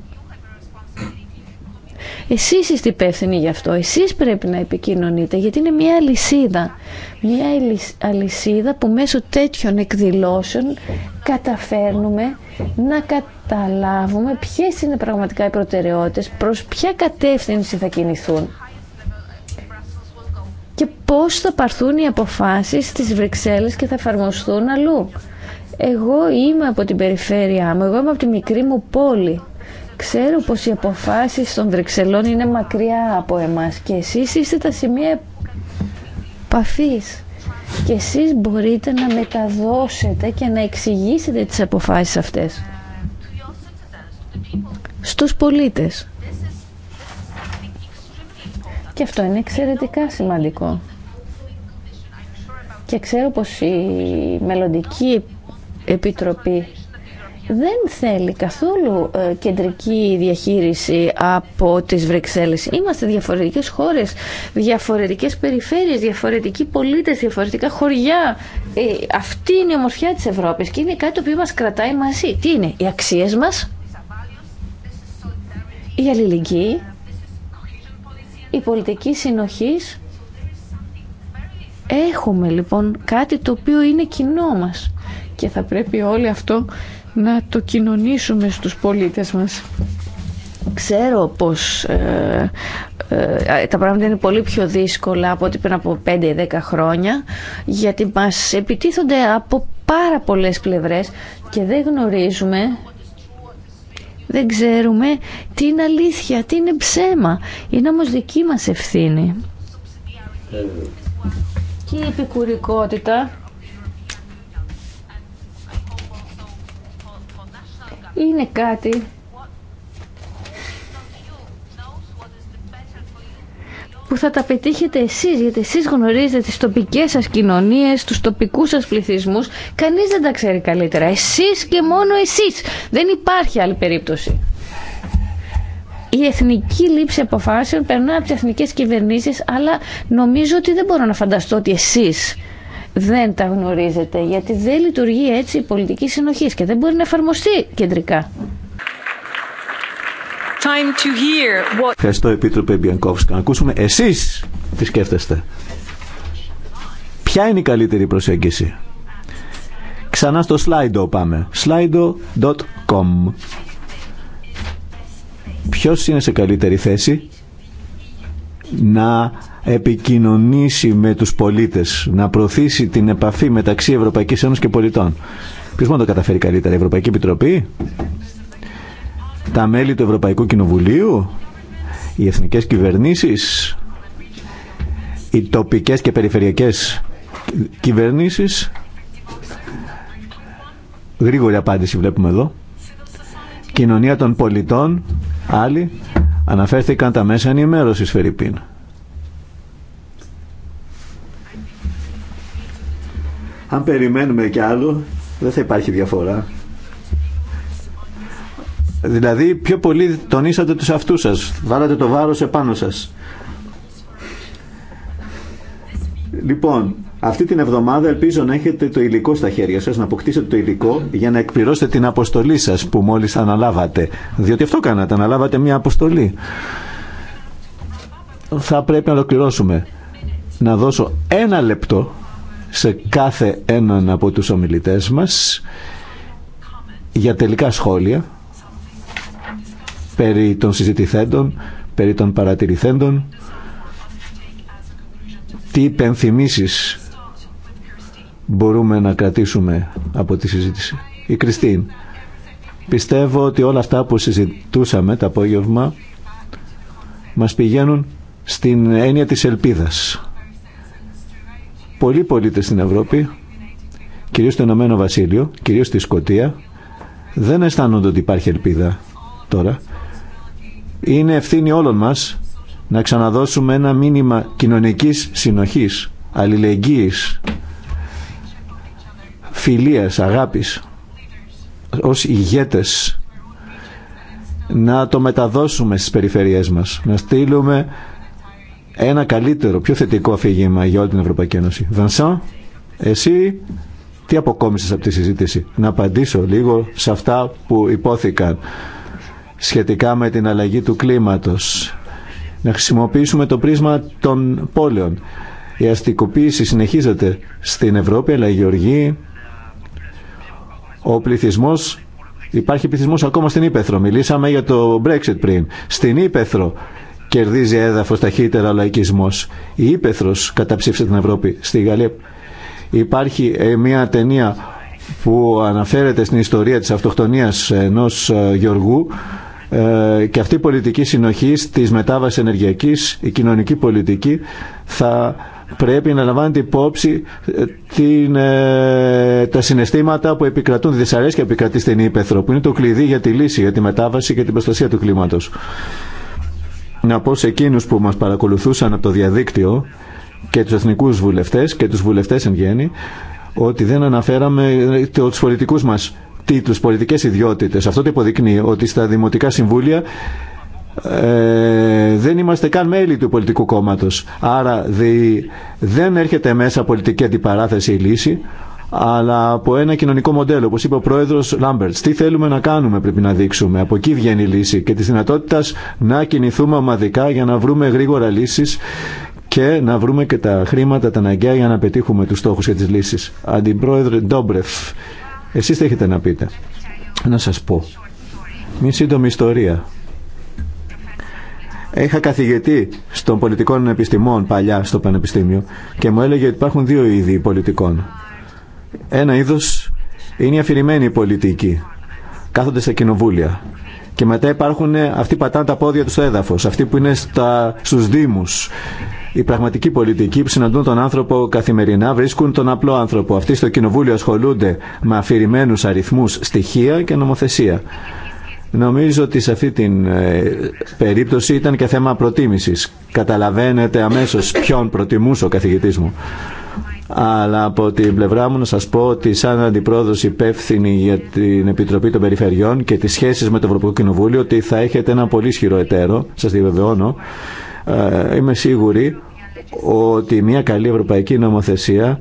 Εσείς είστε υπεύθυνοι γι' αυτό. Εσείς πρέπει να επικοινωνείτε γιατί είναι μια αλυσίδα Μια αλυσίδα που μέσω τέτοιων εκδηλώσεων καταφέρνουμε να καταλάβουμε ποιες είναι πραγματικά οι προτεραιότητες, προς ποια κατεύθυνση θα κινηθούν και πώς θα παρθούν οι αποφάσεις στις Βρυξέλλες και θα εφαρμοστούν αλλού. Εγώ είμαι από την περιφέρειά μου, εγώ είμαι από τη μικρή μου πόλη. Ξέρω πως οι αποφάσεις των Βρυξελών είναι μακριά από εμάς και εσείς είστε τα σημεία επαφής και εσείς μπορείτε να μεταδώσετε και να εξηγήσετε τις αποφάσεις αυτές στους πολίτες. Και αυτό είναι εξαιρετικά σημαντικό. Και ξέρω πως η μελλοντική επιτροπή δεν θέλει καθόλου ε, κεντρική διαχείριση από τις Βρυξέλλες. Είμαστε διαφορετικές χώρες, διαφορετικές περιφέρειες, διαφορετικοί πολίτες, διαφορετικά χωριά. Ε, αυτή είναι η ομορφιά της Ευρώπης και είναι κάτι το οποίο μας κρατάει μαζί. Τι είναι, οι αξίες μας, η αλληλεγγύη, η πολιτική συνοχής. Έχουμε λοιπόν κάτι το οποίο είναι κοινό μας και θα πρέπει όλοι αυτό να το κοινωνήσουμε στους πολίτες μας. Ξέρω πως ε, ε, ε, τα πράγματα είναι πολύ πιο δύσκολα από ό,τι πριν από 5-10 χρόνια γιατί μας επιτίθονται από πάρα πολλές πλευρές και δεν γνωρίζουμε δεν ξέρουμε τι είναι αλήθεια, τι είναι ψέμα. Είναι όμως δική μας ευθύνη. Και η επικουρικότητα είναι κάτι που θα τα πετύχετε εσείς, γιατί εσείς γνωρίζετε τις τοπικές σας κοινωνίες, τους τοπικούς σας πληθυσμούς. Κανείς δεν τα ξέρει καλύτερα. Εσείς και μόνο εσείς. Δεν υπάρχει άλλη περίπτωση. Η εθνική λήψη αποφάσεων περνά από τι εθνικέ κυβερνήσει, αλλά νομίζω ότι δεν μπορώ να φανταστώ ότι εσεί δεν τα γνωρίζετε, γιατί δεν λειτουργεί έτσι η πολιτική συνοχή και δεν μπορεί να εφαρμοστεί κεντρικά. Time to hear what... Ευχαριστώ, Επίτροπε Μπιανκόφσκα. ακούσουμε εσείς τι σκέφτεστε. Ποια είναι η καλύτερη προσέγγιση. Ξανά στο Slido πάμε. Slido.com Ποιος είναι σε καλύτερη θέση να επικοινωνήσει με τους πολίτες, να προωθήσει την επαφή μεταξύ Ευρωπαϊκής Ένωσης και πολιτών. Ποιος μόνο το καταφέρει καλύτερα, η Ευρωπαϊκή Επιτροπή, τα μέλη του Ευρωπαϊκού Κοινοβουλίου, οι εθνικές κυβερνήσεις, οι τοπικές και περιφερειακές κυβερνήσεις. Γρήγορη απάντηση βλέπουμε εδώ. Κοινωνία των πολιτών, άλλοι Αναφέρθηκαν τα μέσα ενημέρωσης Φερρυπίν. Αν περιμένουμε κι άλλο, δεν θα υπάρχει διαφορά. Δηλαδή, πιο πολύ τονίσατε τους αυτούς σας. Βάλατε το βάρος επάνω σας. Λοιπόν, αυτή την εβδομάδα ελπίζω να έχετε το υλικό στα χέρια σας, να αποκτήσετε το υλικό για να εκπληρώσετε την αποστολή σας που μόλις αναλάβατε. Διότι αυτό κάνατε, αναλάβατε μια αποστολή. Θα πρέπει να ολοκληρώσουμε. Να δώσω ένα λεπτό σε κάθε έναν από τους ομιλητές μας για τελικά σχόλια περί των συζητηθέντων, περί των παρατηρηθέντων τι υπενθυμίσεις μπορούμε να κρατήσουμε από τη συζήτηση. Η Κριστίν. Πιστεύω ότι όλα αυτά που συζητούσαμε το απόγευμα μας πηγαίνουν στην έννοια της ελπίδας. Πολλοί πολίτες στην Ευρώπη, κυρίως στο Ηνωμένο Βασίλειο, κυρίως στη Σκοτία δεν αισθάνονται ότι υπάρχει ελπίδα τώρα. Είναι ευθύνη όλων μας να ξαναδώσουμε ένα μήνυμα κοινωνικής συνοχής, αλληλεγγύης φιλίας, αγάπης ως ηγέτες να το μεταδώσουμε στις περιφερειές μας να στείλουμε ένα καλύτερο, πιο θετικό αφήγημα για όλη την Ευρωπαϊκή Ένωση. Βανσάν, εσύ τι αποκόμισες από τη συζήτηση. Να απαντήσω λίγο σε αυτά που υπόθηκαν σχετικά με την αλλαγή του κλίματος. Να χρησιμοποιήσουμε το πρίσμα των πόλεων. Η αστικοποίηση συνεχίζεται στην Ευρώπη, αλλά η ο πληθυσμό. Υπάρχει πληθυσμό ακόμα στην Ήπεθρο. Μιλήσαμε για το Brexit πριν. Στην Ήπεθρο κερδίζει έδαφο ταχύτερα ο λαϊκισμό. Η Ήπεθρο καταψήφισε την Ευρώπη. Στη Γαλλία υπάρχει ε, μια ταινία που αναφέρεται στην ιστορία της αυτοκτονίας ενός ε, Γεωργού ε, και αυτή η πολιτική συνοχή της μετάβασης ενεργειακής, η κοινωνική πολιτική θα πρέπει να λαμβάνετε υπόψη ε, την, ε, τα συναισθήματα που επικρατούν, δυσαρέσκεια επικρατεί στην Ήπεθρο, που είναι το κλειδί για τη λύση, για τη μετάβαση και την προστασία του κλίματος. Να πω σε εκείνους που μας παρακολουθούσαν από το διαδίκτυο και τους εθνικούς βουλευτές και τους βουλευτές εν γέννη, ότι δεν αναφέραμε ε, τους πολιτικούς μας τίτλους, πολιτικές ιδιότητες. Αυτό το υποδεικνύει ότι στα δημοτικά συμβούλια ε, δεν είμαστε καν μέλη του πολιτικού κόμματος. Άρα δεν έρχεται μέσα πολιτική αντιπαράθεση η λύση, αλλά από ένα κοινωνικό μοντέλο, όπως είπε ο πρόεδρος Λάμπερτς. Τι θέλουμε να κάνουμε πρέπει να δείξουμε. Από εκεί βγαίνει η λύση και τη δυνατότητα να κινηθούμε ομαδικά για να βρούμε γρήγορα λύσεις και να βρούμε και τα χρήματα, τα αναγκαία για να πετύχουμε τους στόχους και τις λύσεις. Αντιπρόεδρε Ντόμπρεφ, εσείς τι έχετε να πείτε. Να σας πω. Μια σύντομη ιστορία Είχα καθηγητή στον πολιτικών επιστημών παλιά στο Πανεπιστήμιο και μου έλεγε ότι υπάρχουν δύο είδη πολιτικών. Ένα είδος είναι η αφηρημένη πολιτική. Κάθονται στα κοινοβούλια. Και μετά υπάρχουν αυτοί που πατάνε τα πόδια του στο έδαφο, αυτοί που είναι στα, στους δήμους. Οι πραγματικοί πολιτικοί που συναντούν τον άνθρωπο καθημερινά βρίσκουν τον απλό άνθρωπο. Αυτοί στο κοινοβούλιο ασχολούνται με αφηρημένου αριθμού, στοιχεία και νομοθεσία. Νομίζω ότι σε αυτή την ε, περίπτωση ήταν και θέμα προτίμησης. Καταλαβαίνετε αμέσως ποιον προτιμούσε ο καθηγητής μου. Αλλά από την πλευρά μου να σας πω ότι σαν αντιπρόδοση υπεύθυνη για την Επιτροπή των Περιφερειών και τις σχέσεις με το Ευρωπαϊκό Κοινοβούλιο ότι θα έχετε ένα πολύ ισχυρό εταίρο, σας διαβεβαιώνω. Ε, είμαι σίγουρη ότι μια καλή ευρωπαϊκή νομοθεσία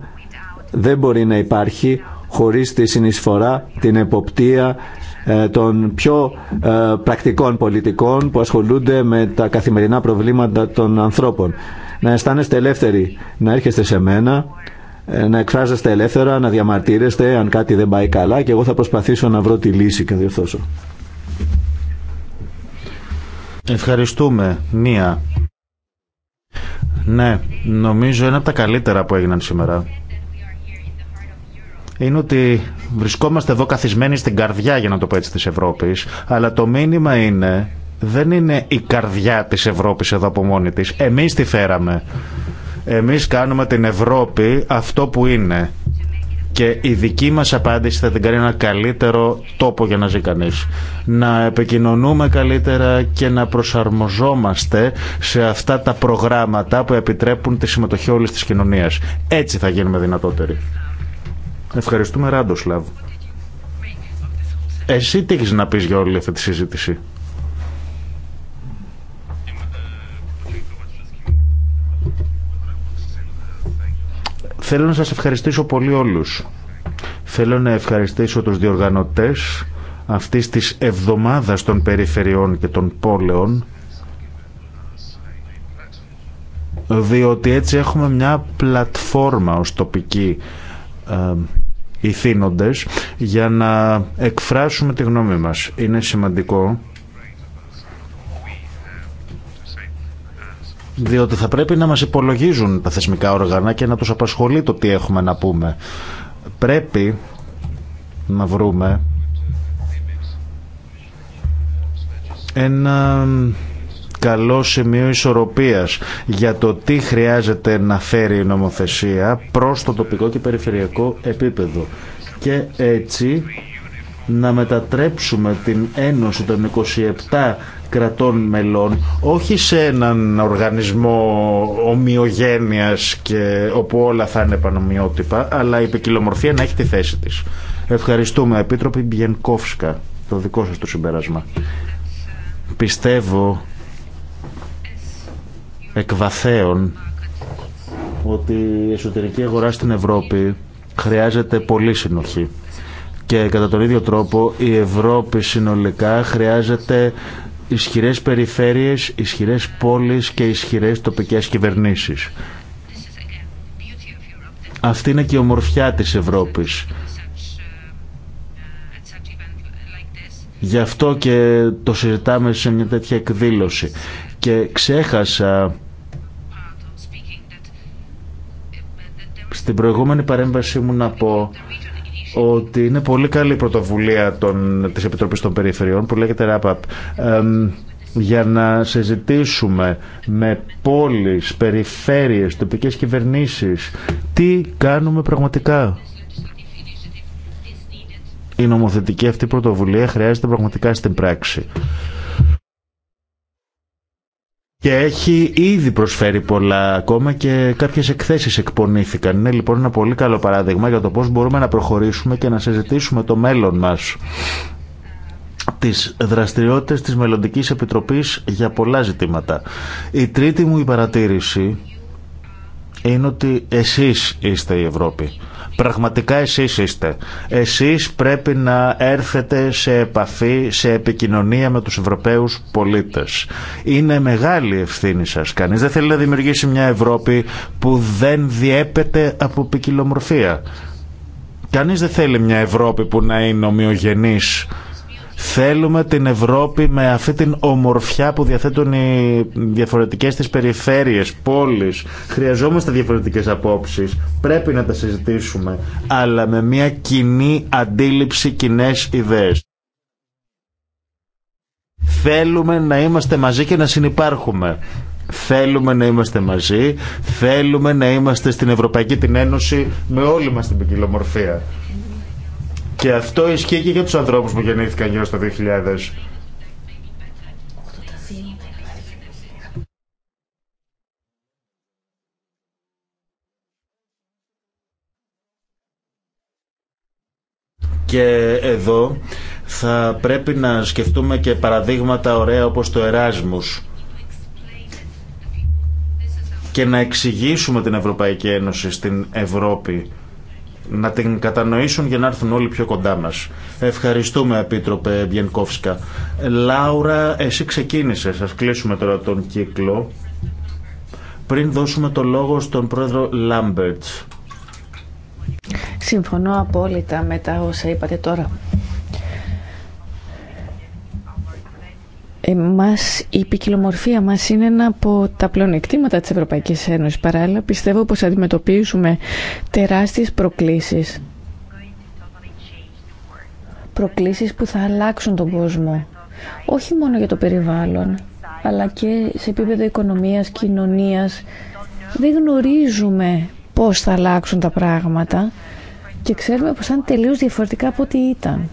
δεν μπορεί να υπάρχει χωρίς τη συνεισφορά, την εποπτεία ε, των πιο ε, πρακτικών πολιτικών που ασχολούνται με τα καθημερινά προβλήματα των ανθρώπων. Να αισθάνεστε ελεύθεροι, να έρχεστε σε μένα, ε, να εκφράζεστε ελεύθερα, να διαμαρτύρεστε αν κάτι δεν πάει καλά και εγώ θα προσπαθήσω να βρω τη λύση και διορθώσω. Ευχαριστούμε. Μία. Ναι, νομίζω ένα από τα καλύτερα που έγιναν σήμερα είναι ότι βρισκόμαστε εδώ καθισμένοι στην καρδιά, για να το πω έτσι, της Ευρώπης, αλλά το μήνυμα είναι, δεν είναι η καρδιά της Ευρώπης εδώ από μόνη της. Εμείς τη φέραμε. Εμείς κάνουμε την Ευρώπη αυτό που είναι. Και η δική μας απάντηση θα την κάνει ένα καλύτερο τόπο για να ζει κανείς. Να επικοινωνούμε καλύτερα και να προσαρμοζόμαστε σε αυτά τα προγράμματα που επιτρέπουν τη συμμετοχή όλης της κοινωνίας. Έτσι θα γίνουμε δυνατότεροι. Ευχαριστούμε Ράντοσλαβ. Εσύ τι έχεις να πεις για όλη αυτή τη συζήτηση. Θέλω να σας ευχαριστήσω πολύ όλους. Θέλω να ευχαριστήσω τους διοργανωτές αυτής της εβδομάδας των περιφερειών και των πόλεων διότι έτσι έχουμε μια πλατφόρμα ως τοπική ηθήνοντες για να εκφράσουμε τη γνώμη μας. Είναι σημαντικό διότι θα πρέπει να μας υπολογίζουν τα θεσμικά όργανα και να τους απασχολεί το τι έχουμε να πούμε. Πρέπει να βρούμε ένα καλό σημείο ισορροπίας για το τι χρειάζεται να φέρει η νομοθεσία προς το τοπικό και περιφερειακό επίπεδο. Και έτσι να μετατρέψουμε την Ένωση των 27 κρατών μελών όχι σε έναν οργανισμό ομοιογένειας και όπου όλα θα είναι πανομοιότυπα αλλά η ποικιλομορφία να έχει τη θέση της. Ευχαριστούμε Επίτροπη Μπιενκόφσκα το δικό σας το συμπέρασμα. Πιστεύω εκβαθέων ότι η εσωτερική αγορά στην Ευρώπη χρειάζεται πολύ συνοχή. Και κατά τον ίδιο τρόπο η Ευρώπη συνολικά χρειάζεται ισχυρές περιφέρειες, ισχυρές πόλεις και ισχυρές τοπικές κυβερνήσεις. Αυτή είναι και η ομορφιά της Ευρώπης. Γι' αυτό και το συζητάμε σε μια τέτοια εκδήλωση και ξέχασα στην προηγούμενη παρέμβασή μου να πω ότι είναι πολύ καλή η πρωτοβουλία των, της Επιτροπής των Περιφερειών που λέγεται RAPAP για να συζητήσουμε με πόλεις, περιφέρειες, τοπικές κυβερνήσεις τι κάνουμε πραγματικά. Η νομοθετική αυτή πρωτοβουλία χρειάζεται πραγματικά στην πράξη. Και έχει ήδη προσφέρει πολλά ακόμα και κάποιες εκθέσεις εκπονήθηκαν. Είναι λοιπόν ένα πολύ καλό παράδειγμα για το πώς μπορούμε να προχωρήσουμε και να συζητήσουμε το μέλλον μας τις δραστηριότητες της μελλοντική Επιτροπής για πολλά ζητήματα. Η τρίτη μου η παρατήρηση είναι ότι εσείς είστε η Ευρώπη. Πραγματικά εσείς είστε. Εσείς πρέπει να έρθετε σε επαφή, σε επικοινωνία με τους Ευρωπαίους πολίτες. Είναι μεγάλη η ευθύνη σας. Κανείς δεν θέλει να δημιουργήσει μια Ευρώπη που δεν διέπεται από ποικιλομορφία. Κανείς δεν θέλει μια Ευρώπη που να είναι ομοιογενής Θέλουμε την Ευρώπη με αυτή την ομορφιά που διαθέτουν οι διαφορετικές της περιφέρειες, πόλεις. Χρειαζόμαστε διαφορετικές απόψεις. Πρέπει να τα συζητήσουμε. Αλλά με μια κοινή αντίληψη, κοινέ ιδέες. Θέλουμε να είμαστε μαζί και να συνεπάρχουμε. Θέλουμε να είμαστε μαζί, θέλουμε να είμαστε στην Ευρωπαϊκή την Ένωση με όλη μας την ποικιλομορφία. Και αυτό ισχύει και για τους ανθρώπους που γεννήθηκαν γύρω στο 2000. Και εδώ θα πρέπει να σκεφτούμε και παραδείγματα ωραία όπως το Εράσμους και να εξηγήσουμε την Ευρωπαϊκή Ένωση στην Ευρώπη να την κατανοήσουν για να έρθουν όλοι πιο κοντά μας. Ευχαριστούμε, Επίτροπε Μπιενκόφσκα. Λάουρα, εσύ ξεκίνησες. Ας κλείσουμε τώρα τον κύκλο. Πριν δώσουμε το λόγο στον πρόεδρο Λάμπερτ. Συμφωνώ απόλυτα με τα όσα είπατε τώρα. Εμάς, η ποικιλομορφία μας είναι ένα από τα πλεονεκτήματα της Ευρωπαϊκής Ένωσης. Παράλληλα, πιστεύω πως αντιμετωπίζουμε τεράστιες προκλήσεις. Προκλήσεις που θα αλλάξουν τον κόσμο. Όχι μόνο για το περιβάλλον, αλλά και σε επίπεδο οικονομίας, κοινωνίας. Δεν γνωρίζουμε πώς θα αλλάξουν τα πράγματα και ξέρουμε πως ήταν τελείως διαφορετικά από ό,τι ήταν.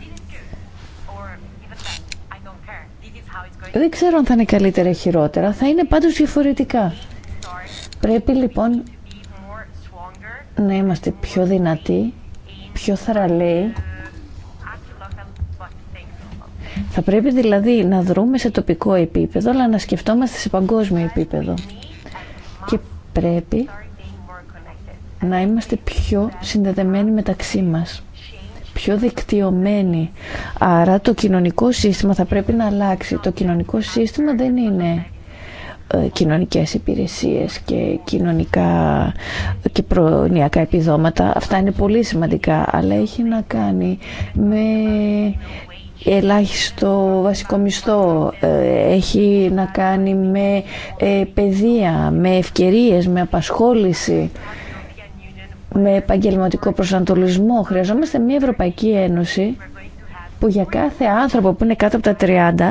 Δεν ξέρω αν θα είναι καλύτερα ή χειρότερα, θα είναι πάντως διαφορετικά. Πρέπει λοιπόν να είμαστε πιο δυνατοί, πιο θαραλέοι. Θα πρέπει δηλαδή να δρούμε σε τοπικό επίπεδο, αλλά να σκεφτόμαστε σε παγκόσμιο επίπεδο. Και πρέπει να είμαστε πιο συνδεδεμένοι μεταξύ μας πιο δικτυωμένη, Άρα το κοινωνικό σύστημα θα πρέπει να αλλάξει. Το κοινωνικό σύστημα δεν είναι ε, κοινωνικές υπηρεσίες και κοινωνικά και προνοιακά επιδόματα. Αυτά είναι πολύ σημαντικά, αλλά έχει να κάνει με ελάχιστο βασικό μισθό, ε, έχει να κάνει με ε, παιδεία, με ευκαιρίες, με απασχόληση με επαγγελματικό προσανατολισμό. Χρειαζόμαστε μια Ευρωπαϊκή Ένωση που για κάθε άνθρωπο που είναι κάτω από τα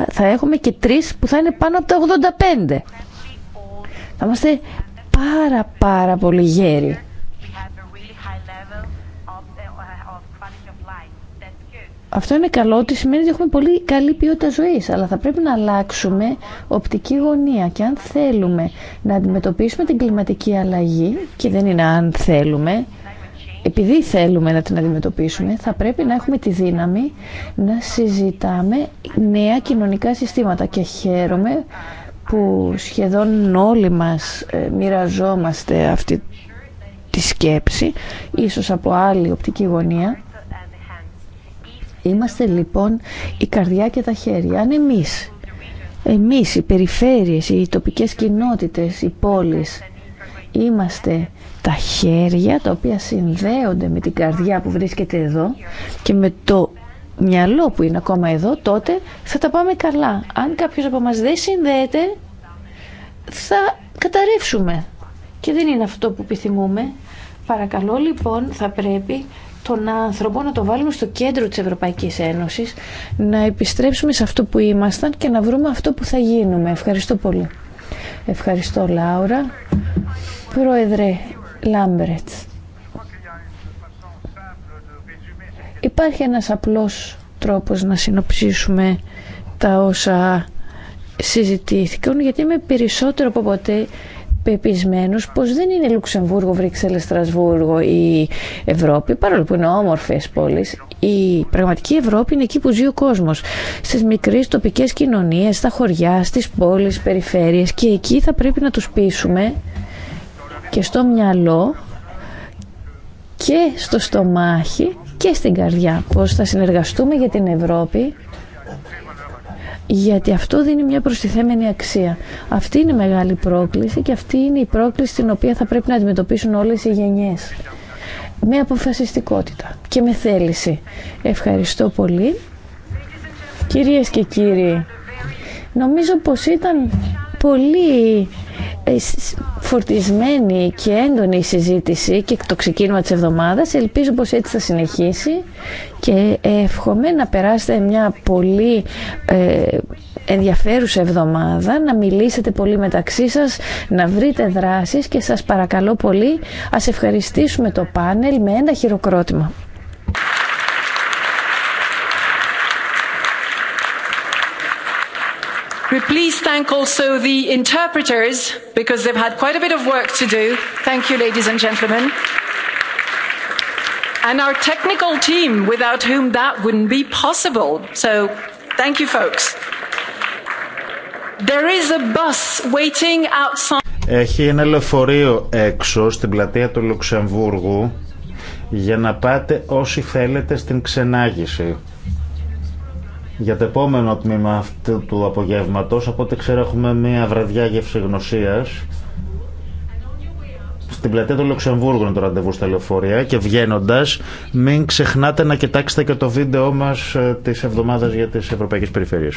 30 θα έχουμε και τρεις που θα είναι πάνω από τα 85. Θα είμαστε πάρα πάρα πολύ γέροι. Αυτό είναι καλό ότι σημαίνει ότι έχουμε πολύ καλή ποιότητα ζωής, αλλά θα πρέπει να αλλάξουμε οπτική γωνία και αν θέλουμε να αντιμετωπίσουμε την κλιματική αλλαγή και δεν είναι αν θέλουμε, επειδή θέλουμε να την αντιμετωπίσουμε, θα πρέπει να έχουμε τη δύναμη να συζητάμε νέα κοινωνικά συστήματα και χαίρομαι που σχεδόν όλοι μας ε, μοιραζόμαστε αυτή τη σκέψη, ίσως από άλλη οπτική γωνία Είμαστε λοιπόν η καρδιά και τα χέρια. Αν εμείς, εμείς οι περιφέρειες, οι τοπικές κοινότητες, οι πόλεις, είμαστε τα χέρια τα οποία συνδέονται με την καρδιά που βρίσκεται εδώ και με το μυαλό που είναι ακόμα εδώ, τότε θα τα πάμε καλά. Αν κάποιος από μας δεν συνδέεται, θα καταρρεύσουμε. Και δεν είναι αυτό που επιθυμούμε. Παρακαλώ λοιπόν θα πρέπει τον άνθρωπο, να το βάλουμε στο κέντρο της Ευρωπαϊκής Ένωσης, να επιστρέψουμε σε αυτό που ήμασταν και να βρούμε αυτό που θα γίνουμε. Ευχαριστώ πολύ. Ευχαριστώ Λάουρα. Πρόεδρε Λάμπρετς. Υπάρχει ένας απλός τρόπος να συνοψίσουμε τα όσα συζητήθηκαν γιατί είμαι περισσότερο από ποτέ Πώ πως δεν είναι Λουξεμβούργο, Βρυξέλλες, Στρασβούργο ή Ευρώπη, παρόλο που είναι όμορφες πόλεις. Η πραγματική ειναι ομορφες πόλει. είναι εκεί που ζει ο κόσμο, στι μικρέ τοπικέ κοινωνίε, στα χωριά, στις πόλεις, περιφέρειες και εκεί θα πρέπει να του πείσουμε και στο μυαλό και στο στομάχι και στην καρδιά πως θα συνεργαστούμε για την Ευρώπη γιατί αυτό δίνει μια προστιθέμενη αξία. Αυτή είναι η μεγάλη πρόκληση και αυτή είναι η πρόκληση την οποία θα πρέπει να αντιμετωπίσουν όλες οι γενιές. Με αποφασιστικότητα και με θέληση. Ευχαριστώ πολύ. Κυρίες και κύριοι, νομίζω πως ήταν πολύ ε, φορτισμένη και έντονη η συζήτηση και το ξεκίνημα της εβδομάδας. Ελπίζω πως έτσι θα συνεχίσει και εύχομαι να περάσετε μια πολύ ε, ενδιαφέρουσα εβδομάδα, να μιλήσετε πολύ μεταξύ σας, να βρείτε δράσεις και σας παρακαλώ πολύ ας ευχαριστήσουμε το πάνελ με ένα χειροκρότημα. we please thank also the interpreters because they've had quite a bit of work to do thank you ladies and gentlemen and our technical team without whom that wouldn't be possible so thank you folks there is a bus waiting outside Έχει ένα λεωφορείο έξω στην πλατεία του Λουξεμβούργου για να πάτε όσοι θέλετε στην ξενάγηση για το επόμενο τμήμα αυτού του απογεύματος. Από ό,τι ξέρω έχουμε μια βραδιά γευσηγνωσίας. Στην πλατεία του Λουξεμβούργου είναι το ραντεβού στα λεωφορεία και βγαίνοντα, μην ξεχνάτε να κοιτάξετε και το βίντεο μα ε, τη εβδομάδα για τι Ευρωπαϊκές Περιφέρειες.